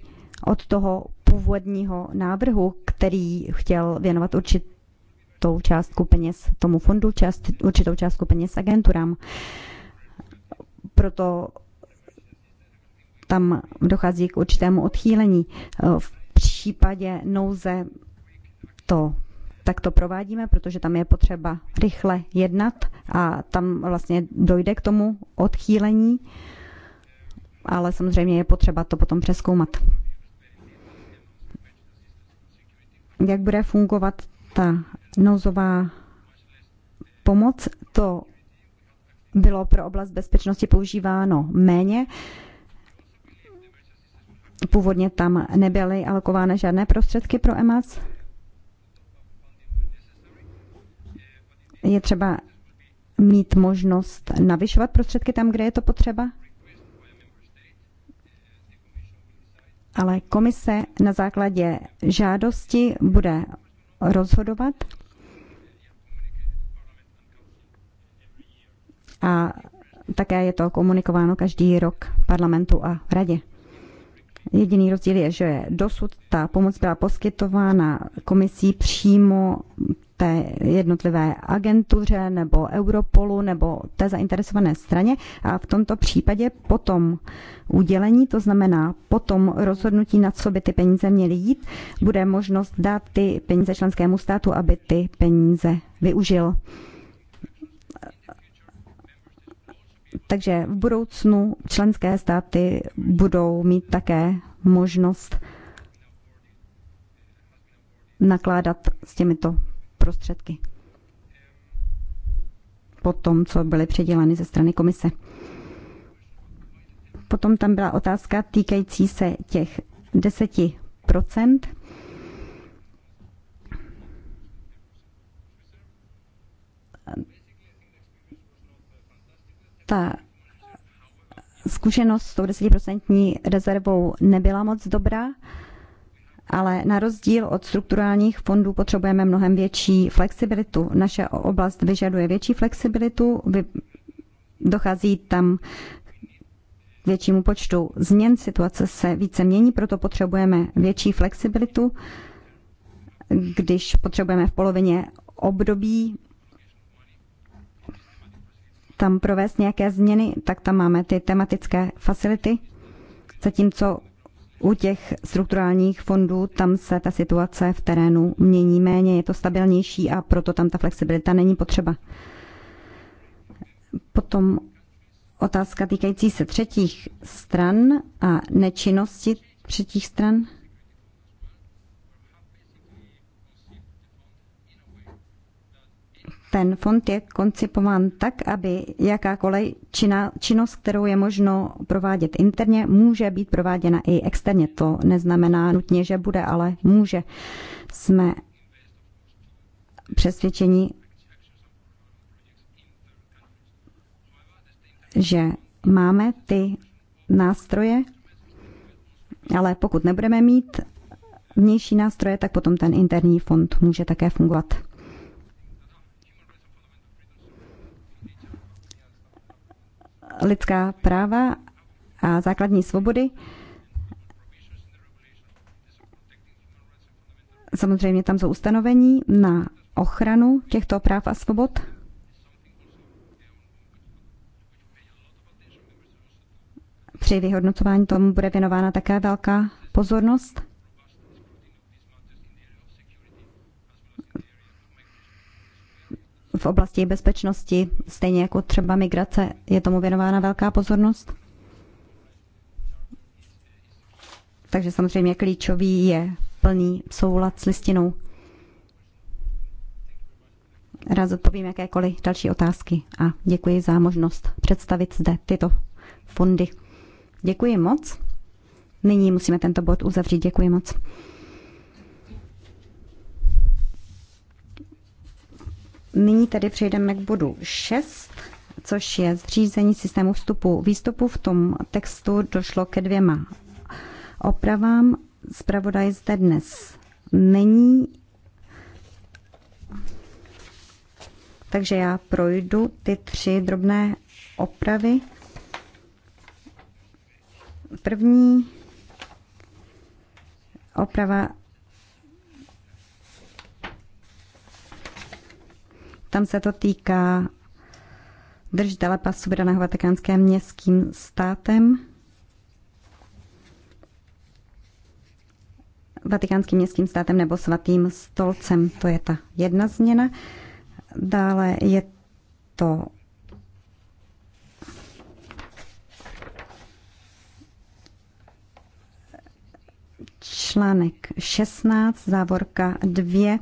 od toho původního návrhu, který chtěl věnovat určitou částku peněz tomu fondu, část, určitou částku peněz agenturám. Proto tam dochází k určitému odchýlení. V případě nouze to tak to provádíme, protože tam je potřeba rychle jednat a tam vlastně dojde k tomu odchýlení, ale samozřejmě je potřeba to potom přeskoumat. Jak bude fungovat ta nouzová pomoc, to bylo pro oblast bezpečnosti používáno méně. Původně tam nebyly alokovány žádné prostředky pro EMAC. Je třeba mít možnost navyšovat prostředky tam, kde je to potřeba? Ale komise na základě žádosti bude rozhodovat a také je to komunikováno každý rok parlamentu a radě. Jediný rozdíl je, že dosud ta pomoc byla poskytována komisí přímo té jednotlivé agentuře nebo Europolu nebo té zainteresované straně a v tomto případě potom udělení, to znamená potom rozhodnutí, na co by ty peníze měly jít, bude možnost dát ty peníze členskému státu, aby ty peníze využil. Takže v budoucnu členské státy budou mít také možnost nakládat s těmito prostředky po tom, co byly předěleny ze strany komise. Potom tam byla otázka týkající se těch 10 ta zkušenost s tou desetiprocentní rezervou nebyla moc dobrá, ale na rozdíl od strukturálních fondů potřebujeme mnohem větší flexibilitu. Naše oblast vyžaduje větší flexibilitu, dochází tam k většímu počtu změn, situace se více mění, proto potřebujeme větší flexibilitu. Když potřebujeme v polovině období tam provést nějaké změny, tak tam máme ty tematické facility, zatímco u těch strukturálních fondů tam se ta situace v terénu mění méně, je to stabilnější a proto tam ta flexibilita není potřeba. Potom otázka týkající se třetích stran a nečinnosti třetích stran. Ten fond je koncipován tak, aby jakákoliv čina, činnost, kterou je možno provádět interně, může být prováděna i externě. To neznamená nutně, že bude, ale může. Jsme přesvědčení, že máme ty nástroje, ale pokud nebudeme mít vnější nástroje, tak potom ten interní fond může také fungovat. lidská práva a základní svobody. Samozřejmě tam jsou ustanovení na ochranu těchto práv a svobod. Při vyhodnocování tomu bude věnována také velká pozornost. v oblasti bezpečnosti, stejně jako třeba migrace, je tomu věnována velká pozornost? Takže samozřejmě klíčový je plný soulad s listinou. Rád odpovím jakékoliv další otázky a děkuji za možnost představit zde tyto fondy. Děkuji moc. Nyní musíme tento bod uzavřít. Děkuji moc. Nyní tedy přejdeme k bodu 6, což je zřízení systému vstupu výstupu. V tom textu došlo ke dvěma opravám. Zpravodaj zde dnes není, takže já projdu ty tři drobné opravy. První oprava Tam se to týká držitele pasu vydaného vatikánském městským státem. Vatikánským městským státem nebo svatým stolcem. To je ta jedna změna. Dále je to článek 16, závorka 2,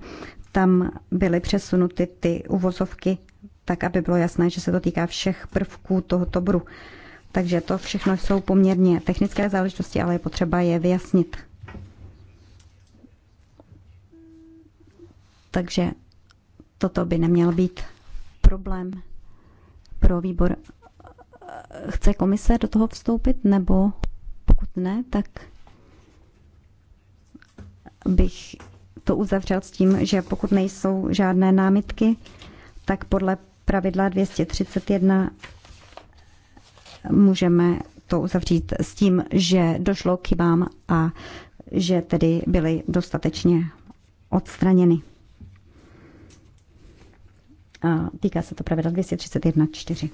tam byly přesunuty ty uvozovky tak, aby bylo jasné, že se to týká všech prvků tohoto bru. Takže to všechno jsou poměrně technické záležitosti, ale je potřeba je vyjasnit. Takže toto by neměl být problém pro výbor. Chce komise do toho vstoupit, nebo pokud ne, tak bych to uzavřel s tím, že pokud nejsou žádné námitky, tak podle pravidla 231 můžeme to uzavřít s tím, že došlo k chybám a že tedy byly dostatečně odstraněny. A týká se to pravidla 231.4.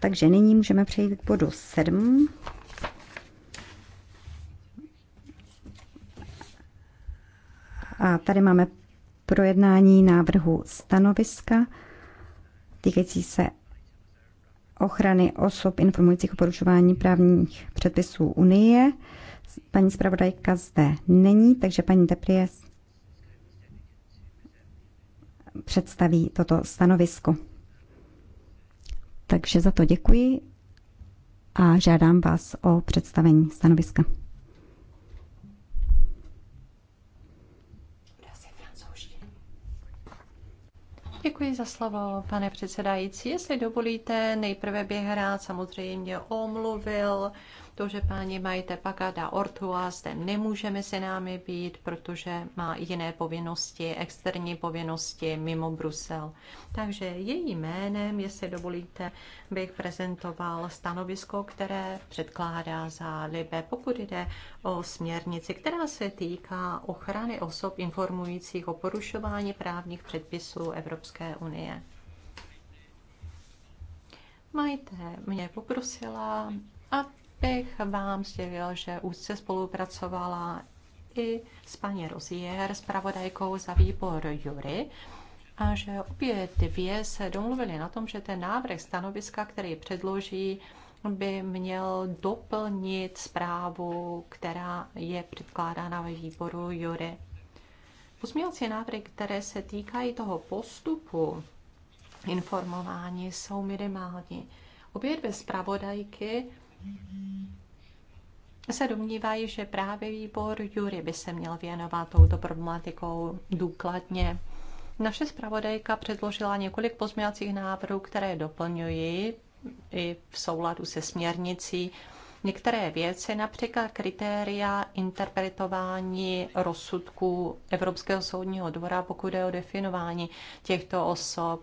Takže nyní můžeme přejít k bodu 7. A tady máme projednání návrhu stanoviska týkající se ochrany osob informujících o porušování právních předpisů Unie. Paní zpravodajka zde není, takže paní Depries představí toto stanovisko. Takže za to děkuji a žádám vás o představení stanoviska. Děkuji za slovo, pane předsedající. Jestli dovolíte, nejprve bych rád samozřejmě omluvil to, že páni majte Pakada Ortua zde nemůžeme se námi být, protože má jiné povinnosti, externí povinnosti mimo Brusel. Takže její jménem, jestli dovolíte, bych prezentoval stanovisko, které předkládá za Libe, pokud jde o směrnici, která se týká ochrany osob informujících o porušování právních předpisů Evropské unie. Majte mě poprosila, a bych vám sdělil, že úzce spolupracovala i s paní Rozier, pravodajkou za výbor Jury, a že obě dvě se domluvily na tom, že ten návrh stanoviska, který předloží, by měl doplnit zprávu, která je předkládána ve výboru Jury. Pozměňovací návrhy, které se týkají toho postupu informování, jsou minimální. Obě dvě zpravodajky se domnívají, že právě výbor Jury by se měl věnovat touto problematikou důkladně. Naše zpravodajka předložila několik pozměňovacích návrhů, které doplňují i v souladu se směrnicí některé věci, například kritéria interpretování rozsudků Evropského soudního dvora, pokud je o definování těchto osob,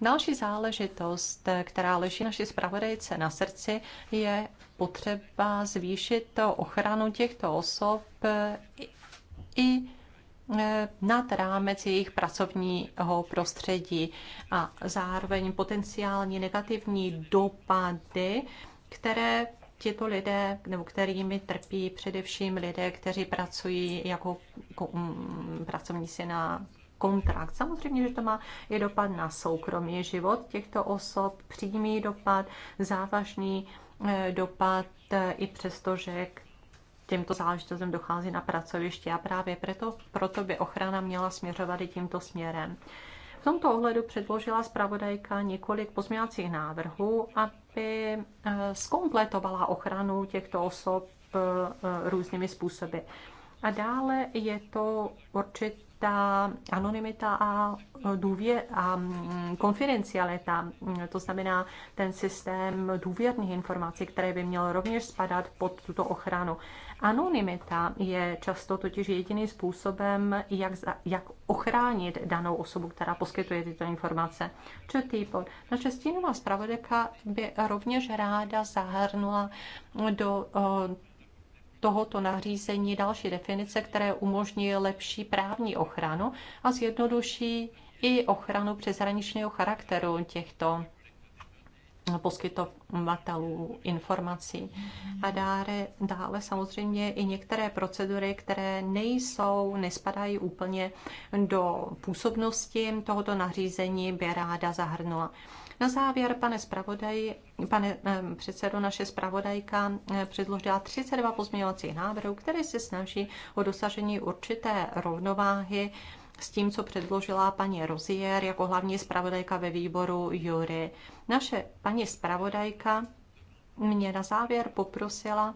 Další záležitost, která leží naši zpravodajce na srdci, je potřeba zvýšit to ochranu těchto osob i e, nad rámec jejich pracovního prostředí a zároveň potenciální negativní dopady, které tito lidé, nebo kterými trpí především lidé, kteří pracují jako, mm, pracovníci na kontrakt. Samozřejmě, že to má je dopad na soukromý život těchto osob, přímý dopad, závažný eh, dopad, eh, i přesto, že k těmto záležitostem dochází na pracoviště a právě proto, proto by ochrana měla směřovat i tímto směrem. V tomto ohledu předložila zpravodajka několik pozměňovacích návrhů, aby skompletovala eh, ochranu těchto osob různými způsoby. A dále je to určit, ta anonymita a e, důvě a mm, konfidencialita, mm, to znamená ten systém důvěrných informací, které by měl rovněž spadat pod tuto ochranu. Anonymita je často totiž jediným způsobem, jak, jak ochránit danou osobu, která poskytuje tyto informace. Četýpod. Naše stínová zpravodajka by rovněž ráda zahrnula do e, tohoto nařízení další definice, které umožní lepší právní ochranu a zjednoduší i ochranu přeshraničního charakteru těchto poskytovatelů informací. A dále, dále samozřejmě i některé procedury, které nejsou, nespadají úplně do působnosti tohoto nařízení, by ráda zahrnula. Na závěr, pane zpravodaj, pane eh, předsedo, naše zpravodajka eh, předložila 32 pozměňovacích návrhů, které se snaží o dosažení určité rovnováhy s tím, co předložila paní Rozier jako hlavní zpravodajka ve výboru Jury. Naše paní zpravodajka mě na závěr poprosila,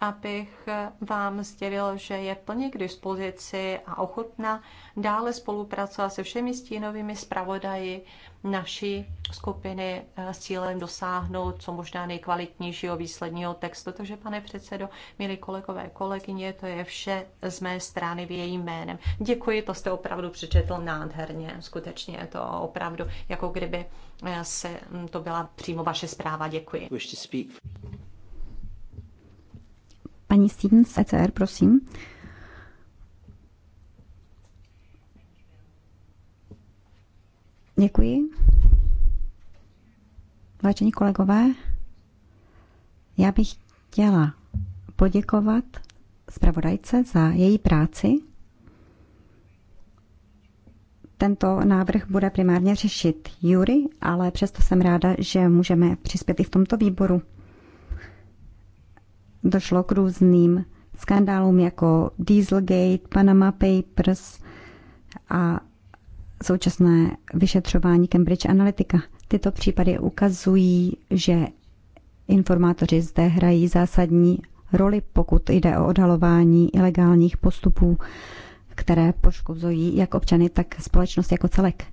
abych vám sdělil, že je plně k dispozici a ochotna dále spolupracovat se všemi stínovými zpravodaji naší skupiny s cílem dosáhnout co možná nejkvalitnějšího výsledního textu. Takže, pane předsedo, milí kolegové, kolegyně, to je vše z mé strany v jejím jménem. Děkuji, to jste opravdu přečetl nádherně. Skutečně je to opravdu, jako kdyby eh, se, to byla přímo vaše zpráva. Děkuji. Paní Stevens, ECR, prosím. Děkuji. Vážení kolegové, já bych chtěla poděkovat zpravodajce za její práci. Tento návrh bude primárně řešit Jury, ale přesto jsem ráda, že můžeme přispět i v tomto výboru došlo k různým skandálům jako Dieselgate, Panama Papers a současné vyšetřování Cambridge Analytica. Tyto případy ukazují, že informátoři zde hrají zásadní roli, pokud jde o odhalování ilegálních postupů, které poškozují jak občany, tak společnost jako celek.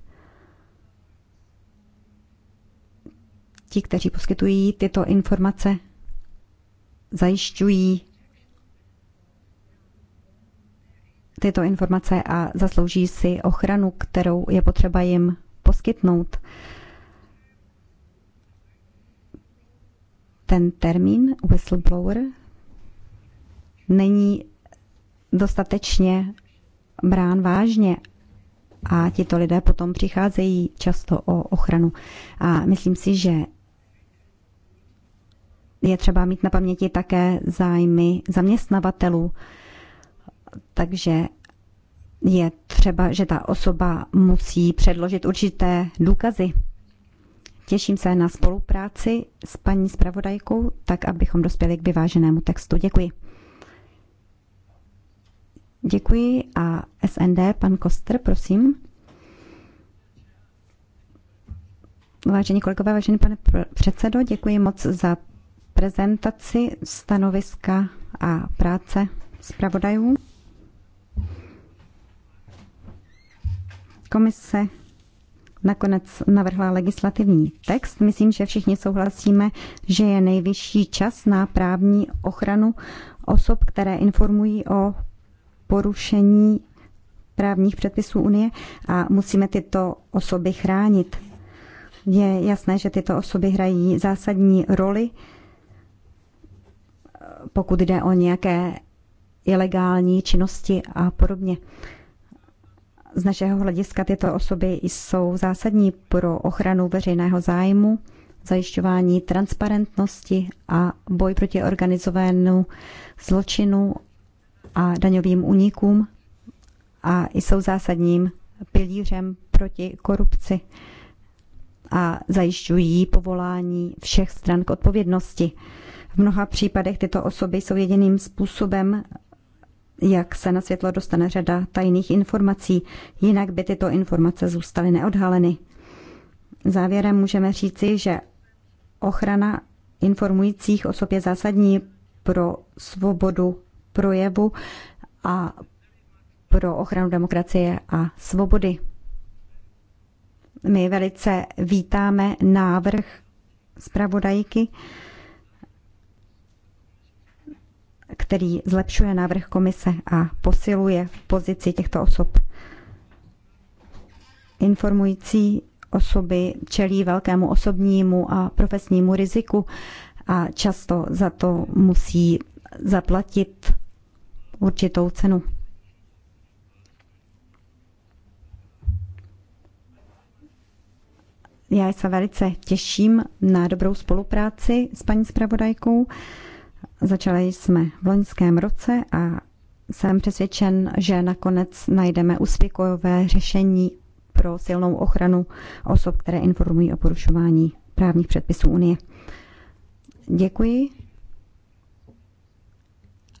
Ti, kteří poskytují tyto informace, zajišťují tyto informace a zaslouží si ochranu, kterou je potřeba jim poskytnout. Ten termín whistleblower není dostatečně brán vážně a tito lidé potom přicházejí často o ochranu. A myslím si, že je třeba mít na paměti také zájmy zaměstnavatelů. Takže je třeba, že ta osoba musí předložit určité důkazy. Těším se na spolupráci s paní zpravodajkou, tak abychom dospěli k vyváženému textu. Děkuji. Děkuji a SND, pan Koster, prosím. Vážení kolegové, vážený pane předsedo, děkuji moc za prezentaci stanoviska a práce zpravodajů. Komise nakonec navrhla legislativní text. Myslím, že všichni souhlasíme, že je nejvyšší čas na právní ochranu osob, které informují o porušení právních předpisů Unie a musíme tyto osoby chránit. Je jasné, že tyto osoby hrají zásadní roli pokud jde o nějaké ilegální činnosti a podobně. Z našeho hlediska tyto osoby jsou zásadní pro ochranu veřejného zájmu, zajišťování transparentnosti a boj proti organizovanému zločinu a daňovým unikům a jsou zásadním pilířem proti korupci a zajišťují povolání všech stran k odpovědnosti. V mnoha případech tyto osoby jsou jediným způsobem, jak se na světlo dostane řada tajných informací, jinak by tyto informace zůstaly neodhaleny. Závěrem můžeme říci, že ochrana informujících osob je zásadní pro svobodu projevu a pro ochranu demokracie a svobody. My velice vítáme návrh zpravodajky, který zlepšuje návrh komise a posiluje pozici těchto osob. Informující osoby čelí velkému osobnímu a profesnímu riziku a často za to musí zaplatit určitou cenu. Já se velice těším na dobrou spolupráci s paní zpravodajkou. Začali jsme v loňském roce a jsem přesvědčen, že nakonec najdeme úspěchové řešení pro silnou ochranu osob, které informují o porušování právních předpisů Unie. Děkuji.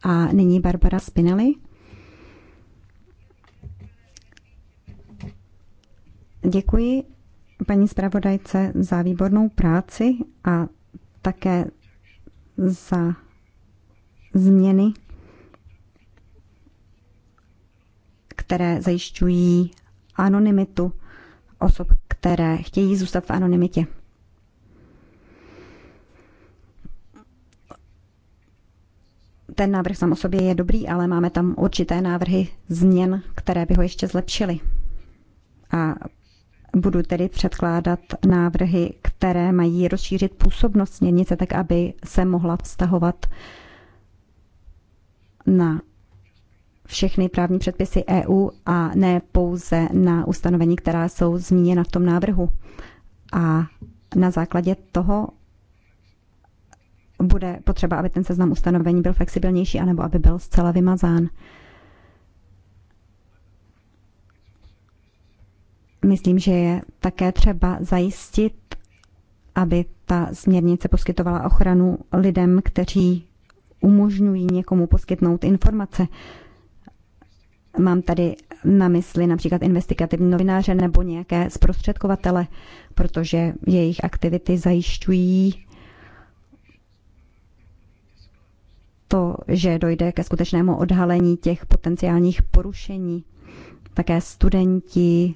A nyní Barbara Spinelli. Děkuji paní zpravodajce za výbornou práci a také za změny, které zajišťují anonymitu osob, které chtějí zůstat v anonymitě. Ten návrh sám o sobě je dobrý, ale máme tam určité návrhy změn, které by ho ještě zlepšily. A budu tedy předkládat návrhy, které mají rozšířit působnost směrnice tak, aby se mohla vztahovat na všechny právní předpisy EU a ne pouze na ustanovení, která jsou zmíněna v tom návrhu. A na základě toho bude potřeba, aby ten seznam ustanovení byl flexibilnější, anebo aby byl zcela vymazán. Myslím, že je také třeba zajistit, aby ta směrnice poskytovala ochranu lidem, kteří umožňují někomu poskytnout informace. Mám tady na mysli například investigativní novináře nebo nějaké zprostředkovatele, protože jejich aktivity zajišťují to, že dojde ke skutečnému odhalení těch potenciálních porušení. Také studenti,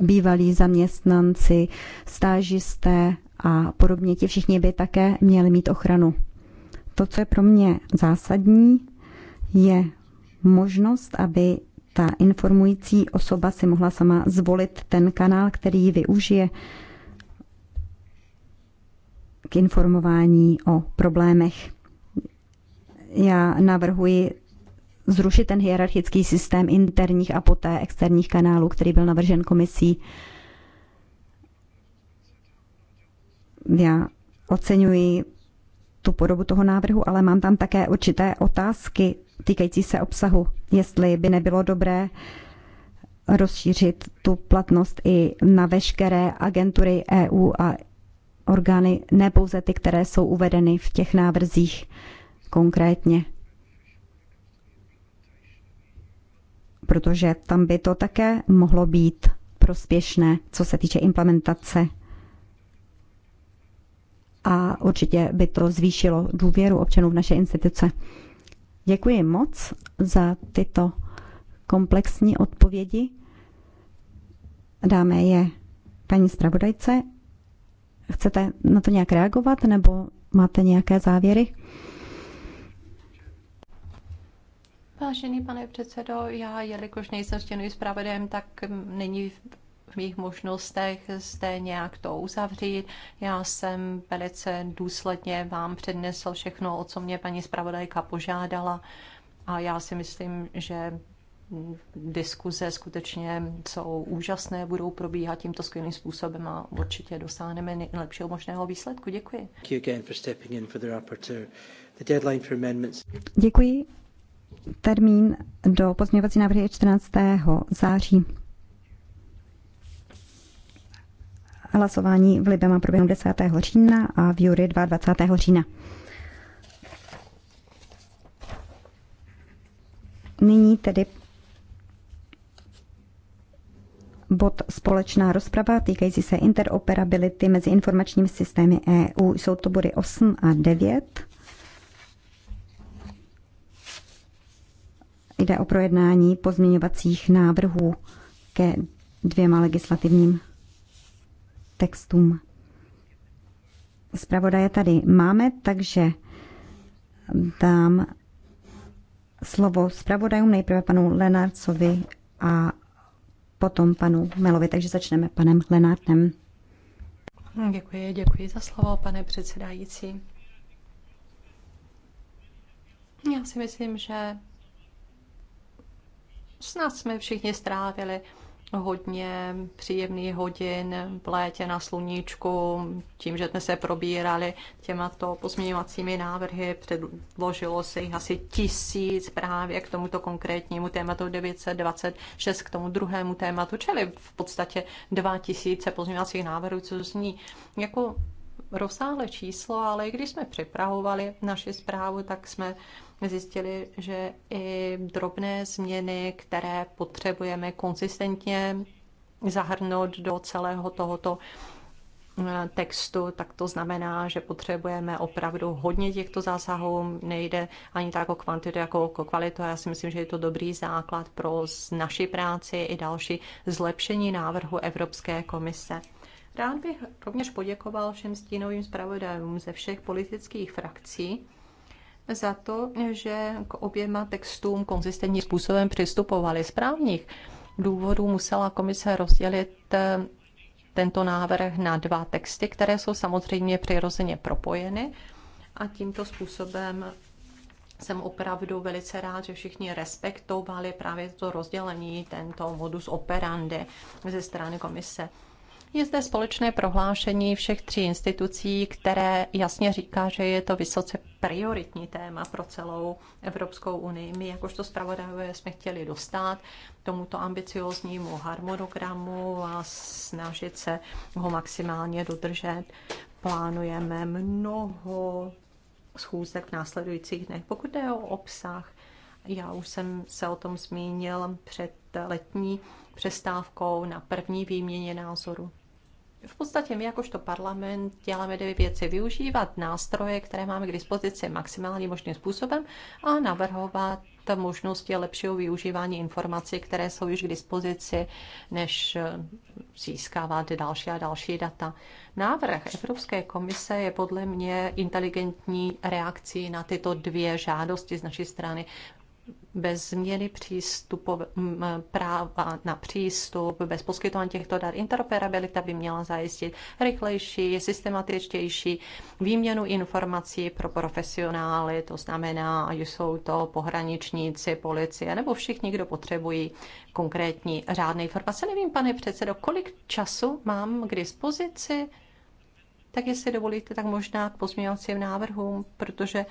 bývalí zaměstnanci, stážisté a podobně ti všichni by také měli mít ochranu. To, co je pro mě zásadní, je možnost, aby ta informující osoba si mohla sama zvolit ten kanál, který ji využije k informování o problémech. Já navrhuji zrušit ten hierarchický systém interních a poté externích kanálů, který byl navržen komisí. Já oceňuji tu podobu toho návrhu, ale mám tam také určité otázky týkající se obsahu, jestli by nebylo dobré rozšířit tu platnost i na veškeré agentury EU a orgány, ne pouze ty, které jsou uvedeny v těch návrzích konkrétně. Protože tam by to také mohlo být prospěšné, co se týče implementace a určitě by to zvýšilo důvěru občanů v naše instituce. Děkuji moc za tyto komplexní odpovědi. Dáme je paní zpravodajce. Chcete na to nějak reagovat nebo máte nějaké závěry? Vážený pane předsedo, já jelikož nejsem stěnou zpravodajem, tak není mých možnostech zde nějak to uzavřít. Já jsem velice důsledně vám přednesl všechno, o co mě paní zpravodajka požádala a já si myslím, že diskuze skutečně jsou úžasné, budou probíhat tímto skvělým způsobem a určitě dosáhneme nejlepšího možného výsledku. Děkuji. Děkuji. Termín do pozměňovací návrhy je 14. září. Hlasování v Libe má proběhnout 10. října a v Jury 22. října. Nyní tedy bod společná rozprava týkající se interoperability mezi informačními systémy EU. Jsou to body 8 a 9. Jde o projednání pozměňovacích návrhů ke dvěma legislativním textům. Zpravodaje tady máme, takže dám slovo zpravodajům, nejprve panu Lenarcovi a potom panu Melovi. Takže začneme panem Lenartem. Děkuji, děkuji za slovo, pane předsedající. Já si myslím, že snad jsme všichni strávili hodně příjemných hodin v létě na sluníčku, tím, že jsme se probírali těmato pozměňovacími návrhy, předložilo se jich asi tisíc právě k tomuto konkrétnímu tématu 926, k tomu druhému tématu, čili v podstatě 2000 pozměňovacích návrhů, co zní jako rozsáhlé číslo, ale i když jsme připravovali naši zprávu, tak jsme zjistili, že i drobné změny, které potřebujeme konsistentně zahrnout do celého tohoto eh, textu, tak to znamená, že potřebujeme opravdu hodně těchto zásahů. Nejde ani tak o kvantitu, jako o kvalitu. Já si myslím, že je to dobrý základ pro naši práci i další zlepšení návrhu Evropské komise. Rád bych rovněž poděkoval všem stínovým zpravodajům ze všech politických frakcí za to, že k oběma textům konzistentním způsobem přistupovali. Z právních důvodů musela komise rozdělit eh, tento návrh na dva texty, které jsou samozřejmě přirozeně propojeny a tímto způsobem jsem opravdu velice rád, že všichni respektovali právě to rozdělení, tento modus operandi ze strany komise. Je zde společné prohlášení všech tří institucí, které jasně říká, že je to vysoce prioritní téma pro celou Evropskou unii. My jakožto zpravodajové jsme chtěli dostat tomuto ambicioznímu harmonogramu a snažit se ho maximálně dodržet. Plánujeme mnoho schůzek v následujících dnech. Pokud jde o obsah, já už jsem se o tom zmínil před letní přestávkou na první výměně názoru v podstatě my jakožto parlament děláme dvě věci. Využívat nástroje, které máme k dispozici maximálně možným způsobem a navrhovat možnosti lepšího využívání informací, které jsou již k dispozici, než eh, získávat další a další data. Návrh Evropské komise je podle mě inteligentní reakcí na tyto dvě žádosti z naší strany bez změny přístupu, práva na přístup, bez poskytování těchto dat interoperabilita by měla zajistit rychlejší, systematičtější výměnu informací pro profesionály, to znamená, že jsou to pohraničníci, policie nebo všichni, kdo potřebují konkrétní řádné informace. Nevím, pane předsedo, kolik času mám k dispozici? Tak jestli dovolíte, tak možná k pozměňovacím návrhům, protože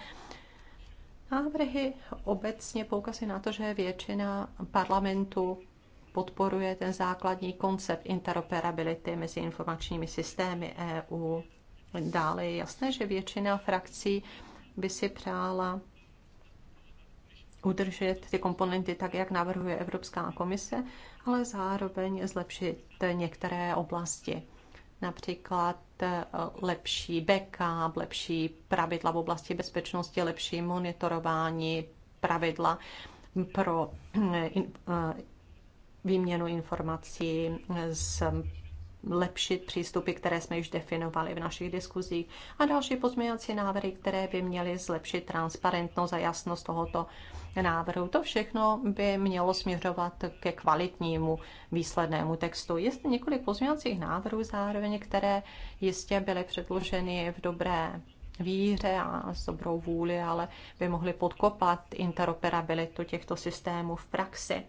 Návrhy obecně poukazují na to, že většina parlamentu podporuje ten základní koncept interoperability mezi informačními systémy EU. Dále je jasné, že většina frakcí by si přála udržet ty komponenty tak, jak navrhuje Evropská komise, ale zároveň zlepšit některé oblasti například eh, lepší backup, lepší pravidla v oblasti bezpečnosti, lepší monitorování, pravidla pro eh, eh, výměnu informací z lepšit přístupy, které jsme již definovali v našich diskuzích a další pozměňovací návrhy, které by měly zlepšit transparentnost a jasnost tohoto návrhu. To všechno by mělo směřovat ke kvalitnímu výslednému textu. Je zde několik pozměňovacích návrhů zároveň, které jistě byly předloženy v dobré víře a s dobrou vůli, ale by mohly podkopat interoperabilitu těchto systémů v praxi.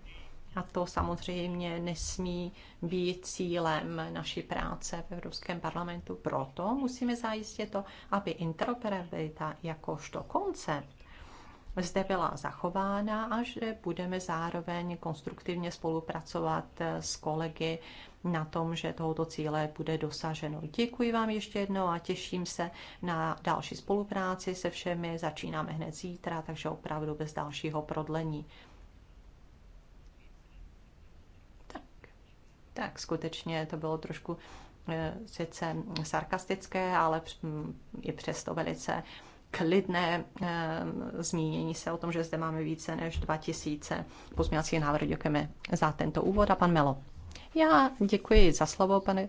A to samozřejmě nesmí být cílem naší práce v Evropském parlamentu. Proto musíme zajistit to, aby interoperabilita jakožto koncept zde byla zachována a že budeme zároveň konstruktivně spolupracovat eh, s kolegy na tom, že tohoto cíle bude dosaženo. Děkuji vám ještě jednou a těším se na další spolupráci se všemi. Začínáme hned zítra, takže opravdu bez dalšího prodlení. Tak, tak skutečně to bylo trošku eh, sice sarkastické, ale mm, i přesto velice klidné eh, zmínění se o tom, že zde máme více než 2000 pozměňovacích návrhů. Děkujeme za tento úvod a pan Melo. Já děkuji za slovo, pane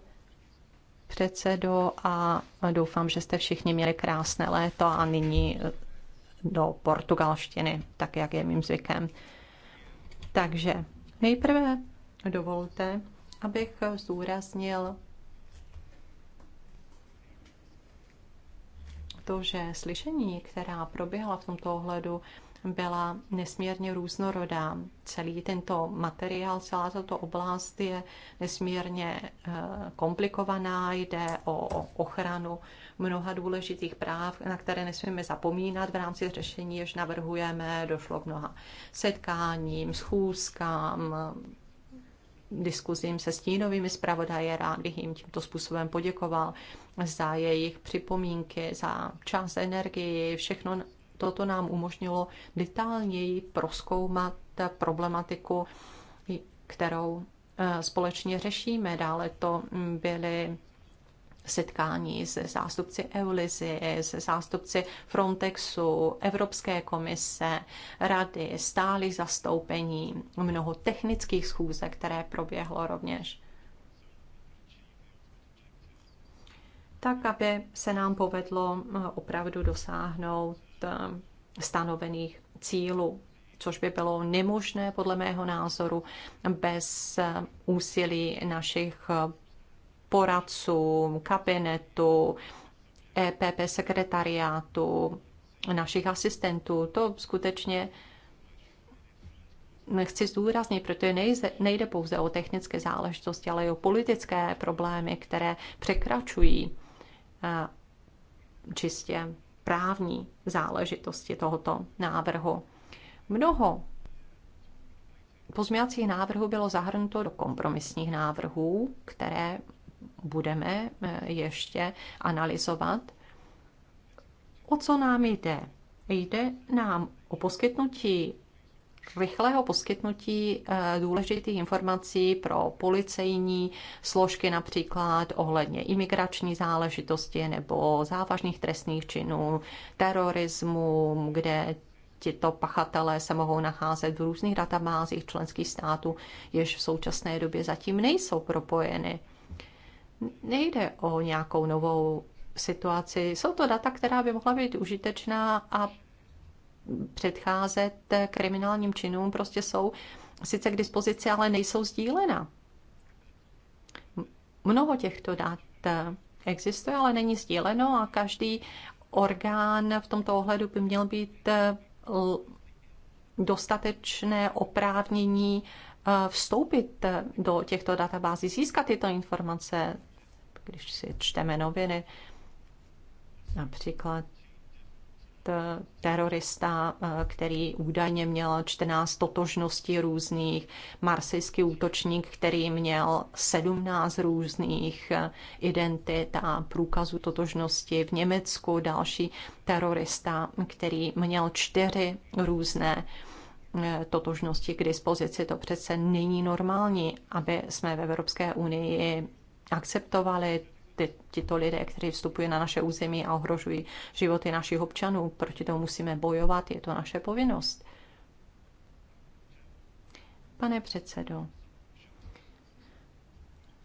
předsedo, a doufám, že jste všichni měli krásné léto a nyní eh, do portugalštiny, tak jak je mým zvykem. Takže nejprve dovolte, abych zdůraznil že slyšení, která proběhla v tomto ohledu, byla nesmírně různorodá. Celý tento materiál, celá tato oblast je nesmírně eh, komplikovaná, jde o ochranu mnoha důležitých práv, na které nesmíme zapomínat v rámci řešení, jež navrhujeme. Došlo k mnoha setkáním, schůzkám, diskuzím se stínovými zpravodaje. Rád bych jim tímto způsobem poděkoval za jejich připomínky, za čas, energii, všechno toto nám umožnilo detailněji proskoumat problematiku, kterou eh, společně řešíme. Dále to byly setkání se zástupci Eulizy, se zástupci Frontexu, Evropské komise, rady, stály zastoupení, mnoho technických schůzek, které proběhlo rovněž. Tak, aby se nám povedlo eh, opravdu dosáhnout eh, stanovených cílů což by bylo nemožné podle mého názoru bez eh, úsilí našich poradcům, kabinetu, EPP sekretariátu, našich asistentů. To skutečně nechci zdůraznit, protože nejde, nejde pouze o technické záležitosti, ale i o politické problémy, které překračují eh, čistě právní záležitosti tohoto návrhu. Mnoho pozměňovacích návrhů bylo zahrnuto do kompromisních návrhů, které budeme eh, ještě analyzovat. O co nám jde? Jde nám o poskytnutí rychlého poskytnutí eh, důležitých informací pro policejní složky například ohledně imigrační záležitosti nebo závažných trestných činů, terorismu, kde tito pachatelé se mohou nacházet v různých databázích členských států, jež v současné době zatím nejsou propojeny nejde o nějakou novou situaci. Jsou to data, která by mohla být užitečná a předcházet kriminálním činům, prostě jsou sice k dispozici, ale nejsou sdílena. Mnoho těchto dat existuje, ale není sdíleno a každý orgán v tomto ohledu by měl být eh, dostatečné oprávnění eh, vstoupit eh, do těchto databází, získat tyto informace když si čteme noviny, například eh, terorista, eh, který údajně měl 14 totožností různých, marsijský útočník, který měl 17 různých eh, identit a průkazů totožnosti v Německu, další terorista, který měl čtyři různé totožnosti k dispozici. To přece není normální, aby jsme v Evropské unii akceptovali ty, tito lidé, kteří vstupují na naše území a ohrožují životy našich občanů. Proti tomu musíme bojovat, je to naše povinnost. Pane předsedo,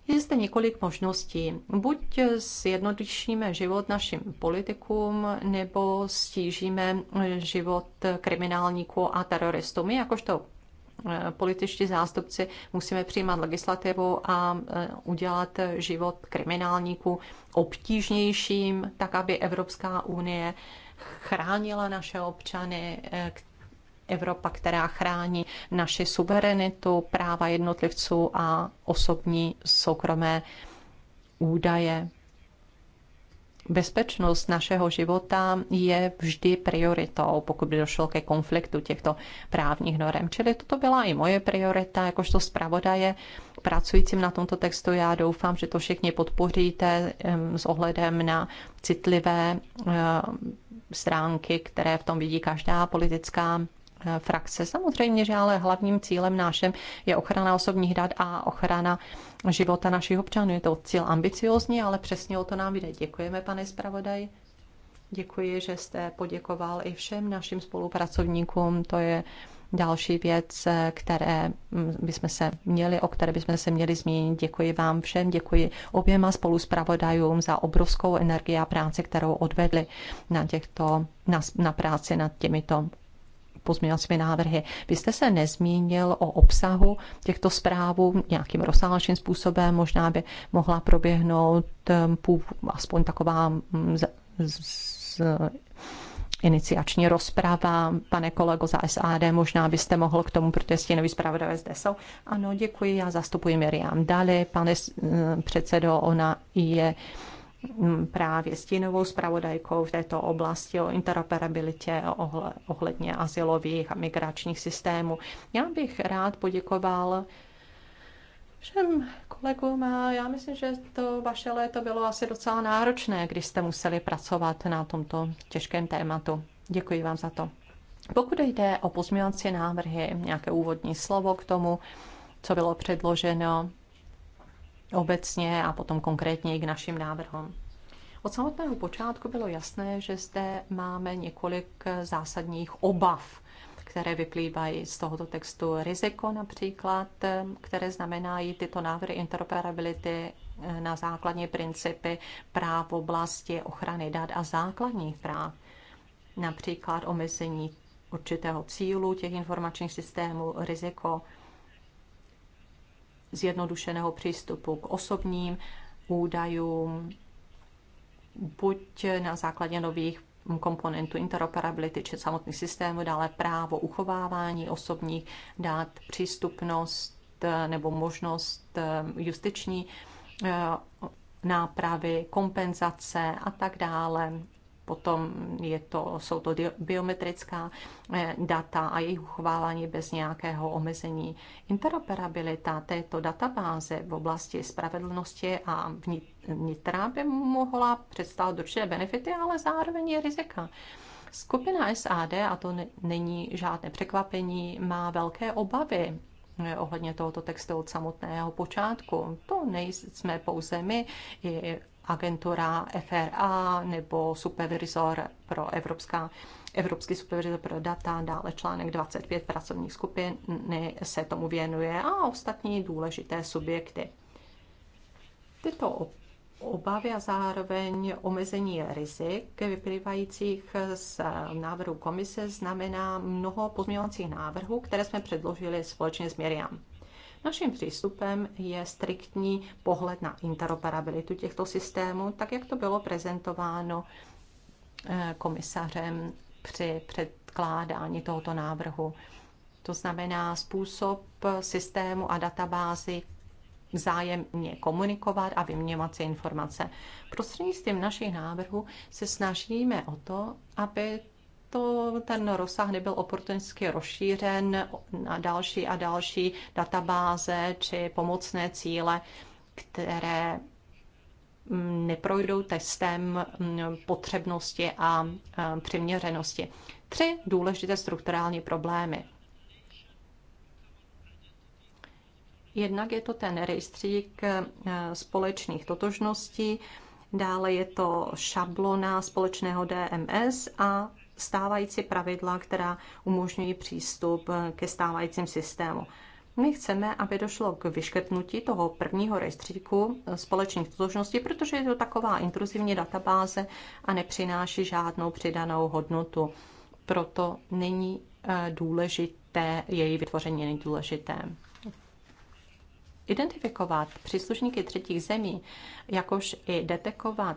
je zde několik možností. Buď zjednodušíme život našim politikům, nebo stížíme život kriminálníků a teroristům. My jakožto Eh, političtí zástupci musíme přijímat legislativu a eh, udělat život kriminálníků obtížnějším, tak aby Evropská unie chránila naše občany, eh, Evropa, která chrání naši suverenitu, práva jednotlivců a osobní soukromé údaje bezpečnost našeho života je vždy prioritou, pokud by došlo ke konfliktu těchto právních norem. Čili toto byla i moje priorita, jakožto zpravodaje pracujícím na tomto textu. Já doufám, že to všichni podpoříte s ohledem na citlivé eh, stránky, které v tom vidí každá politická Eh, frakce. Samozřejmě, že ale hlavním cílem nášem je ochrana osobních dat a ochrana života našich občanů. Je to cíl ambiciozní, ale přesně o to nám jde. Děkujeme, pane zpravodaj. Děkuji, že jste poděkoval i všem našim spolupracovníkům. To je další věc, eh, které mm, bychom se měli, o které bychom se měli zmínit. Děkuji vám všem, děkuji oběma spoluspravodajům za obrovskou energii a práci, kterou odvedli na, těchto, na, na práci nad těmito pozměňovacími návrhy. Vy jste se nezmínil o obsahu těchto zprávů nějakým rozsáhlejším způsobem, možná by mohla proběhnout ehm, aspoň taková mm, z, z, iniciační rozprava. Pane kolego za SAD, možná byste mohl k tomu, protože stěnový zpravodajové zde jsou. Ano, děkuji, já zastupuji Miriam Dali. Pane ehm, předsedo, ona je právě stínovou zpravodajkou v této oblasti o interoperabilitě ohledně asilových a migračních systémů. Já bych rád poděkoval všem kolegům a já myslím, že to vaše léto bylo asi docela náročné, když jste museli pracovat na tomto těžkém tématu. Děkuji vám za to. Pokud jde o pozměňovací návrhy, nějaké úvodní slovo k tomu, co bylo předloženo, obecně a potom konkrétně i k našim návrhům. Od samotného počátku bylo jasné, že zde máme několik zásadních obav, které vyplývají z tohoto textu. Riziko například, které znamenají tyto návrhy interoperability eh, na základní principy práv v oblasti ochrany dat a základních práv, například omezení určitého cílu těch informačních systémů, riziko zjednodušeného přístupu k osobním údajům, buď na základě nových komponentů interoperability či samotných systémů, dále právo uchovávání osobních dát, přístupnost eh, nebo možnost eh, justiční eh, nápravy, kompenzace a tak dále, potom je to, jsou to biometrická eh, data a jejich uchovávání bez nějakého omezení. Interoperabilita této databáze v oblasti spravedlnosti a vnitra by mohla představit určité benefity, ale zároveň je rizika. Skupina SAD, a to není žádné překvapení, má velké obavy eh, ohledně tohoto textu od samotného počátku. To nejsme pouze my, i agentura FRA nebo supervizor pro evropská Evropský supervizor pro data, dále článek 25 pracovních skupin se tomu věnuje a ostatní důležité subjekty. Tyto obavy a zároveň omezení rizik vyplývajících z návrhu komise znamená mnoho pozměňovacích návrhů, které jsme předložili společně s Miriam. Naším přístupem je striktní pohled na interoperabilitu těchto systémů, tak jak to bylo prezentováno eh, komisařem při předkládání tohoto návrhu. To znamená způsob systému a databázy vzájemně komunikovat a vyměňovat si informace. Prostřednictvím našich návrhů se snažíme o to, aby to ten rozsah nebyl oportunisticky rozšířen na další a další databáze či pomocné cíle, které neprojdou testem potřebnosti a přiměřenosti. Tři důležité strukturální problémy. Jednak je to ten rejstřík e, společných totožností, dále je to šablona společného DMS a stávající pravidla, která umožňují přístup ke stávajícím systému. My chceme, aby došlo k vyškrtnutí toho prvního rejstříku společných totožností, protože je to taková intruzivní databáze a nepřináší žádnou přidanou hodnotu. Proto není eh, důležité, její vytvoření není důležité. Identifikovat příslušníky třetích zemí, jakož i detekovat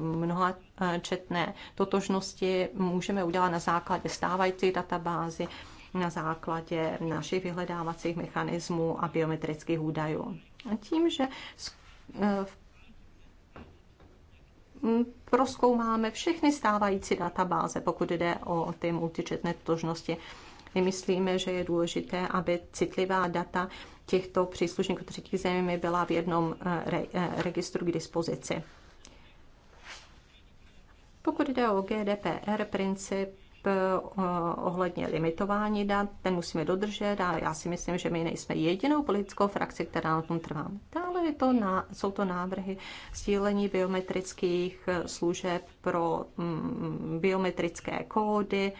mnoha eh, četné totožnosti můžeme udělat na základě stávající databázy, na základě našich vyhledávacích mechanismů a biometrických údajů. A tím, že eh, mm, proskoumáme všechny stávající databáze, pokud jde o ty multičetné totožnosti, my myslíme, že je důležité, aby citlivá data těchto příslušníků třetích zemí byla v jednom eh, re registru k dispozici. Pokud jde o GDPR princip, eh, ohledně limitování dat, ten musíme dodržet a já si myslím, že my nejsme jedinou politickou frakci, která na tom trvá. Dále je to na, jsou to návrhy sdílení biometrických eh, služeb pro mm, biometrické kódy,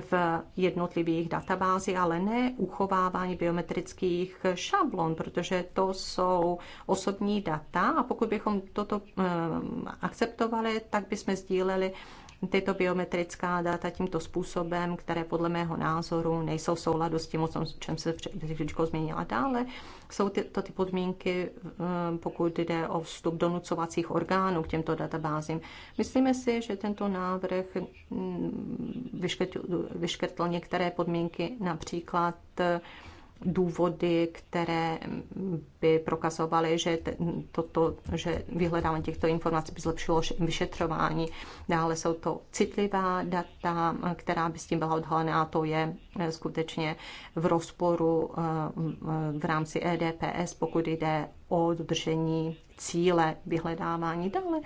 v jednotlivých databázích, ale ne uchovávání biometrických šablon, protože to jsou osobní data a pokud bychom toto eh, akceptovali, tak bychom sdíleli tyto biometrická data tímto způsobem, které podle mého názoru nejsou v souladu s tím, o čem se předtím změnila dále. Jsou tyto ty podmínky, eh, pokud jde o vstup donucovacích orgánů k těmto databázím. Myslíme si, že tento návrh mm, vyškrtl, vyškrtl některé podmínky, například eh, důvody, které by prokazovaly, že, toto, že vyhledávání těchto informací by zlepšilo vyšetřování. Dále jsou to citlivá data, která by s tím byla odhalená, a to je eh, skutečně v rozporu eh, v rámci EDPS, pokud jde o dodržení cíle vyhledávání. Dále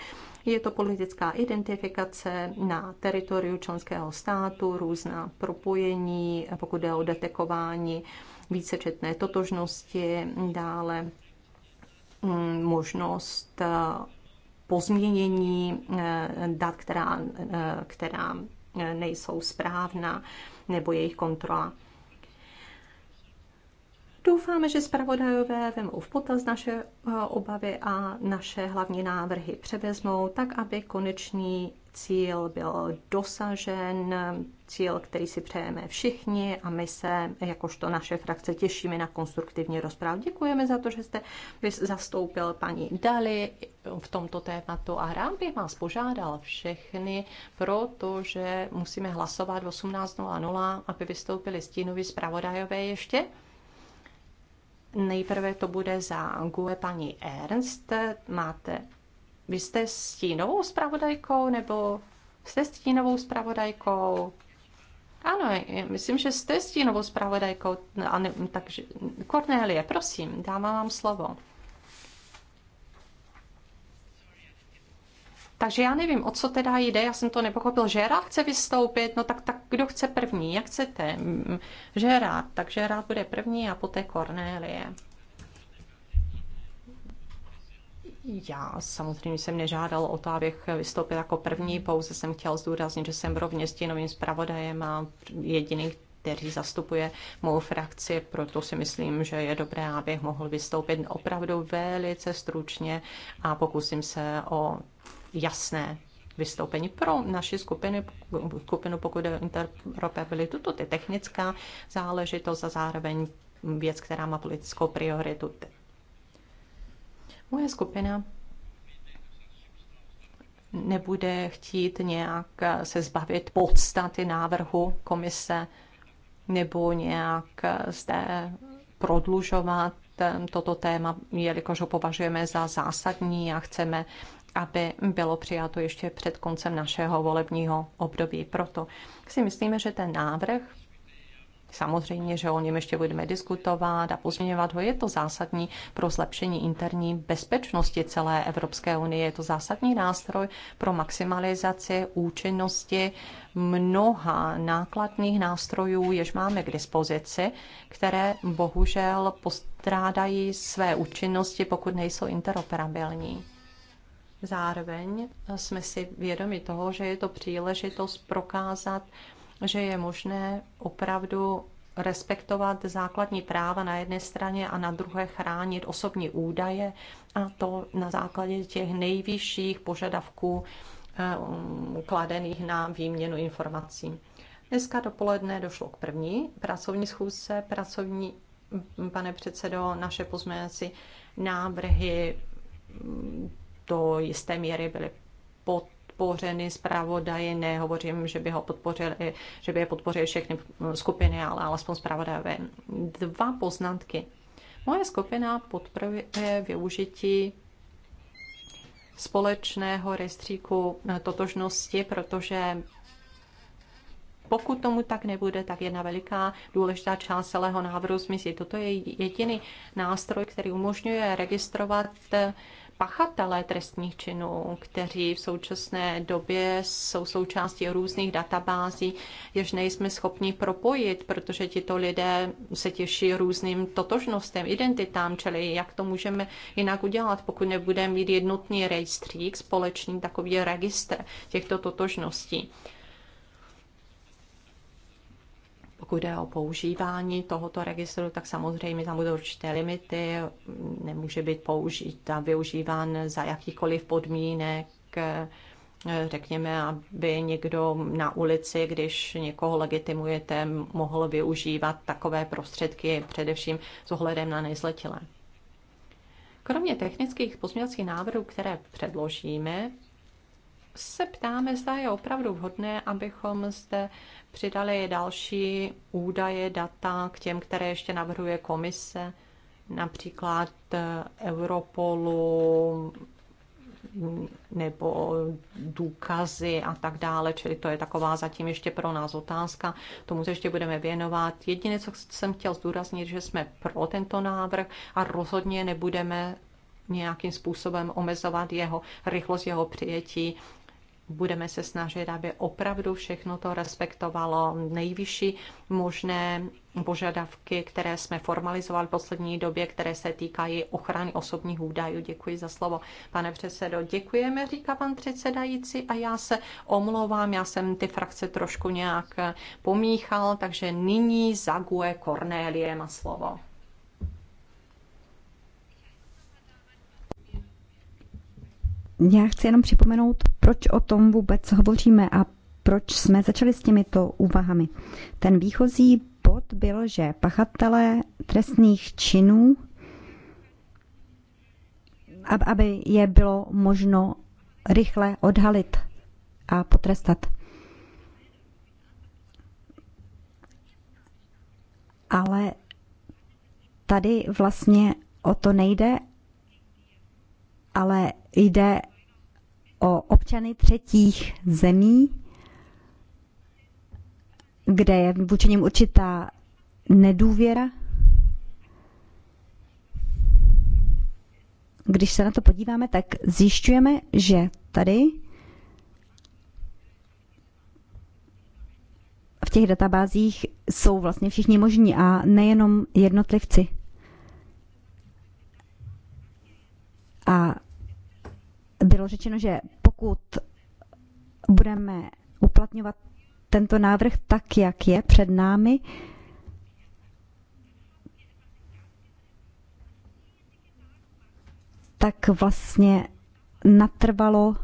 je to politická identifikace na teritoriu členského státu, různá propojení, eh, pokud jde o detekování vícečetné totožnosti, dále mm, možnost eh, pozměnění eh, dat, která, eh, která nejsou správná, nebo jejich kontrola. Doufáme, že zpravodajové vemou v potaz naše obavy a naše hlavní návrhy převezmou tak, aby konečný cíl byl dosažen, cíl, který si přejeme všichni a my se, jakožto naše frakce, těšíme na konstruktivní rozpráv. Děkujeme za to, že jste zastoupil paní Dali v tomto tématu a rád bych vás požádal všechny, protože musíme hlasovat v 18.00, aby vystoupili stínovi zpravodajové ještě. Nejprve to bude za Gue paní Ernst. Máte vy jste stínovou zpravodajkou nebo jste stínovou zpravodajkou? Ano, myslím, že jste stínovou zpravodajkou. ne, takže Cornélie, prosím, dávám vám slovo. Takže já nevím, o co teda jde, já jsem to nepochopil. Žera chce vystoupit, no tak, tak kdo chce první, jak chcete? Mm, Žera, takže Žerát bude první a poté Cornélie. Já samozřejmě jsem nežádal o to, abych vystoupil jako první, pouze jsem chtěl zdůraznit, že jsem rovně stínovým zpravodajem a jediný, který zastupuje mou frakci, proto si myslím, že je dobré, abych mohl vystoupit opravdu velice stručně a pokusím se o jasné vystoupení pro naši skupiny, skupinu, pokud je interoperabilitu, to je technická záležitost a zároveň věc, která má politickou prioritu Moje skupina nebude chtít nějak se zbavit podstaty návrhu komise nebo nějak zde prodlužovat eh, toto téma, jelikož ho považujeme za zásadní a chceme, aby bylo přijato ještě před koncem našeho volebního období. Proto si myslíme, že ten návrh Samozřejmě, že o něm ještě budeme diskutovat a pozměňovat ho. Je to zásadní pro zlepšení interní bezpečnosti celé Evropské unie. Je to zásadní nástroj pro maximalizaci účinnosti mnoha nákladných nástrojů, jež máme k dispozici, které bohužel postrádají své účinnosti, pokud nejsou interoperabilní. Zároveň jsme si vědomi toho, že je to příležitost prokázat že je možné opravdu respektovat základní práva na jedné straně a na druhé chránit osobní údaje a to na základě těch nejvyšších požadavků eh, kladených na výměnu informací. Dneska dopoledne došlo k první pracovní schůzce. Pracovní, pane předsedo, naše pozměňovací návrhy mm, do jisté míry byly pod podpořeny zpravodaji, nehovořím, že by ho podpořili, že by je podpořili všechny skupiny, ale alespoň zpravodajové. Dva poznatky. Moje skupina podporuje využití společného rejstříku totožnosti, protože pokud tomu tak nebude, tak jedna veliká důležitá část celého návrhu zmizí. Toto je jediný nástroj, který umožňuje registrovat pachatelé trestních činů, kteří v současné době jsou součástí různých databází, jež nejsme schopni propojit, protože tito lidé se těší různým totožnostem, identitám, čili jak to můžeme jinak udělat, pokud nebudeme mít jednotný rejstřík, společný takový registr těchto totožností. Pokud jde o používání tohoto registru, tak samozřejmě tam budou určité limity, nemůže být použít a využíván za jakýkoliv podmínek, řekněme, aby někdo na ulici, když někoho legitimujete, mohl využívat takové prostředky, především s ohledem na nezletilé. Kromě technických pozměňovacích návrhů, které předložíme, se ptáme, zda je opravdu vhodné, abychom zde přidali další údaje, data k těm, které ještě navrhuje komise, například eh, Europolu nebo důkazy a tak dále, čili to je taková zatím ještě pro nás otázka, tomu se ještě budeme věnovat. Jediné, co jsem chtěl zdůraznit, že jsme pro tento návrh a rozhodně nebudeme nějakým způsobem omezovat jeho rychlost jeho přijetí budeme se snažit, aby opravdu všechno to respektovalo nejvyšší možné požadavky, které jsme formalizovali v poslední době, které se týkají ochrany osobních údajů. Děkuji za slovo, pane předsedo. Děkujeme, říká pan předsedající, a já se omlouvám, já jsem ty frakce trošku nějak pomíchal, takže nyní zaguje Cornélie na slovo. já chci jenom připomenout, proč o tom vůbec hovoříme a proč jsme začali s těmito úvahami. Ten výchozí bod byl, že pachatelé trestných činů, aby je bylo možno rychle odhalit a potrestat. Ale tady vlastně o to nejde ale jde o občany třetích zemí, kde je vůči nim určitá nedůvěra. Když se na to podíváme, tak zjišťujeme, že tady v těch databázích jsou vlastně všichni možní a nejenom jednotlivci. A bylo řečeno, že pokud budeme uplatňovat tento návrh tak, jak je před námi, tak vlastně natrvalo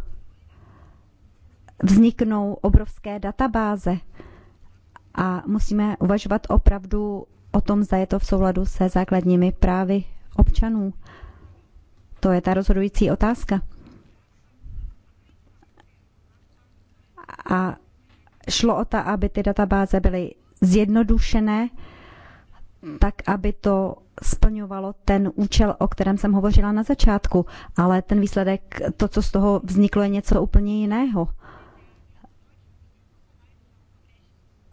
vzniknou obrovské databáze a musíme uvažovat opravdu o tom, zda je to v souladu se základními právy občanů. To je ta rozhodující otázka. a šlo o to, aby ty databáze byly zjednodušené, tak aby to splňovalo ten účel, o kterém jsem hovořila na začátku, ale ten výsledek, to, co z toho vzniklo, je něco úplně jiného.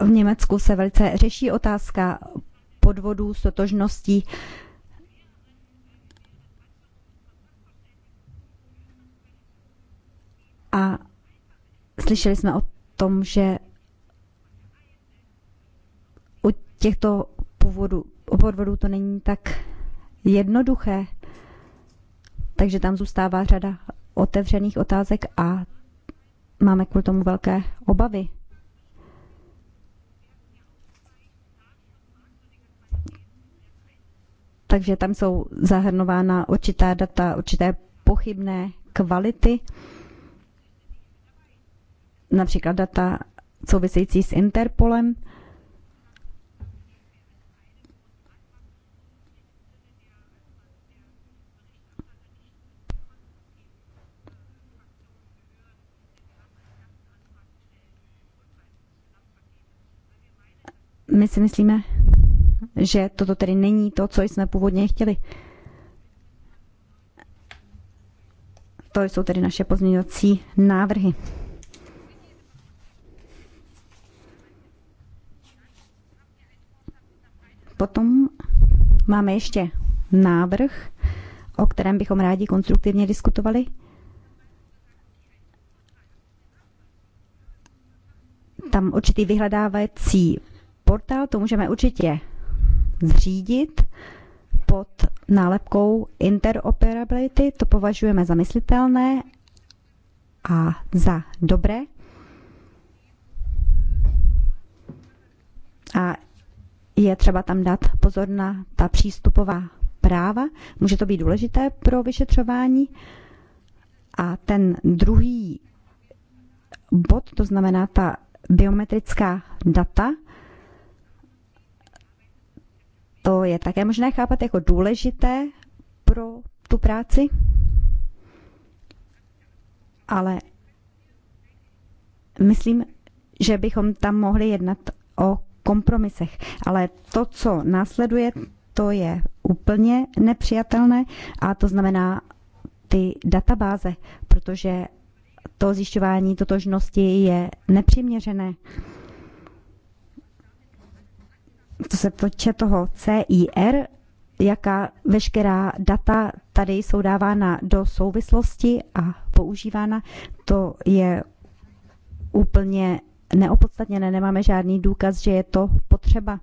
V Německu se velice řeší otázka podvodů, sotožností. A Slyšeli jsme o tom, že u těchto původů, podvodů to není tak jednoduché, takže tam zůstává řada otevřených otázek a máme kvůli tomu velké obavy. Takže tam jsou zahrnována určitá data, určité pochybné kvality například data související s Interpolem. My si myslíme, že toto tedy není to, co jsme původně chtěli. To jsou tedy naše pozměňovací návrhy. Potom máme ještě návrh, o kterém bychom rádi konstruktivně diskutovali. Tam určitý vyhledávací portál, to můžeme určitě zřídit pod nálepkou interoperability, to považujeme za myslitelné a za dobré. A je třeba tam dát pozor na ta přístupová práva. Může to být důležité pro vyšetřování. A ten druhý bod, to znamená ta biometrická data, to je také možné chápat jako důležité pro tu práci, ale myslím, že bychom tam mohli jednat o kompromisech. Ale to, co následuje, to je úplně nepřijatelné a to znamená ty databáze, protože to zjišťování totožnosti je nepřiměřené. Co se týče toho CIR, jaká veškerá data tady jsou dávána do souvislosti a používána, to je úplně neopodstatněné, nemáme žádný důkaz, že je to potřeba.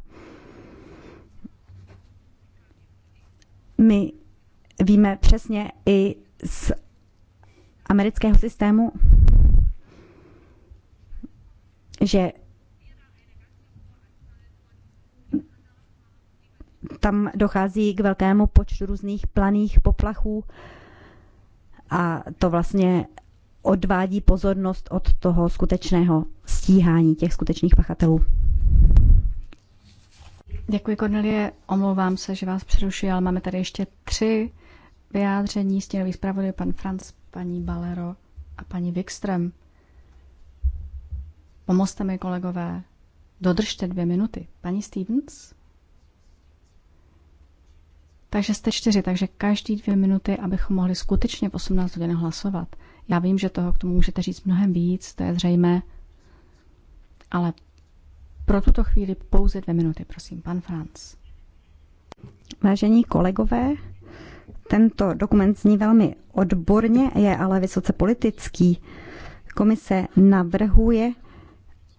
My víme přesně i z amerického systému, že tam dochází k velkému počtu různých planých poplachů a to vlastně odvádí pozornost od toho skutečného stíhání těch skutečných pachatelů. Děkuji, Kornelie. Omlouvám se, že vás přerušuji, ale máme tady ještě tři vyjádření stěnových zpravodajů, pan Franz, paní Balero a paní Wikström. Pomozte mi, kolegové. Dodržte dvě minuty. Paní Stevens? Takže jste čtyři, takže každý dvě minuty, abychom mohli skutečně v 18 hodin hlasovat. Já vím, že toho k tomu můžete říct mnohem víc, to je zřejmé, ale pro tuto chvíli pouze dvě minuty, prosím, pan Franc. Vážení kolegové, tento dokument zní velmi odborně, je ale vysoce politický. Komise navrhuje,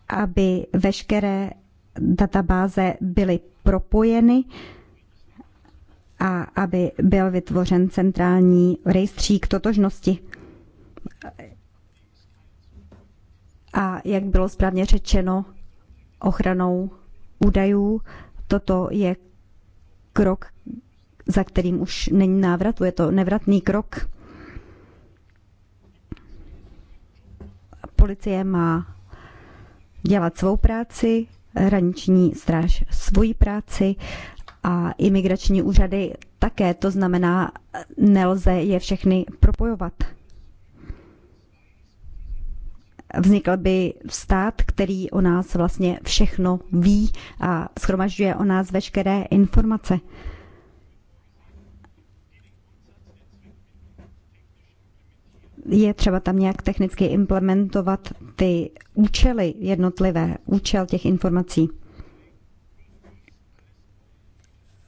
aby veškeré databáze byly propojeny a aby byl vytvořen centrální rejstřík totožnosti a jak bylo správně řečeno, ochranou údajů. Toto je krok, za kterým už není návratu, je to nevratný krok. Policie má dělat svou práci, hraniční stráž svoji práci a imigrační úřady také. To znamená, nelze je všechny propojovat vznikl by stát, který o nás vlastně všechno ví a schromažďuje o nás veškeré informace. je třeba tam nějak technicky implementovat ty účely jednotlivé, účel těch informací.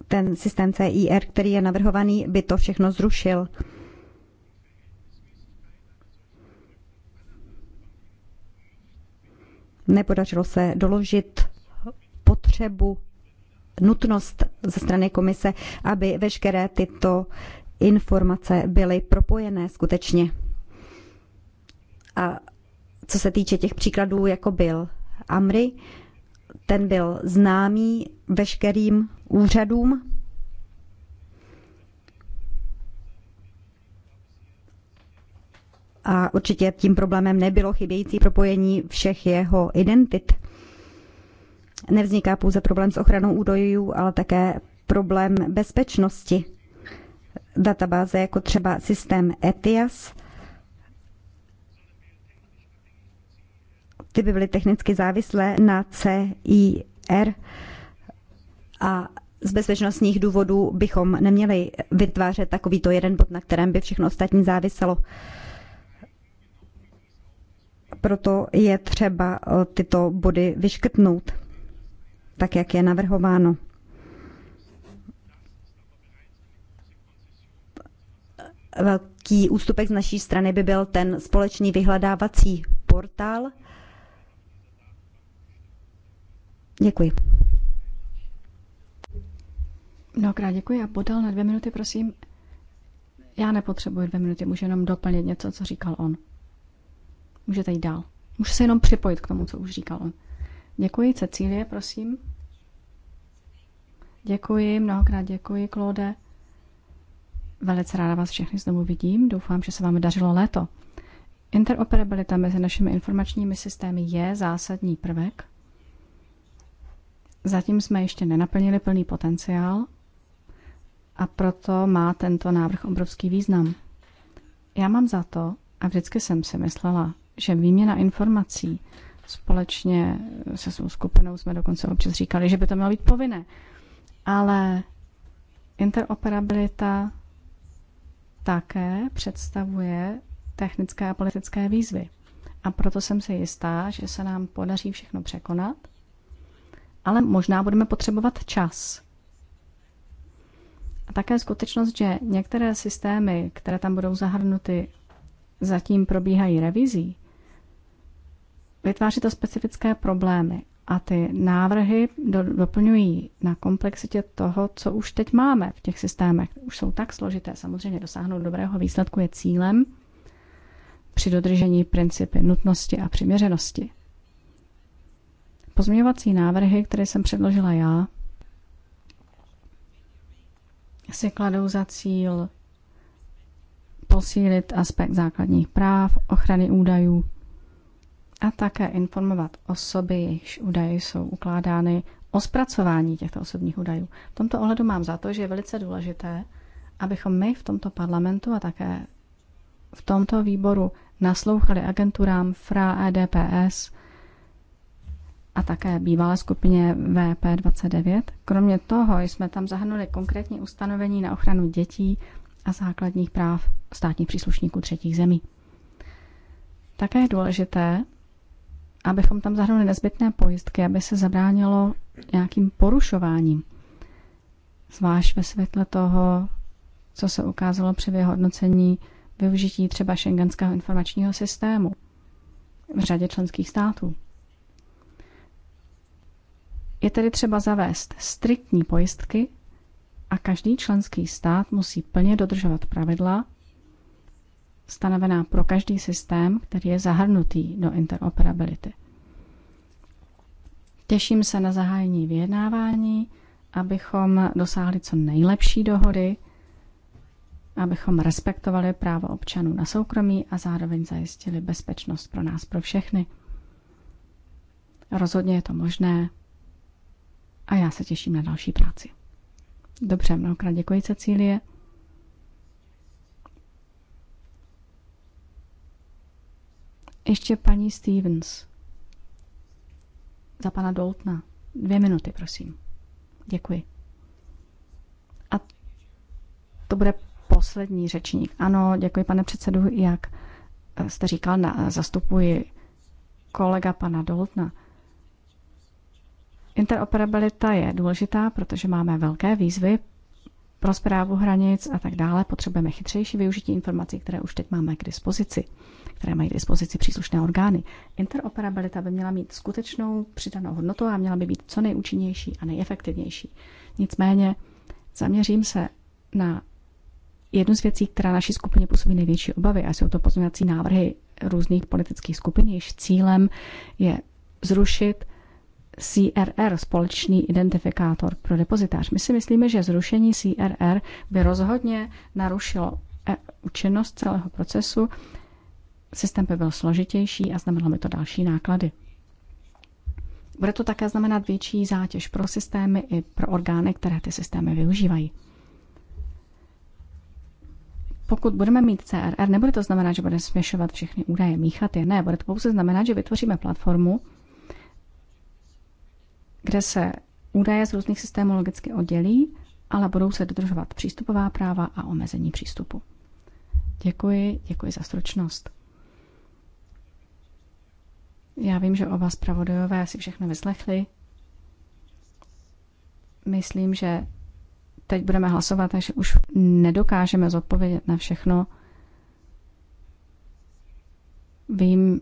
Ten systém CIR, který je navrhovaný, by to všechno zrušil. Nepodařilo se doložit potřebu, nutnost ze strany komise, aby veškeré tyto informace byly propojené skutečně. A co se týče těch příkladů, jako byl Amry, ten byl známý veškerým úřadům a určitě tím problémem nebylo chybějící propojení všech jeho identit. Nevzniká pouze problém s ochranou údajů, ale také problém bezpečnosti. Databáze jako třeba systém ETIAS, ty by byly technicky závislé na CIR a z bezpečnostních důvodů bychom neměli vytvářet takovýto jeden bod, na kterém by všechno ostatní záviselo. Proto je třeba eh, tyto body vyškrtnout, tak jak je navrhováno. Velký ústupek z naší strany by byl ten společný vyhledávací portál. Děkuji. Mnohokrát děkuji a podal na dvě minuty, prosím. Já nepotřebuji dvě minuty, můžu jenom doplnit něco, co říkal on. Můžete jít dál. Můžu se jenom připojit k tomu, co už říkal on. Děkuji, Cecílie, prosím. Děkuji, mnohokrát děkuji, Klode. Velice ráda vás všechny znovu vidím. Doufám, že se vám dařilo léto. Interoperabilita mezi našimi informačními systémy je zásadní prvek. Zatím jsme ještě nenaplnili plný potenciál a proto má tento návrh obrovský význam. Já mám za to, a vždycky jsem si myslela, že výměna informací společně se svou skupinou jsme dokonce občas říkali, že by to mělo být povinné. Ale interoperabilita také představuje technické a politické výzvy. A proto jsem si jistá, že se nám podaří všechno překonat, ale možná budeme potřebovat čas. A také skutečnost, že některé systémy, které tam budou zahrnuty, zatím probíhají revizí, vytváří to specifické problémy a ty návrhy do, doplňují na komplexitě toho, co už teď máme v těch systémech. Už jsou tak složité. Samozřejmě dosáhnout dobrého výsledku je cílem při dodržení principy nutnosti a přiměřenosti. Pozměňovací návrhy, které jsem předložila já, si kladou za cíl posílit aspekt základních práv, ochrany údajů, a také informovat osoby, jejichž údaje jsou ukládány o zpracování těchto osobních údajů. V tomto ohledu mám za to, že je velice důležité, abychom my v tomto parlamentu a také v tomto výboru naslouchali agenturám FRA EDPS a také bývalé skupině VP29. Kromě toho jsme tam zahrnuli konkrétní ustanovení na ochranu dětí a základních práv státních příslušníků třetích zemí. Také je důležité, abychom tam zahrnuli nezbytné pojistky, aby se zabránilo nějakým porušováním. Zvlášť ve světle toho, co se ukázalo při vyhodnocení využití třeba šengenského informačního systému v řadě členských států. Je tedy třeba zavést striktní pojistky a každý členský stát musí plně dodržovat pravidla, stanovená pro každý systém, který je zahrnutý do interoperability. Těším se na zahájení vyjednávání, abychom dosáhli co nejlepší dohody, abychom respektovali právo občanů na soukromí a zároveň zajistili bezpečnost pro nás, pro všechny. Rozhodně je to možné a já se těším na další práci. Dobře, mnohokrát děkuji, Cecílie. Ještě paní Stevens. Za pana Doltna. Dvě minuty, prosím. Děkuji. A to bude poslední řečník. Ano, děkuji, pane předsedu, jak eh, jste říkal, na, eh, zastupuji kolega pana Doltna. Interoperabilita je důležitá, protože máme velké výzvy pro zprávu hranic a tak dále potřebujeme chytřejší využití informací, které už teď máme k dispozici, které mají k dispozici příslušné orgány. Interoperabilita by měla mít skutečnou přidanou hodnotu a měla by být co nejúčinnější a nejefektivnější. Nicméně zaměřím se na jednu z věcí, která naší skupině působí největší obavy, a jsou to pozměňovací návrhy různých politických skupin, jejichž cílem je zrušit CRR, společný identifikátor pro depozitář. My si myslíme, že zrušení CRR by rozhodně narušilo eh, účinnost celého procesu, systém by byl složitější a znamenalo by to další náklady. Bude to také znamenat větší zátěž pro systémy i pro orgány, které ty systémy využívají. Pokud budeme mít CRR, nebude to znamenat, že budeme směšovat všechny údaje, míchat je. Ne, bude to pouze znamenat, že vytvoříme platformu, kde se údaje z různých systémů logicky oddělí, ale budou se dodržovat přístupová práva a omezení přístupu. Děkuji, děkuji za stručnost. Já vím, že oba zpravodajové si všechno vyslechli. Myslím, že teď budeme hlasovat, takže už nedokážeme zodpovědět na všechno. Vím,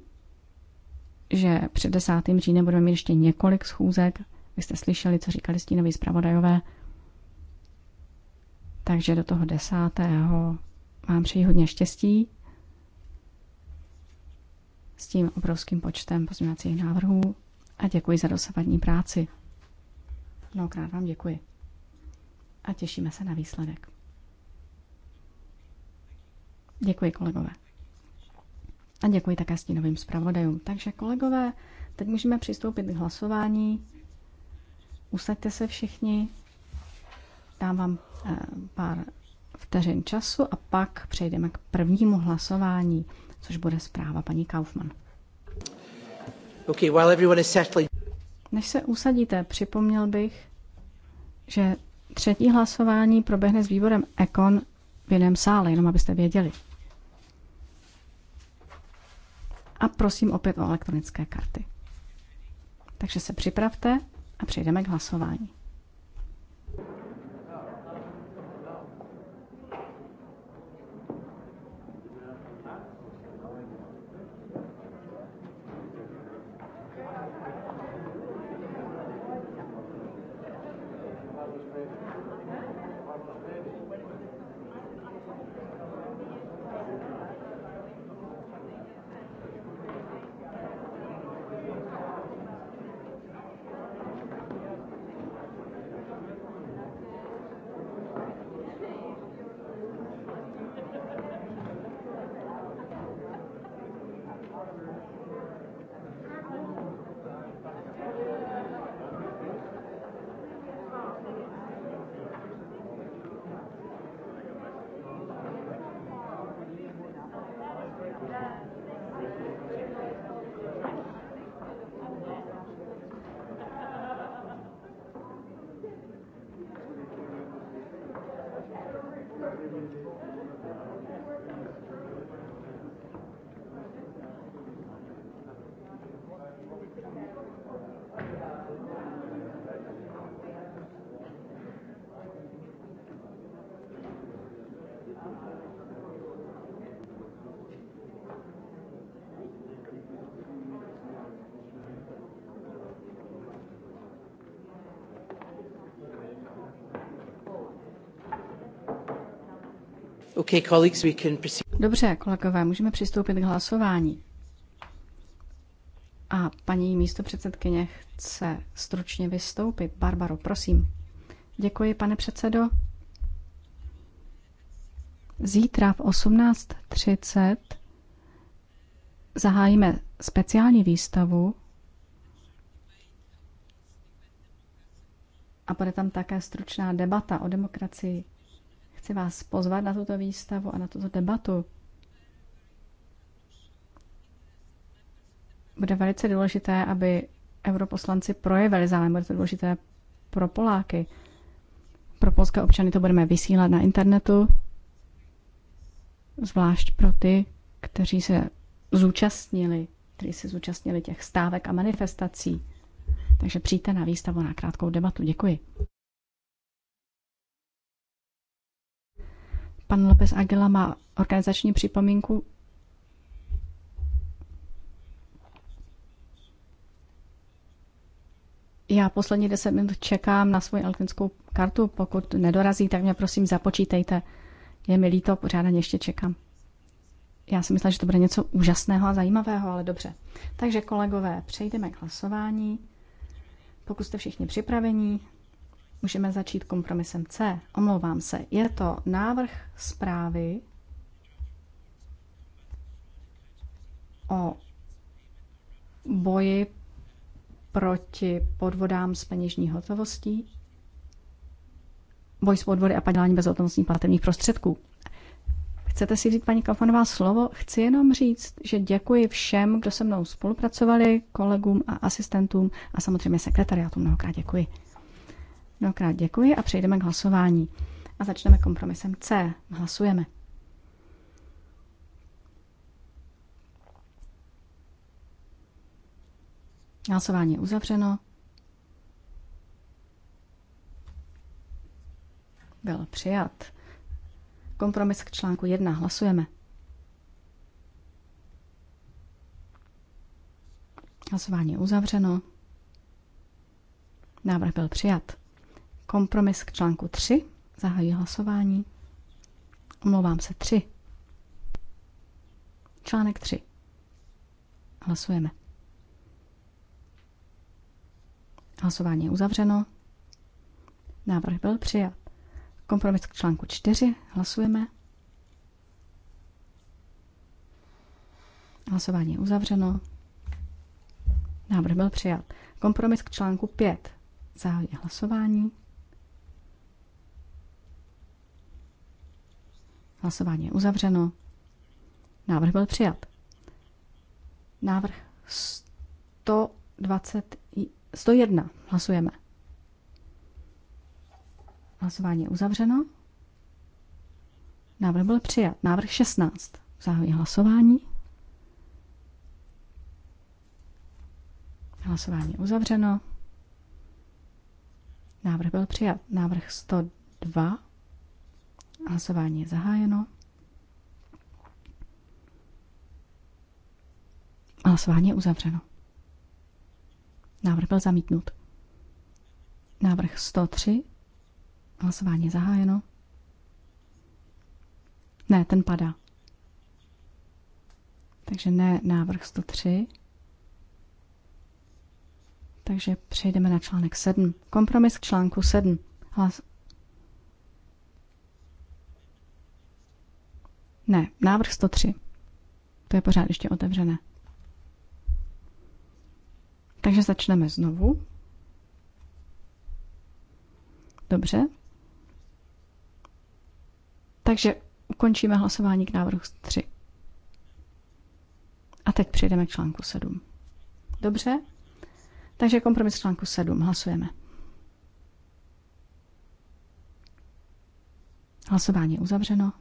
že před 10. říjnem budeme mít ještě několik schůzek vy jste slyšeli, co říkali stínoví zpravodajové. Takže do toho desátého vám přeji hodně štěstí s tím obrovským počtem pozměňovacích návrhů a děkuji za dosavadní práci. Mnohokrát vám děkuji a těšíme se na výsledek. Děkuji, kolegové. A děkuji také stínovým zpravodajům. Takže, kolegové, teď můžeme přistoupit k hlasování. Usaďte se všichni, dám vám eh, pár vteřin času a pak přejdeme k prvnímu hlasování, což bude zpráva paní Kaufmann. Okay, while everyone is settling... Než se usadíte, připomněl bych, že třetí hlasování proběhne s výborem Ekon v jiném sále, jenom abyste věděli. A prosím opět o elektronické karty. Takže se připravte a přejdeme k hlasování. Okay, colleagues, we can proceed. Dobře, kolegové, můžeme přistoupit k hlasování. A paní místo předsedkyně chce stručně vystoupit. Barbaro, prosím. Děkuji, pane předsedo. Zítra v 18.30 zahájíme speciální výstavu a bude tam také stručná debata o demokracii Chci vás pozvat na tuto výstavu a na tuto debatu. Bude velice důležité, aby europoslanci projevili zájem, bude to důležité pro Poláky. Pro polské občany to budeme vysílat na internetu, zvlášť pro ty, kteří se zúčastnili, kteří se zúčastnili těch stávek a manifestací. Takže přijďte na výstavu na krátkou debatu. Děkuji. Pan López Agila má organizační připomínku. Já poslední deset minut čekám na svoji elektronickou kartu. Pokud nedorazí, tak mě prosím započítejte. Je mi líto, pořádaně ještě čekám. Já si myslela, že to bude něco úžasného a zajímavého, ale dobře. Takže kolegové, přejdeme k hlasování. Pokud jste všichni připravení, Můžeme začít kompromisem C. Omlouvám se. Je to návrh zprávy o boji proti podvodám s peněžní hotovostí, boj s podvody a padělání bezhotovostních platebních prostředků. Chcete si říct, paní Kafanová, slovo? Chci jenom říct, že děkuji všem, kdo se mnou spolupracovali, kolegům a asistentům a samozřejmě sekretariátu mnohokrát děkuji. Mnohokrát děkuji a přejdeme k hlasování. A začneme kompromisem C. Hlasujeme. Hlasování je uzavřeno. Byl přijat. Kompromis k článku 1. Hlasujeme. Hlasování je uzavřeno. Návrh byl přijat. Kompromis k článku 3. Zahajuji hlasování. Omlouvám se 3. Článek 3. Hlasujeme. Hlasování je uzavřeno. Návrh byl přijat. Kompromis k článku 4. Hlasujeme. Hlasování je uzavřeno. Návrh byl přijat. Kompromis k článku 5. Zahájí hlasování. Hlasování je uzavřeno. Návrh byl přijat. Návrh 120, 101. Hlasujeme. Hlasování je uzavřeno. Návrh byl přijat. Návrh 16. Zahajuji hlasování. Hlasování je uzavřeno. Návrh byl přijat. Návrh 102. Hlasování je zahájeno. Hlasování je uzavřeno. Návrh byl zamítnut. Návrh 103. Hlasování je zahájeno. Ne, ten padá. Takže ne návrh 103. Takže přejdeme na článek 7. Kompromis k článku 7. Hlas, Ne, návrh 103. To je pořád ještě otevřené. Takže začneme znovu. Dobře. Takže ukončíme hlasování k návrhu 3. A teď přejdeme k článku 7. Dobře? Takže kompromis článku 7. Hlasujeme. Hlasování je uzavřeno.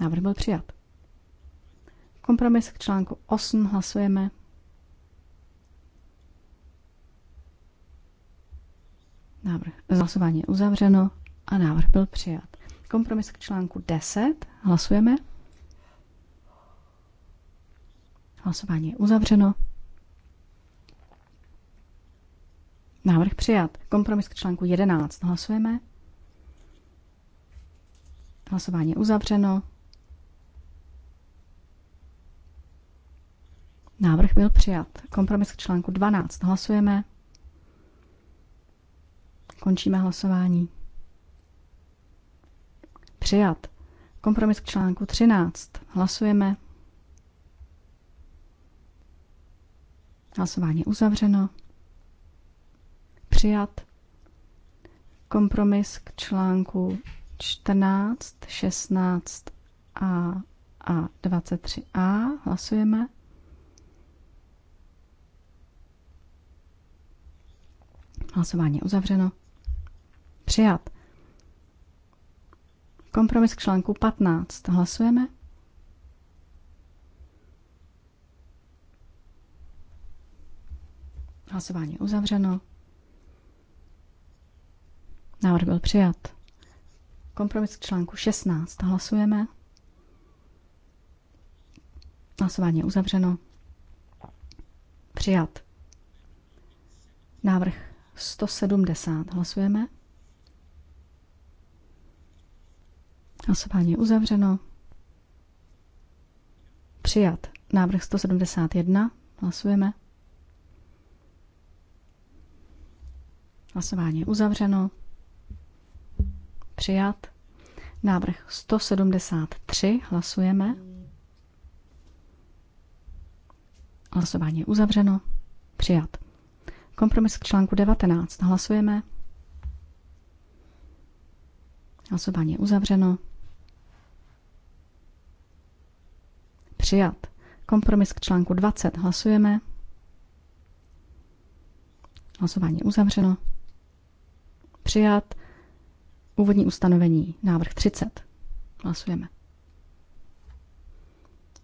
Návrh byl přijat. Kompromis k článku 8 hlasujeme. Návrh hlasování je uzavřeno a návrh byl přijat. Kompromis k článku 10 hlasujeme. Hlasování je uzavřeno. Návrh přijat. Kompromis k článku 11 hlasujeme. Hlasování je uzavřeno. Návrh byl přijat. Kompromis k článku 12. Hlasujeme. Končíme hlasování. Přijat. Kompromis k článku 13. Hlasujeme. Hlasování uzavřeno. Přijat. Kompromis k článku 14, 16 a, a 23a. Hlasujeme. Hlasování uzavřeno. Přijat. Kompromis k článku 15. Hlasujeme. Hlasování uzavřeno. Návrh byl přijat. Kompromis k článku 16. Hlasujeme. Hlasování uzavřeno. Přijat. Návrh 170. Hlasujeme. Hlasování je uzavřeno. Přijat. Návrh 171. Hlasujeme. Hlasování je uzavřeno. Přijat. Návrh 173. Hlasujeme. Hlasování je uzavřeno. Přijat. Kompromis k článku 19. Hlasujeme. Hlasování je uzavřeno. Přijat. Kompromis k článku 20. Hlasujeme. Hlasování je uzavřeno. Přijat. Úvodní ustanovení. Návrh 30. Hlasujeme.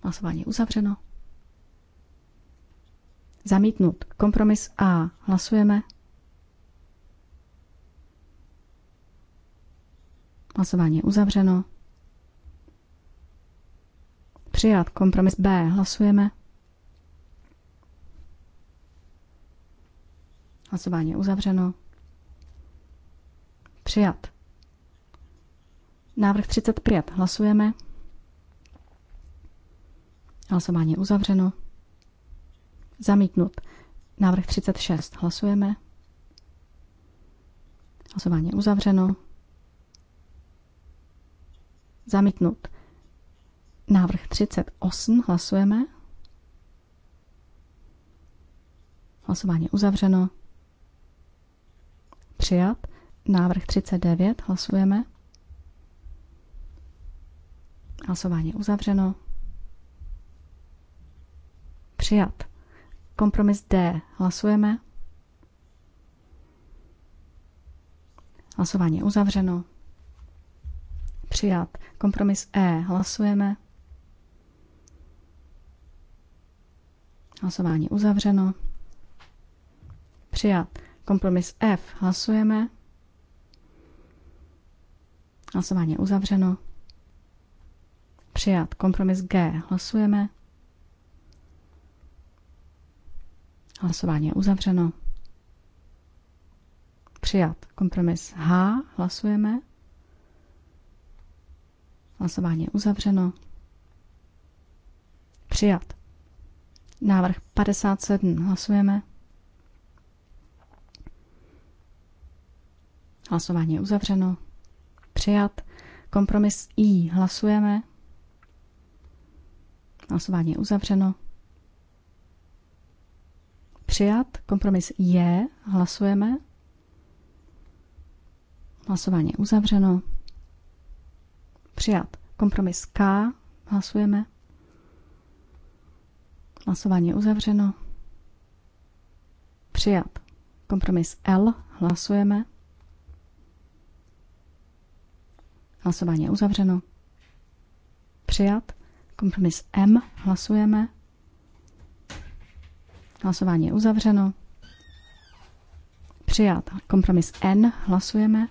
Hlasování je uzavřeno. Zamítnut. Kompromis A. Hlasujeme. Hlasování je uzavřeno. Přijat. Kompromis B. Hlasujeme. Hlasování je uzavřeno. Přijat. Návrh 35. Hlasujeme. Hlasování je uzavřeno. Zamítnut. Návrh 36. Hlasujeme. Hlasování je uzavřeno. Zamítnut. Návrh 38. Hlasujeme. Hlasování je uzavřeno. Přijat. Návrh 39. Hlasujeme. Hlasování je uzavřeno. Přijat. Kompromis D. Hlasujeme. Hlasování je uzavřeno. Přijat. Kompromis E. Hlasujeme. Hlasování uzavřeno. Přijat. Kompromis F. Hlasujeme. Hlasování uzavřeno. Přijat. Kompromis G. Hlasujeme. Hlasování je uzavřeno. Přijat. Kompromis H. Hlasujeme. Hlasování je uzavřeno. Přijat. Návrh 57. Hlasujeme. Hlasování je uzavřeno. Přijat. Kompromis I. Hlasujeme. Hlasování je uzavřeno. Přijat. Kompromis je. Hlasujeme. Hlasování je uzavřeno. Přijat. Kompromis K. Hlasujeme. Hlasování je uzavřeno. Přijat. Kompromis L. Hlasujeme. Hlasování je uzavřeno. Přijat. Kompromis M. Hlasujeme. Hlasování je uzavřeno. Přijat. Kompromis N. Hlasujeme.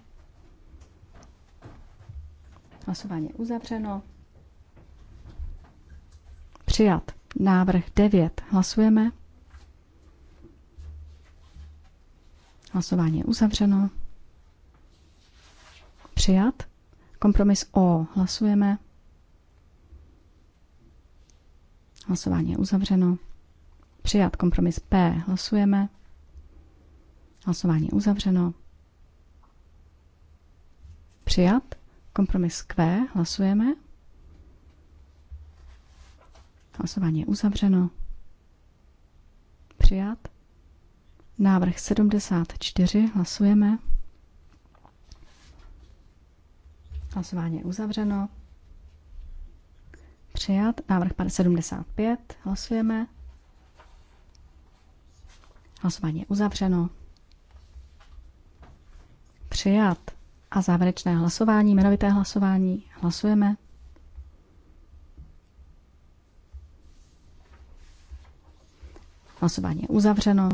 Hlasování je uzavřeno. Přijat. Návrh 9. Hlasujeme. Hlasování je uzavřeno. Přijat. Kompromis O. Hlasujeme. Hlasování je uzavřeno. Přijat kompromis P. Hlasujeme. Hlasování uzavřeno. Přijat. Kompromis Q. Hlasujeme. Hlasování je uzavřeno. Přijat. Návrh 74. Hlasujeme. Hlasování je uzavřeno. Přijat. Návrh 75. Hlasujeme. Hlasování je uzavřeno. Přijat. A závěrečné hlasování, jmenovité hlasování. Hlasujeme. Hlasování je uzavřeno.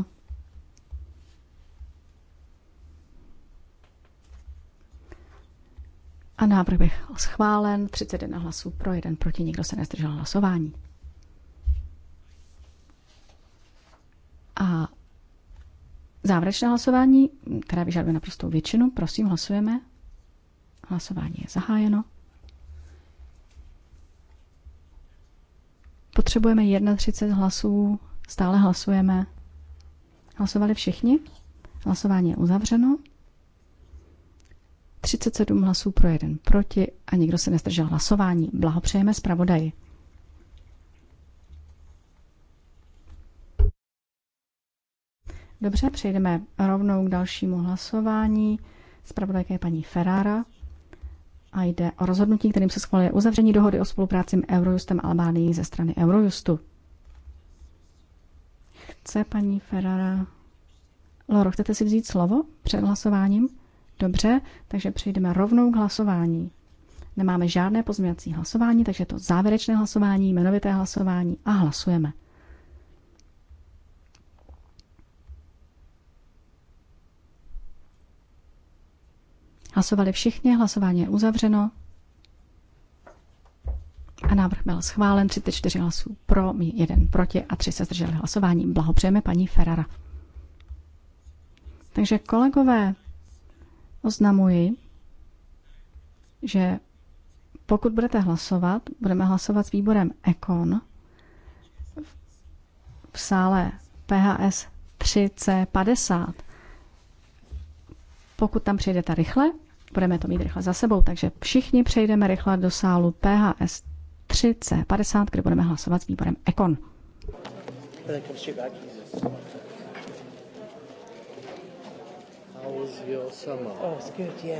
A návrh bych schválen, 31 hlasů pro, jeden proti, nikdo se nezdržel hlasování. A Závěrečné hlasování, které vyžaduje naprostou většinu, prosím, hlasujeme. Hlasování je zahájeno. Potřebujeme 31 hlasů, stále hlasujeme. Hlasovali všichni? Hlasování je uzavřeno. 37 hlasů pro jeden proti a nikdo se nestržel hlasování. Blahopřejeme zpravodaji. Dobře, přejdeme rovnou k dalšímu hlasování. Spravodajka je paní Ferrara a jde o rozhodnutí, kterým se schvaluje uzavření dohody o spolupráci Eurojustem Albánií ze strany Eurojustu. Chce paní Ferrara... Loro, chcete si vzít slovo před hlasováním? Dobře, takže přejdeme rovnou k hlasování. Nemáme žádné pozměňovací hlasování, takže to závěrečné hlasování, jmenovité hlasování a hlasujeme. Hlasovali všichni, hlasování je uzavřeno. A návrh byl schválen 34 hlasů pro, mi jeden proti a tři se zdrželi hlasování. Blahopřejeme paní Ferrara. Takže kolegové, oznamuji, že pokud budete hlasovat, budeme hlasovat s výborem Econ v sále PHS 3C50. Pokud tam přijdete rychle, budeme to mít rychle za sebou, takže všichni přejdeme rychle do sálu PHS 3C50, kde budeme hlasovat s výborem Ekon. How was your summer? Oh, it's good, yeah.